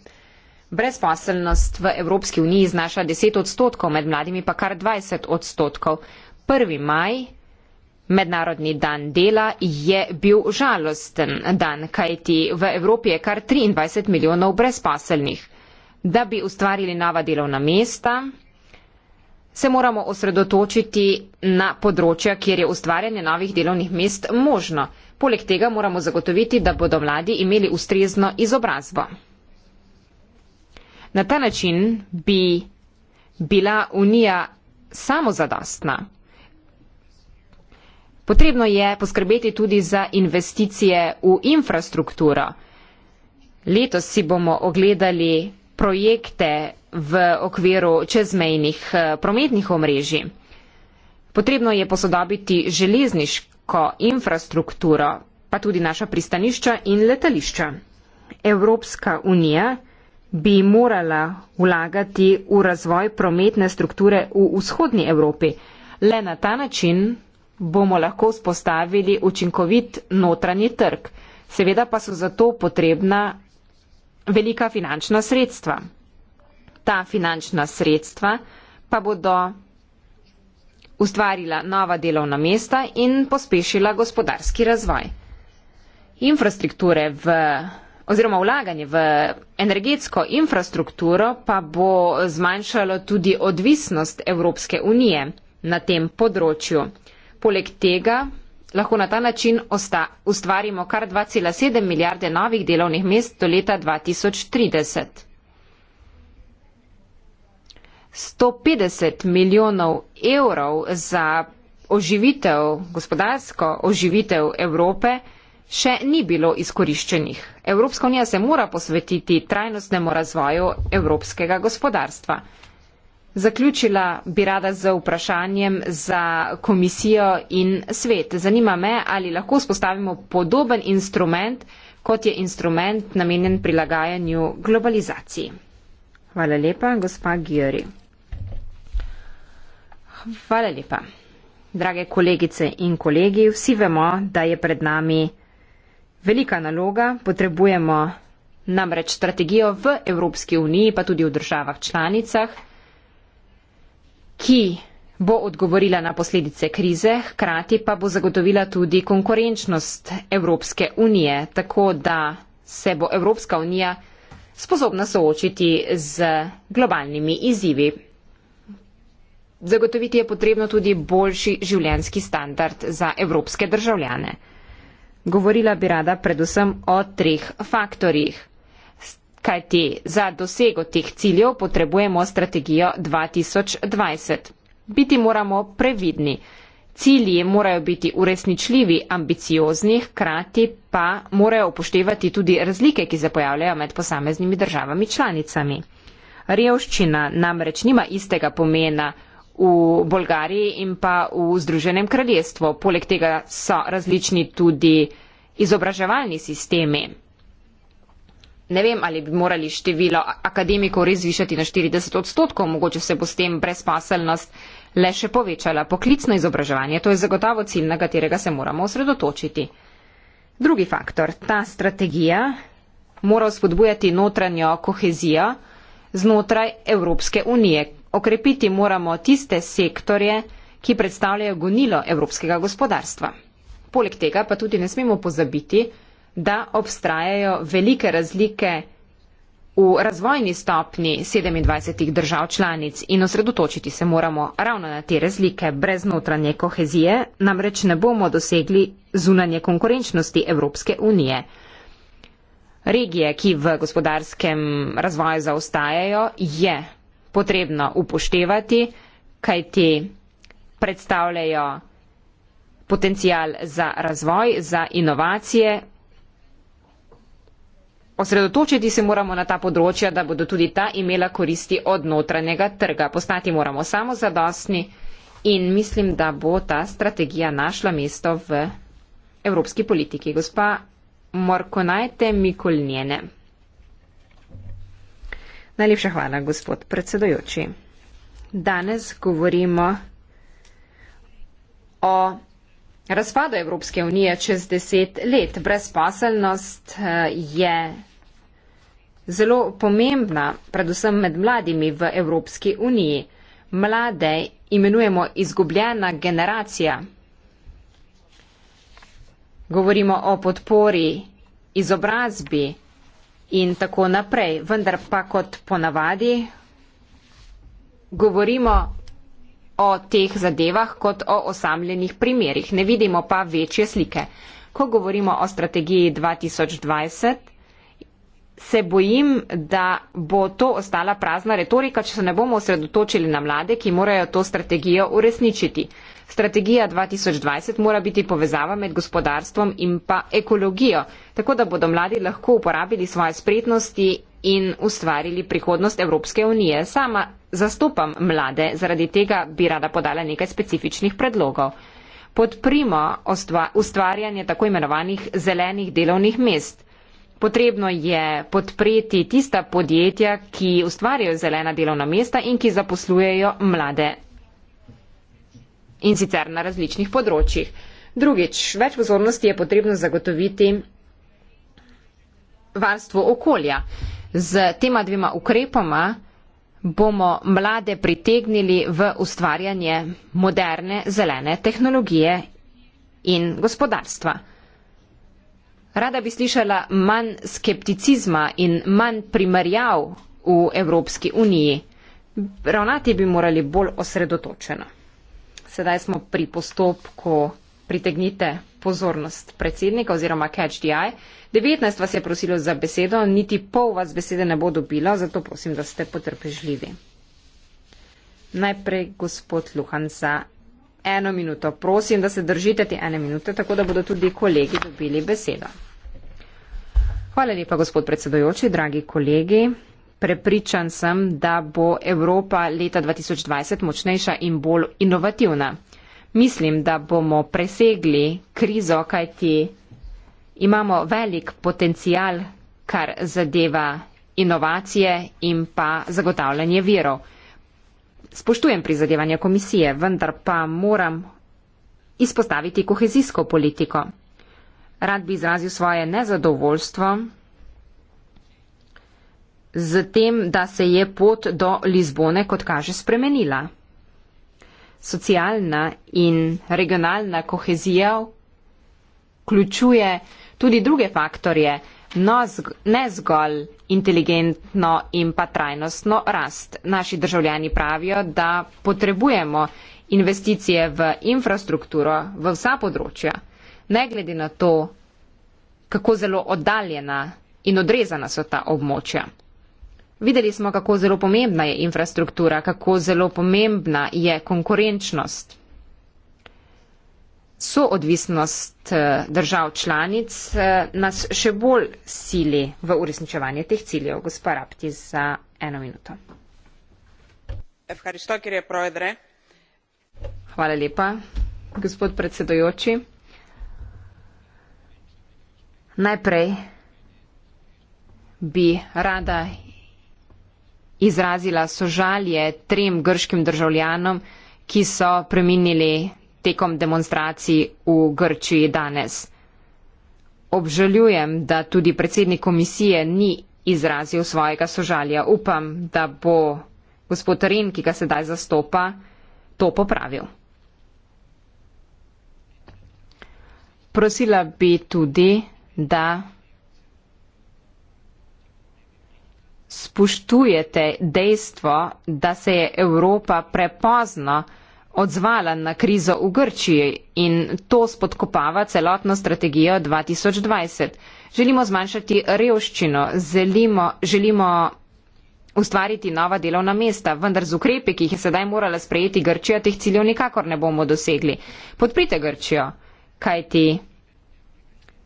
Brezposelnost v Evropski uniji znaša 10 odstotkov, med mladimi pa kar 20 odstotkov. 1. maj, mednarodni dan dela, je bil žalosten dan, kajti v Evropi je kar 23 milijonov brezposelnih. Da bi ustvarili nova delovna mesta, se moramo osredotočiti na področja, kjer je ustvarjanje novih delovnih mest možno. Poleg tega moramo zagotoviti, da bodo mladi imeli ustrezno izobrazbo. Na ta način bi bila Unija samozadostna. Potrebno je poskrbeti tudi za investicije v infrastrukturo. Letos si bomo ogledali projekte v okviru čezmejnih eh, prometnih omrežij. Potrebno je posodobiti železniško infrastrukturo, pa tudi naša pristanišča in letališča. Evropska unija bi morala vlagati v razvoj prometne strukture v vzhodnji Evropi. Le na ta način bomo lahko spostavili učinkovit notranji trg. Seveda pa so zato potrebna velika finančna sredstva ta finančna sredstva pa bodo ustvarila nova delovna mesta in pospešila gospodarski razvoj. Infrastrukture v oziroma vlaganje v energetsko infrastrukturo pa bo zmanjšalo tudi odvisnost Evropske unije na tem področju. Poleg tega lahko na ta način osta, ustvarimo kar 2,7 milijarde novih delovnih mest do leta 2030. 150 milijonov evrov za oživitev, gospodarsko oživitev Evrope, še ni bilo izkoriščenih. Evropska unija se mora posvetiti trajnostnemu razvoju evropskega gospodarstva. Zaključila bi rada z vprašanjem za komisijo in svet. Zanima me, ali lahko spostavimo podoben instrument, kot je instrument namenjen prilagajanju globalizaciji. Hvala lepa, gospa Gjori. Hvala lepa. Drage kolegice in kolegi, vsi vemo, da je pred nami velika naloga, potrebujemo namreč strategijo v Evropski uniji, pa tudi v državah članicah, ki bo odgovorila na posledice krize, hkrati pa bo zagotovila tudi konkurenčnost Evropske unije, tako da se bo Evropska unija sposobna soočiti z globalnimi izzivi. Zagotoviti je potrebno tudi boljši življenski standard za evropske državljane. Govorila bi rada predvsem o treh faktorjih. Kajti za dosego teh ciljev potrebujemo strategijo 2020. Biti moramo previdni. Cilji morajo biti uresničljivi, ambiciozni, hkrati pa morajo upoštevati tudi razlike, ki se pojavljajo med posameznimi državami članicami. Revščina namreč nima istega pomena v Bolgariji in pa v Združenem kraljestvu. Poleg tega so različni tudi izobraževalni sistemi. Ne vem, ali bi morali število akademikov res zvišati na 40 odstotkov, mogoče se bo s tem brezpaselnost le še povečala. Poklicno izobraževanje, to je zagotovo cilj, na katerega se moramo osredotočiti. Drugi faktor, ta strategija mora spodbujati notranjo kohezijo znotraj Evropske unije, okrepiti moramo tiste sektorje, ki predstavljajo gonilo evropskega gospodarstva. Poleg tega pa tudi ne smemo pozabiti, da obstrajajo velike razlike v razvojni stopni 27 držav članic in osredotočiti se moramo ravno na te razlike. Brez notranje kohezije namreč ne bomo dosegli zunanje konkurenčnosti Evropske unije. Regije, ki v gospodarskem razvoju zaostajajo, je potrebno upoštevati, kaj ti predstavljajo potencial za razvoj, za inovacije. Osredotočiti se moramo na ta področja, da bodo tudi ta imela koristi od notranjega trga. Postati moramo samo zadostni in mislim, da bo ta strategija našla mesto v evropski politiki. Gospa Morkonajte Mikolnjene. Najlepša hvala, gospod predsedojoči. Danes govorimo o razpadu Evropske unije čez deset let. Brezpaselnost eh, je zelo pomembna, predvsem med mladimi v Evropski uniji. Mlade imenujemo izgubljena generacija. Govorimo o podpori izobrazbi in tako naprej. Vendar pa kot ponavadi govorimo o teh zadevah kot o osamljenih primerjih. Ne vidimo pa večje slike. Ko govorimo o strategiji 2020, se bojim, da bo to ostala prazna retorika, če se ne bomo osredotočili na mlade, ki morajo to strategijo uresničiti. Strategija 2020 mora biti povezava med gospodarstvom in pa ekologijo, tako da bodo mladi lahko uporabili svoje spretnosti in ustvarili prihodnost Evropske unije. Sama zastopam mlade, zaradi tega bi rada podala nekaj specifičnih predlogov. Podprimo ustvarjanje tako imenovanih zelenih delovnih mest. Potrebno je podpreti tista podjetja, ki ustvarjajo zelena delovna mesta in ki zaposlujejo mlade in sicer na različnih področjih. Drugič, več pozornosti je potrebno zagotoviti varstvo okolja. Z tema dvema ukrepoma bomo mlade pritegnili v ustvarjanje moderne zelene tehnologije in gospodarstva. Rada bi slišala manj skepticizma in manj primerjav v Evropski uniji. Ravnati bi morali bolj osredotočeno. Sedaj smo pri postopku pritegnite pozornost predsednika oziroma Catch the Eye. 19 vas je prosilo za besedo, niti pol vas besede ne bo dobilo, zato prosim, da ste potrpežljivi. Najprej gospod Luhan za eno minuto. Prosim, da se držite te ene minute, tako da bodo tudi kolegi dobili besedo. Hvala lepa, gospod predsedojoči, dragi kolegi prepričan sem, da bo Evropa leta 2020 močnejša in bolj inovativna. Mislim, da bomo presegli krizo, kajti imamo velik potencial, kar zadeva inovacije in pa zagotavljanje virov. Spoštujem prizadevanje komisije, vendar pa moram izpostaviti kohezijsko politiko. Rad bi izrazil svoje nezadovoljstvo z tem, da se je pot do Lizbone, kot kaže, spremenila. Socialna in regionalna kohezija vključuje tudi druge faktorje, no ne zgolj inteligentno in pa trajnostno rast. Naši državljani pravijo, da potrebujemo investicije v infrastrukturo, v vsa področja, ne glede na to, kako zelo oddaljena in odrezana so ta območja. Videli smo, kako zelo pomembna je infrastruktura, kako zelo pomembna je konkurenčnost. Soodvisnost eh, držav članic eh, nas še bolj sili v uresničevanje teh ciljev. Gospa Rapti za eno minuto. Hvala lepa, gospod predsedojoči. Najprej bi rada izrazila sožalje trem grškim državljanom, ki so preminili tekom demonstracij v Grčiji danes. Obžalujem, da tudi predsednik komisije ni izrazil svojega sožalja. Upam, da bo gospod Rin, ki ga sedaj zastopa, to popravil. Prosila bi tudi, da spoštujete dejstvo, da se je Evropa prepozno odzvala na krizo v Grčiji in to spodkopava celotno strategijo 2020. Želimo zmanjšati revščino, želimo, želimo ustvariti nova delovna mesta, vendar z ukrepi, ki jih je sedaj morala sprejeti Grčija, teh ciljev nikakor ne bomo dosegli. Podprite Grčijo, kajti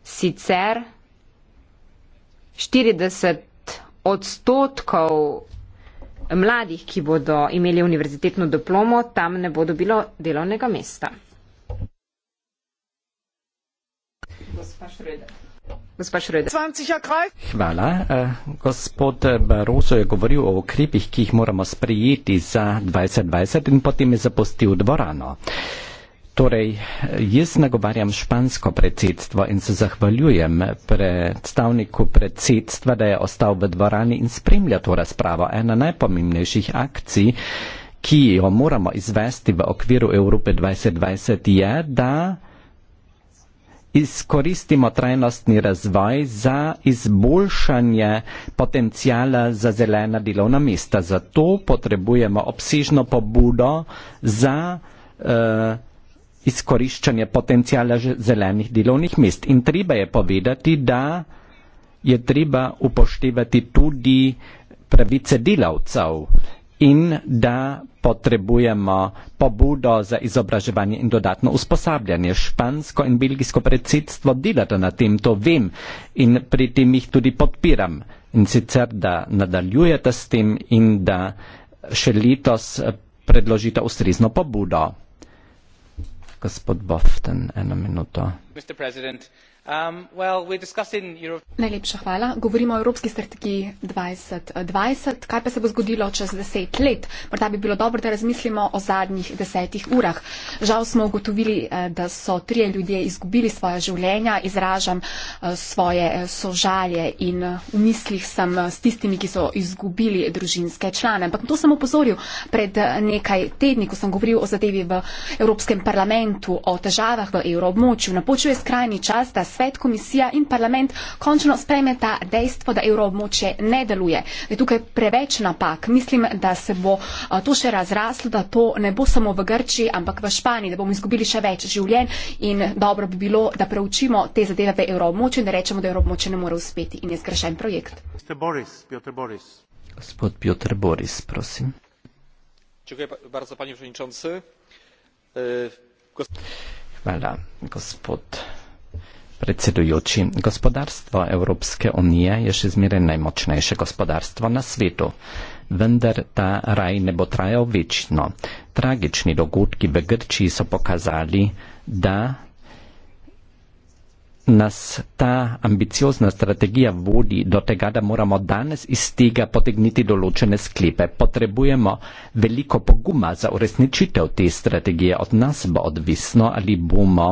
sicer 40 odstotkov mladih, ki bodo imeli univerzitetno diplomo, tam ne bo dobilo delovnega mesta. Hvala. Eh, gospod eh, Baroso je govoril o ukrepih, ki jih moramo sprijeti za 2020 in potem je zapustil dvorano torej jaz nagovarjam špansko predsedstvo in se zahvaljujem predstavniku predsedstva, da je ostal v dvorani in spremlja to razpravo. Ena najpomembnejših akcij, ki jo moramo izvesti v okviru Evrope 2020, je, da izkoristimo trajnostni razvoj za izboljšanje potencijala za zelena delovna mesta. Zato potrebujemo obsežno pobudo za uh, izkoriščanje potencijala zelenih delovnih mest. In treba je povedati, da je treba upoštevati tudi pravice delavcev in da potrebujemo pobudo za izobraževanje in dodatno usposabljanje. Špansko in belgijsko predsedstvo delata na tem, to vem in pri tem jih tudi podpiram. In sicer, da nadaljujete s tem in da še letos predložite ustrezno pobudo gospod bofton eno minuto. Um, Najlepša hvala. Govorimo o Evropski strategiji 2020. Kaj pa se bo zgodilo čez deset let? Morda bi bilo dobro, da razmislimo o zadnjih desetih urah. Žal smo ugotovili, eh, da so trije ljudje izgubili svoje življenja, izražam eh, svoje eh, sožalje in v mislih sem s tistimi, ki so izgubili družinske člane. Ampak to sem opozoril pred nekaj tedni, ko sem govoril o zadevi v Evropskem parlamentu, o težavah v evroobmočju. Napočuje skrajni čas, da se svet, komisija in parlament končno sprejme ta dejstvo, da evroobmočje ne deluje. Je tukaj preveč napak. Mislim, da se bo to še razraslo, da to ne bo samo v Grči, ampak v Španiji, da bomo izgubili še več življenj in dobro bi bilo, da preučimo te zadeve v evroobmočju in da rečemo, da evroobmočje ne more uspeti in je zgrešen projekt. Gospod Piotr Boris, prosim. E, Hvala, gospod Predsedujoči, gospodarstvo Evropske unije je še zmeraj najmočnejše gospodarstvo na svetu, vendar ta raj ne bo trajal večno. Tragični dogodki v Grčiji so pokazali, da nas ta ambiciozna strategija vodi do tega, da moramo danes iz tega potegniti določene sklepe. Potrebujemo veliko poguma za uresničitev te strategije. Od nas bo odvisno, ali bomo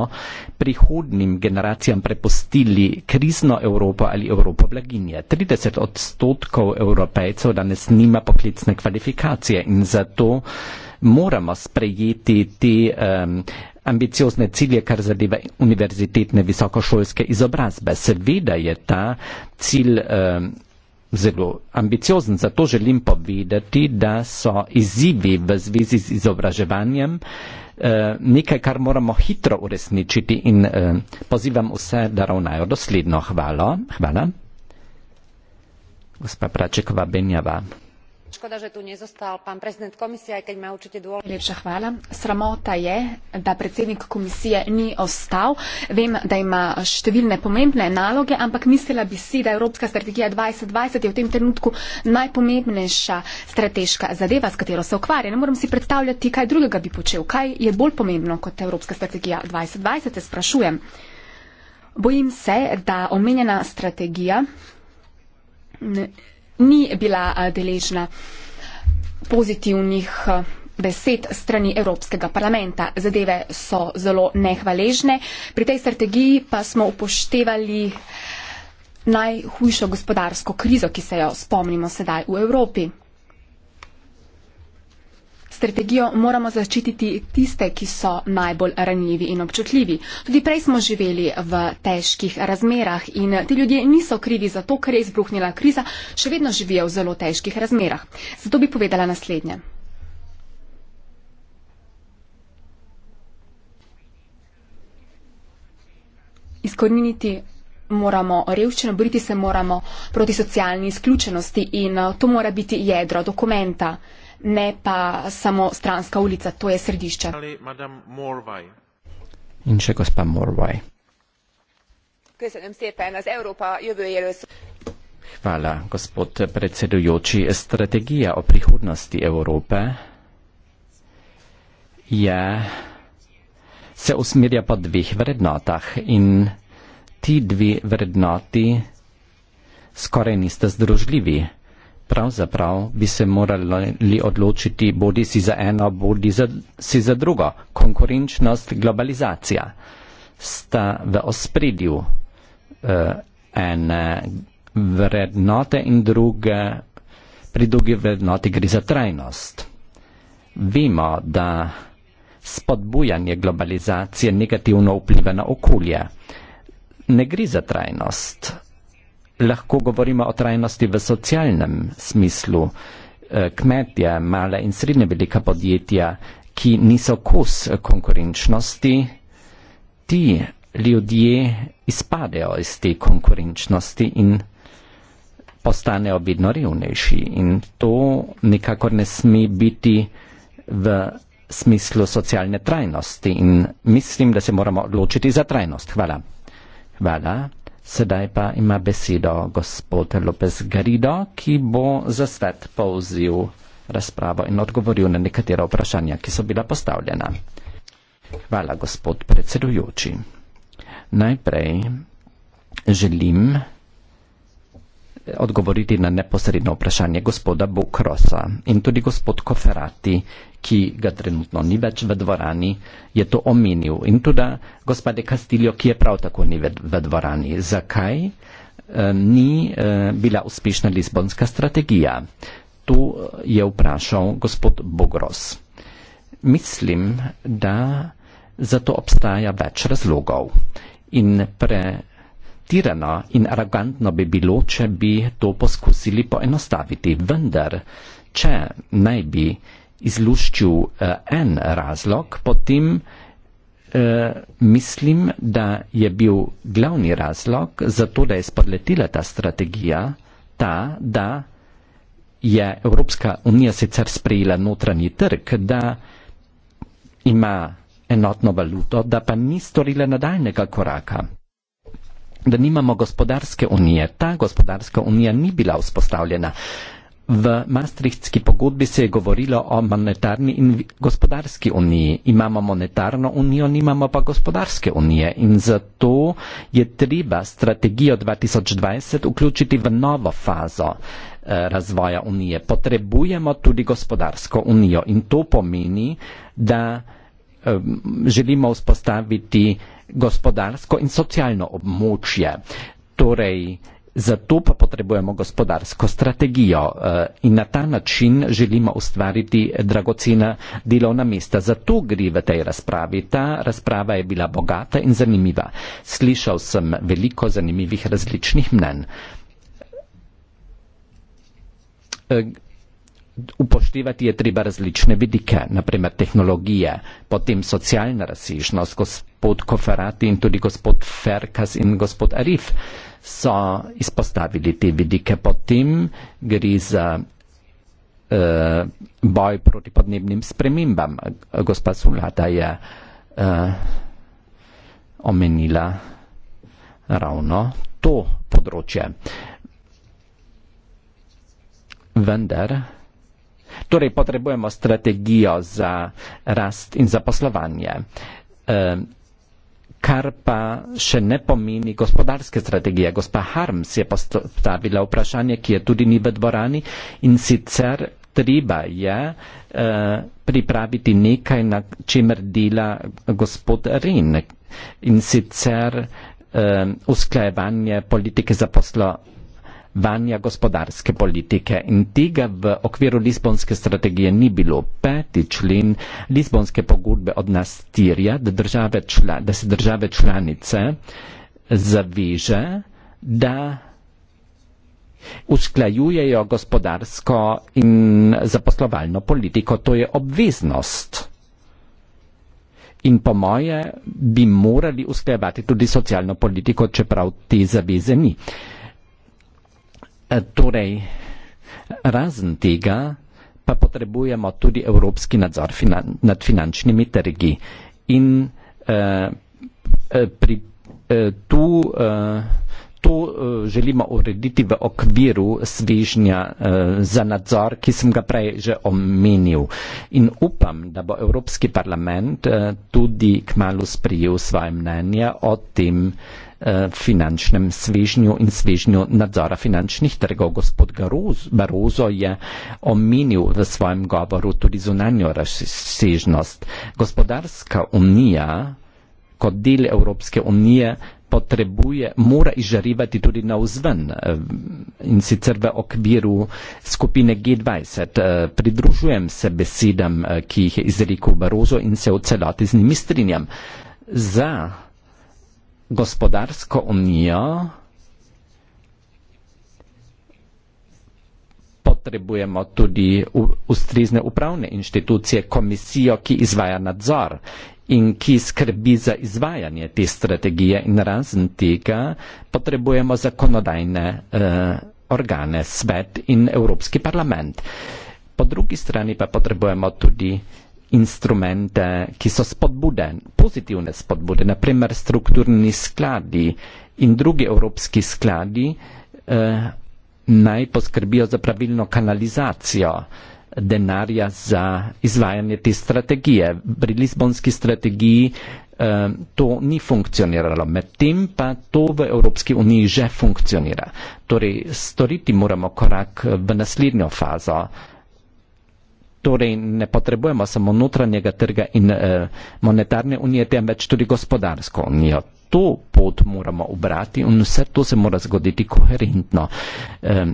prihodnim generacijam prepustili krizno Evropo ali Evropo blaginje. 30 odstotkov Evropejcev danes nima poklicne kvalifikacije in zato moramo sprejeti te um, ambiciozne cilje, kar zadeva univerzitetne visokošolske izobrazbe. Seveda je ta cilj eh, zelo ambiciozen, zato želim povedati, da so izzivi v zvezi z izobraževanjem eh, nekaj, kar moramo hitro uresničiti in eh, pozivam vse, da ravnajo dosledno. Hvala. Hvala. Gospa Pračekova Benjava škoda že tu nezostal pán prezident komisie, aj keď má určite dôležité. Najlepšia chvála. Sramota je, da predsednik komisije ni ostal. Vem, da ima številne pomembne naloge, ampak mislila bi si, da Evropska strategija 2020 je v tem trenutku najpomembnejša strateška zadeva, s katero se ukvarja. Ne morem si predstavljati, kaj drugega bi počel. Kaj je bolj pomembno kot Evropska strategija 2020, se sprašujem. Bojim se, da omenjena strategija. Ne, ni bila deležna pozitivnih besed strani Evropskega parlamenta. Zadeve so zelo nehvaležne. Pri tej strategiji pa smo upoštevali najhujšo gospodarsko krizo, ki se jo spomnimo sedaj v Evropi strategijo moramo zaščititi tiste, ki so najbolj ranljivi in občutljivi. Tudi prej smo živeli v težkih razmerah in ti ljudje niso krivi za to, ker je izbruhnila kriza, še vedno živijo v zelo težkih razmerah. Zato bi povedala naslednje. Izkorniniti moramo revščino, boriti se moramo proti socialni izključenosti in to mora biti jedro dokumenta ne pa samo stranska ulica, to je središče. In še gospa Morvaj. Hvala, gospod predsedujoči. Strategija o prihodnosti Evrope je, se usmerja po dveh vrednotah in ti dve vrednoti skoraj niste združljivi pravzaprav bi se morali odločiti bodi si za eno, bodi za, si za drugo. Konkurenčnost, globalizacija sta v ospredju uh, ene vrednote in druge, pri drugi vrednoti gre za trajnost. Vemo, da spodbujanje globalizacije negativno vpliva na okolje. Ne gre za trajnost lahko govorimo o trajnosti v socialnem smislu. E, kmetje, male in srednje velika podjetja, ki niso kos konkurenčnosti, ti ljudje izpadejo iz te konkurenčnosti in postanejo vedno revnejši. In to nikakor ne sme biti v smislu socialne trajnosti. In mislim, da se moramo odločiti za trajnost. Hvala. Hvala. Sedaj pa ima besedo gospod Lopez Garido, ki bo za svet povzil razpravo in odgovoril na nekatera vprašanja, ki so bila postavljena. Hvala, gospod predsedujoči. Najprej želim odgovoriti na neposredno vprašanje gospoda Bukrosa in tudi gospod Koferati, ki ga trenutno ni več v dvorani, je to omenil. In tudi gospode Castillo, ki je prav tako ni v dvorani. Zakaj e, ni e, bila uspešna lisbonska strategija? To eh, je vprašal gospod Bogros. Mislim, da zato obstaja več razlogov. In pretirano in arogantno bi bilo, če bi to poskusili poenostaviti. Vendar, če naj bi izluščil uh, en razlog, potem uh, mislim, da je bil glavni razlog za to, da je spodletila ta strategija, ta, da je Evropska unija sicer sprejela notranji trg, da ima enotno valuto, da pa ni storila nadaljnega koraka da nimamo gospodarske unije. Ta gospodarska unija ni bila vzpostavljena. Uh, V maastrichtski pogodbi se je govorilo o monetarni in gospodarski uniji. Imamo monetarno unijo, nimamo pa gospodarske unije in zato je treba strategijo 2020 vključiti v novo fazo eh, razvoja unije. Potrebujemo tudi gospodarsko unijo in to pomeni, da eh, želimo vzpostaviti gospodarsko in socialno območje. Torej, Za to pa potrebujemo gospodarsko strategijo eh, in na ta način želimo ustvariti dragocena delovna mesta. Zato gre v tej razpravi. Ta razprava je bila bogata in zanimiva. Slišal sem veliko zanimivih različnih mnen. Eh, upoštevati je treba različne vidike, naprimer tehnologije, potem socialna razsežnost, gospod Koferati in tudi gospod Ferkas in gospod Arif. Uh, so izpostavili te vidike. Potem gre za uh, boj proti podnebnim spremembam. Gospa Sulata je uh, omenila ravno to področje. Vendar, torej potrebujemo strategijo za rast in zaposlovanje. Uh, eh, kar pa še ne pomeni gospodarske strategije. Gospa Harms je postavila vprašanje, ki je tudi ni v dvorani in sicer treba je uh, pripraviti nekaj, na čemer dela gospod Rin in sicer uh, usklajevanje politike zaposlo, vanja gospodarske politike in tega v okviru Lizbonske strategije ni bilo. Peti člen Lizbonske pogodbe od nas tirja, da, države čla, da se države članice zaveže, da usklajujejo gospodarsko in zaposlovalno politiko. To je obveznost. In po moje bi morali usklajevati tudi socialno politiko, čeprav te zaveze ni. Uh, Eh, torej, razen tega pa potrebujemo tudi evropski nadzor finan nad finančnimi trgi. In eh, eh, pri, eh, tu, eh, to eh, želimo urediti v okviru svežnja eh, za nadzor, ki sem ga prej že omenil. In upam, da bo Evropski parlament eh, tudi kmalo sprijel svoje mnenje o tem, eh, Eh, finančnem svežnju in svežnju nadzora finančnih trgov. Gospod Barozo je omenil v svojem govoru tudi zunanjo razsežnost. Gospodarska unija kot del Evropske unije potrebuje, mora izžarivati tudi na vzven eh, in sicer v okviru skupine G20. Eh, pridružujem se besedam, ki jih je izrekel Barozo in se v celoti z njimi strinjam. Za gospodarsko unijo potrebujemo tudi ustrezne upravne inštitucije, komisijo, ki izvaja nadzor in ki skrbi za izvajanje te strategije in razen tega potrebujemo zakonodajne eh, organe, svet in Evropski parlament. Po drugi strani pa potrebujemo tudi eh, instrumente, ki so spodbude, pozitivne spodbude, naprimer strukturni skladi in drugi evropski skladi eh, naj poskrbijo za pravilno kanalizacijo denarja za izvajanje te strategije. V Lizbonski strategiji eh, to ni funkcioniralo, medtem pa to v Evropski uniji že funkcionira. Torej, storiti moramo korak v naslednjo fazo torej ne potrebujemo samo notranjega trga in eh, monetarne unije, temveč tudi gospodarsko unijo. To pot moramo obrati in vse to se mora zgoditi koherentno. Eh,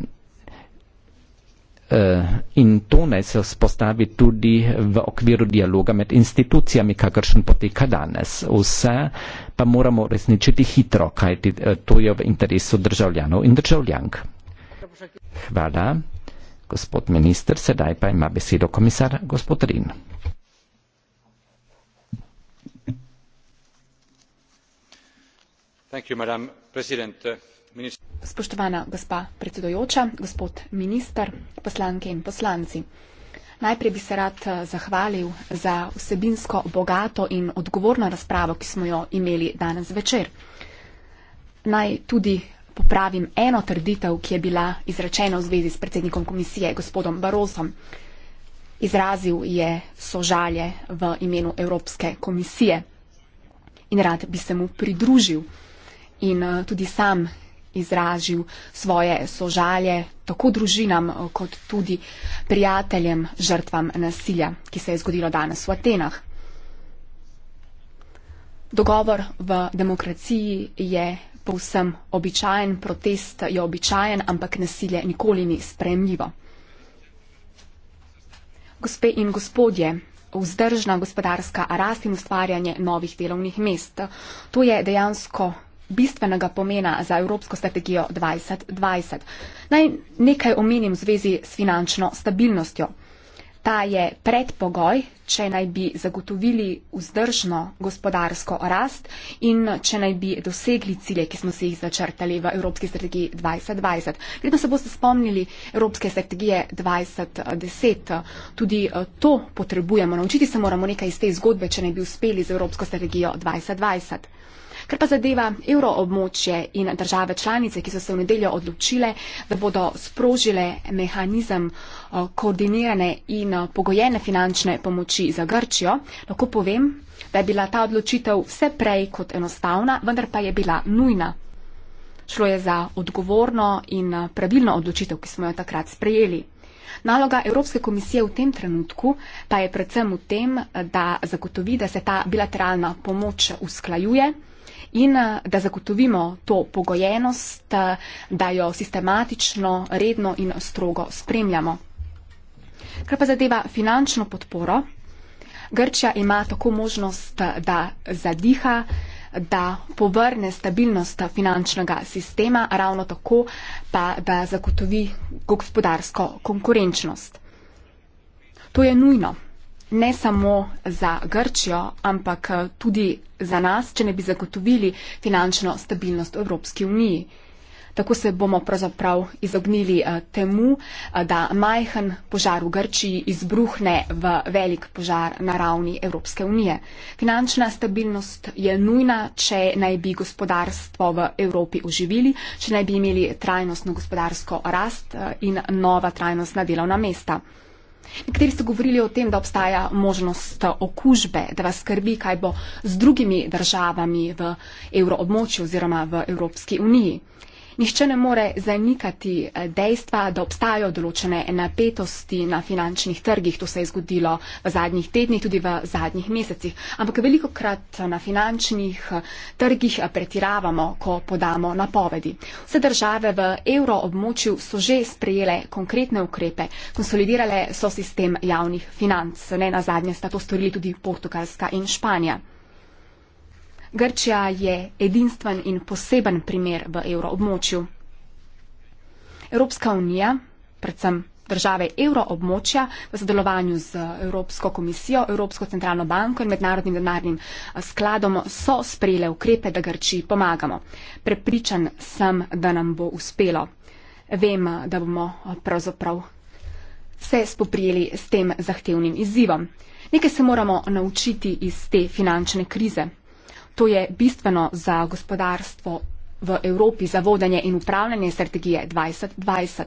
In to naj se vzpostavi tudi v okviru dialoga med institucijami, kakršen poteka danes. Vse pa moramo resničiti hitro, kajti eh, to je v interesu državljanov in državljank. Hvala gospod minister, sedaj pa ima besedo komisar gospod Rin. You, Spoštovana gospa predsedojoča, gospod minister, poslanke in poslanci. Najprej bi se rad eh, zahvalil za vsebinsko bogato in odgovorno razpravo, ki smo jo imeli danes večer. Naj tudi popravim eno trditev, ki je bila izrečena v zvezi s predsednikom komisije, gospodom Barosom. Izrazil je sožalje v imenu Evropske komisije in rad bi se mu pridružil in eh, tudi sam izražil svoje sožalje tako družinam eh, kot tudi prijateljem žrtvam nasilja, ki se je zgodilo danes v Atenah. Dogovor v demokraciji je povsem običajen, protest je običajen, ampak nasilje nikoli ni spremljivo. Gospe in gospodje, vzdržna gospodarska rast in ustvarjanje novih delovnih mest. To je dejansko bistvenega pomena za Evropsko strategijo 2020. Naj nekaj omenim v zvezi s finančno stabilnostjo. Ta je predpogoj, če naj bi zagotovili vzdržno gospodarsko rast in če naj bi dosegli cilje, ki smo si jih začrtali v Evropski strategiji 2020. Verjetno se boste spomnili Evropske strategije 2010. Tudi eh, to potrebujemo. Naučiti se moramo nekaj iz te zgodbe, če naj bi uspeli z Evropsko strategijo 2020. Ker pa zadeva euroobmočje in države članice, ki so se v nedeljo odločile, da bodo sprožile mehanizem eh, koordinirane in eh, pogojene finančne pomoči za Grčijo, lahko povem, da je bila ta odločitev vse prej kot enostavna, vendar pa je bila nujna. Šlo je za odgovorno in eh, pravilno odločitev, ki smo jo takrat sprejeli. Naloga Evropske komisije v tem trenutku pa je predvsem v tem, da zagotovi, da se ta bilateralna pomoč usklajuje in da zagotovimo to pogojenost, da jo sistematično, redno in strogo spremljamo. Kar pa zadeva finančno podporo, Grčija ima tako možnost, da zadiha, da povrne stabilnost finančnega sistema, ravno tako pa, da zagotovi gospodarsko konkurenčnost. To je nujno ne samo za Grčijo, ampak eh, tudi za nas, če ne bi zagotovili finančno stabilnost v Evropski uniji. Tako se bomo pravzaprav izognili eh, temu, eh, da majhen požar v Grčiji izbruhne v velik požar na ravni Evropske unije. Finančna stabilnost je nujna, če naj bi gospodarstvo v Evropi oživili, če naj bi imeli trajnostno gospodarsko rast in nova trajnostna delovna mesta. Nekateri so govorili o tem, da obstaja možnost okužbe, da vas skrbi, kaj bo z drugimi državami v evroobmočju oziroma v Evropski uniji. Nihče ne more zanikati eh, dejstva, da obstajajo določene napetosti na finančnih trgih. To se je zgodilo v zadnjih tednih, tudi v zadnjih mesecih. Ampak veliko krat eh, na finančnih eh, trgih pretiravamo, ko podamo napovedi. Vse države v evroobmočju so že sprejele konkretne ukrepe, konsolidirale so sistem javnih financ. Ne na zadnje sta to storili tudi Portugalska in Španija. Grčija je edinstven in poseben primer v evroobmočju. Evropska unija, predvsem države evroobmočja v sodelovanju z Evropsko komisijo, Evropsko centralno banko in Mednarodnim denarnim eh, skladom so sprejele ukrepe, da Grčiji pomagamo. Prepričan sem, da nam bo uspelo. Vem, eh, da bomo eh, pravzaprav se spoprijeli s tem zahtevnim izzivom. Nekaj se moramo naučiti iz te finančne krize. To je bistveno za gospodarstvo v Evropi za vodenje in upravljanje strategije 2020.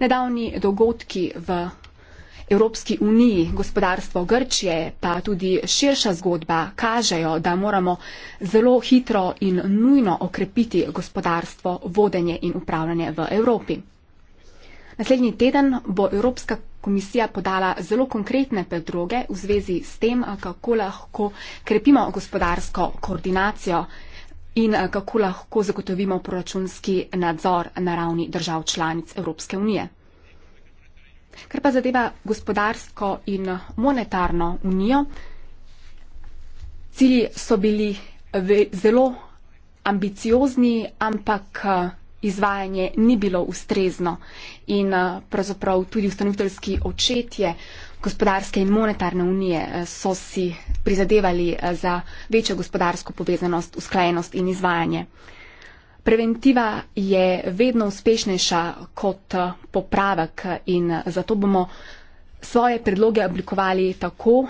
Nedavni dogodki v Evropski uniji, gospodarstvo Grčije, pa tudi širša zgodba kažejo, da moramo zelo hitro in nujno okrepiti gospodarstvo, vodenje in upravljanje v Evropi. Naslednji teden bo Evropska komisija podala zelo konkretne predloge v zvezi s tem, kako lahko krepimo gospodarsko koordinacijo in kako lahko zagotovimo proračunski nadzor na ravni držav članic Evropske unije. Ker pa zadeva gospodarsko in monetarno unijo, cilji so bili zelo ambiciozni, ampak izvajanje ni bilo ustrezno in eh, pravzaprav tudi ustanoviteljski očetje gospodarske in monetarne unije eh, so si prizadevali eh, za večjo gospodarsko povezanost, usklajenost in izvajanje. Preventiva je vedno uspešnejša kot popravek in zato bomo svoje predloge oblikovali tako,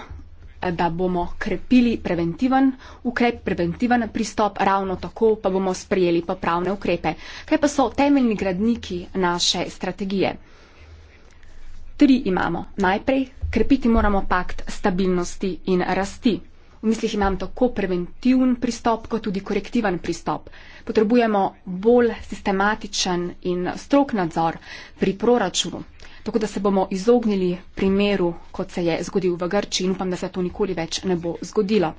da bomo krepili preventiven ukrep, preventiven pristop, ravno tako pa bomo sprejeli pa pravne ukrepe. Kaj pa so temeljni gradniki naše strategije? Tri imamo. Najprej krepiti moramo pakt stabilnosti in rasti. V mislih imam tako preventivn pristop, kot tudi korektiven pristop. Potrebujemo bolj sistematičen in strok nadzor pri proračunu tako da se bomo izognili primeru, kot se je zgodil v Grči in upam, da se to nikoli več ne bo zgodilo.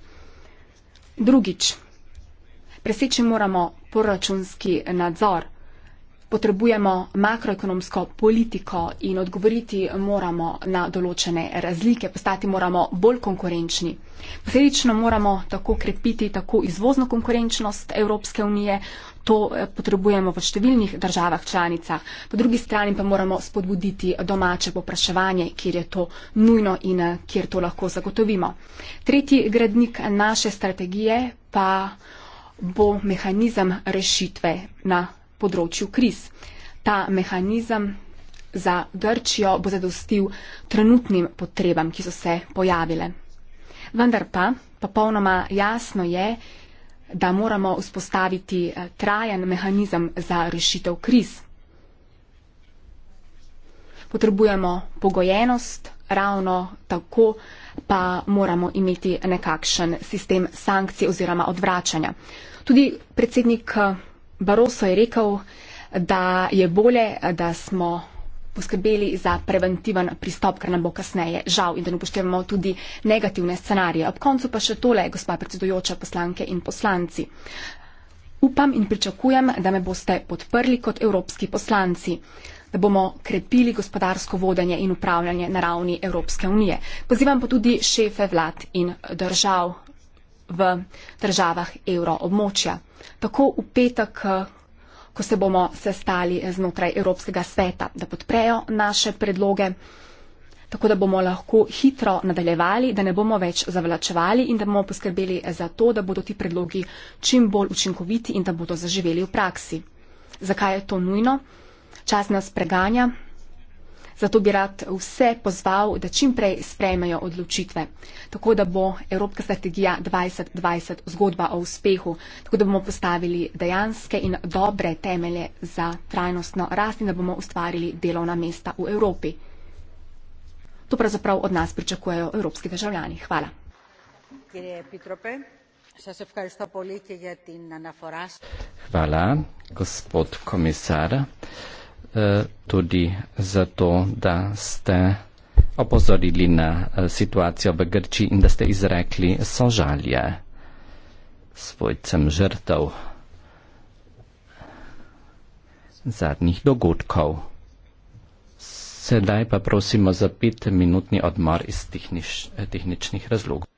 Drugič, preseči moramo proračunski nadzor, potrebujemo makroekonomsko politiko in odgovoriti moramo na določene razlike, postati moramo bolj konkurenčni. Posledično moramo tako krepiti tako izvozno konkurenčnost Evropske unije, to eh, potrebujemo v številnih državah članicah. Po drugi strani pa moramo spodbuditi domače popraševanje, kjer je to nujno in eh, kjer to lahko zagotovimo. Tretji gradnik naše strategije pa bo mehanizem rešitve na področju kriz. Ta mehanizem za Grčijo bo zadostil trenutnim potrebam, ki so se pojavile. Vendar pa popolnoma jasno je, da moramo vzpostaviti eh, trajen mehanizem za rešitev kriz. Potrebujemo pogojenost, ravno tako pa moramo imeti nekakšen sistem sankcij oziroma odvračanja. Tudi predsednik eh, Baroso je rekel, da je bolje, eh, da smo poskrbeli za preventiven pristop, kar nam bo kasneje žal in da ne upoštevamo tudi negativne scenarije. Ob koncu pa še tole, gospa predsedujoča, poslanke in poslanci. Upam in pričakujem, da me boste podprli kot evropski poslanci da bomo krepili gospodarsko vodenje in upravljanje na ravni Evropske unije. Pozivam pa tudi šefe vlad in držav v državah evroobmočja. Tako v petek ko se bomo sestali eh, znotraj Evropskega sveta, da podprejo naše predloge, tako da bomo lahko hitro nadaljevali, da ne bomo več zavlačevali in da bomo poskrbeli eh, za to, da bodo ti predlogi čim bolj učinkoviti in da bodo zaživeli v praksi. Zakaj je to nujno? Čas nas preganja. Zato bi rad vse pozval, da čim prej sprejmejo odločitve, tako da bo Evropska strategija 2020 zgodba o uspehu, tako da bomo postavili dejanske in dobre temelje za trajnostno rast in da bomo ustvarili delovna mesta v Evropi. To pravzaprav od nas pričakujejo evropski državljani. Hvala. Hvala, gospod komisar. Eh, tudi zato, da ste opozorili na eh, situacijo v Grči in da ste izrekli sožalje svojcem žrtev zadnjih dogodkov. Sedaj pa prosimo za pet minutni odmor iz tehnič, tehničnih razlogov.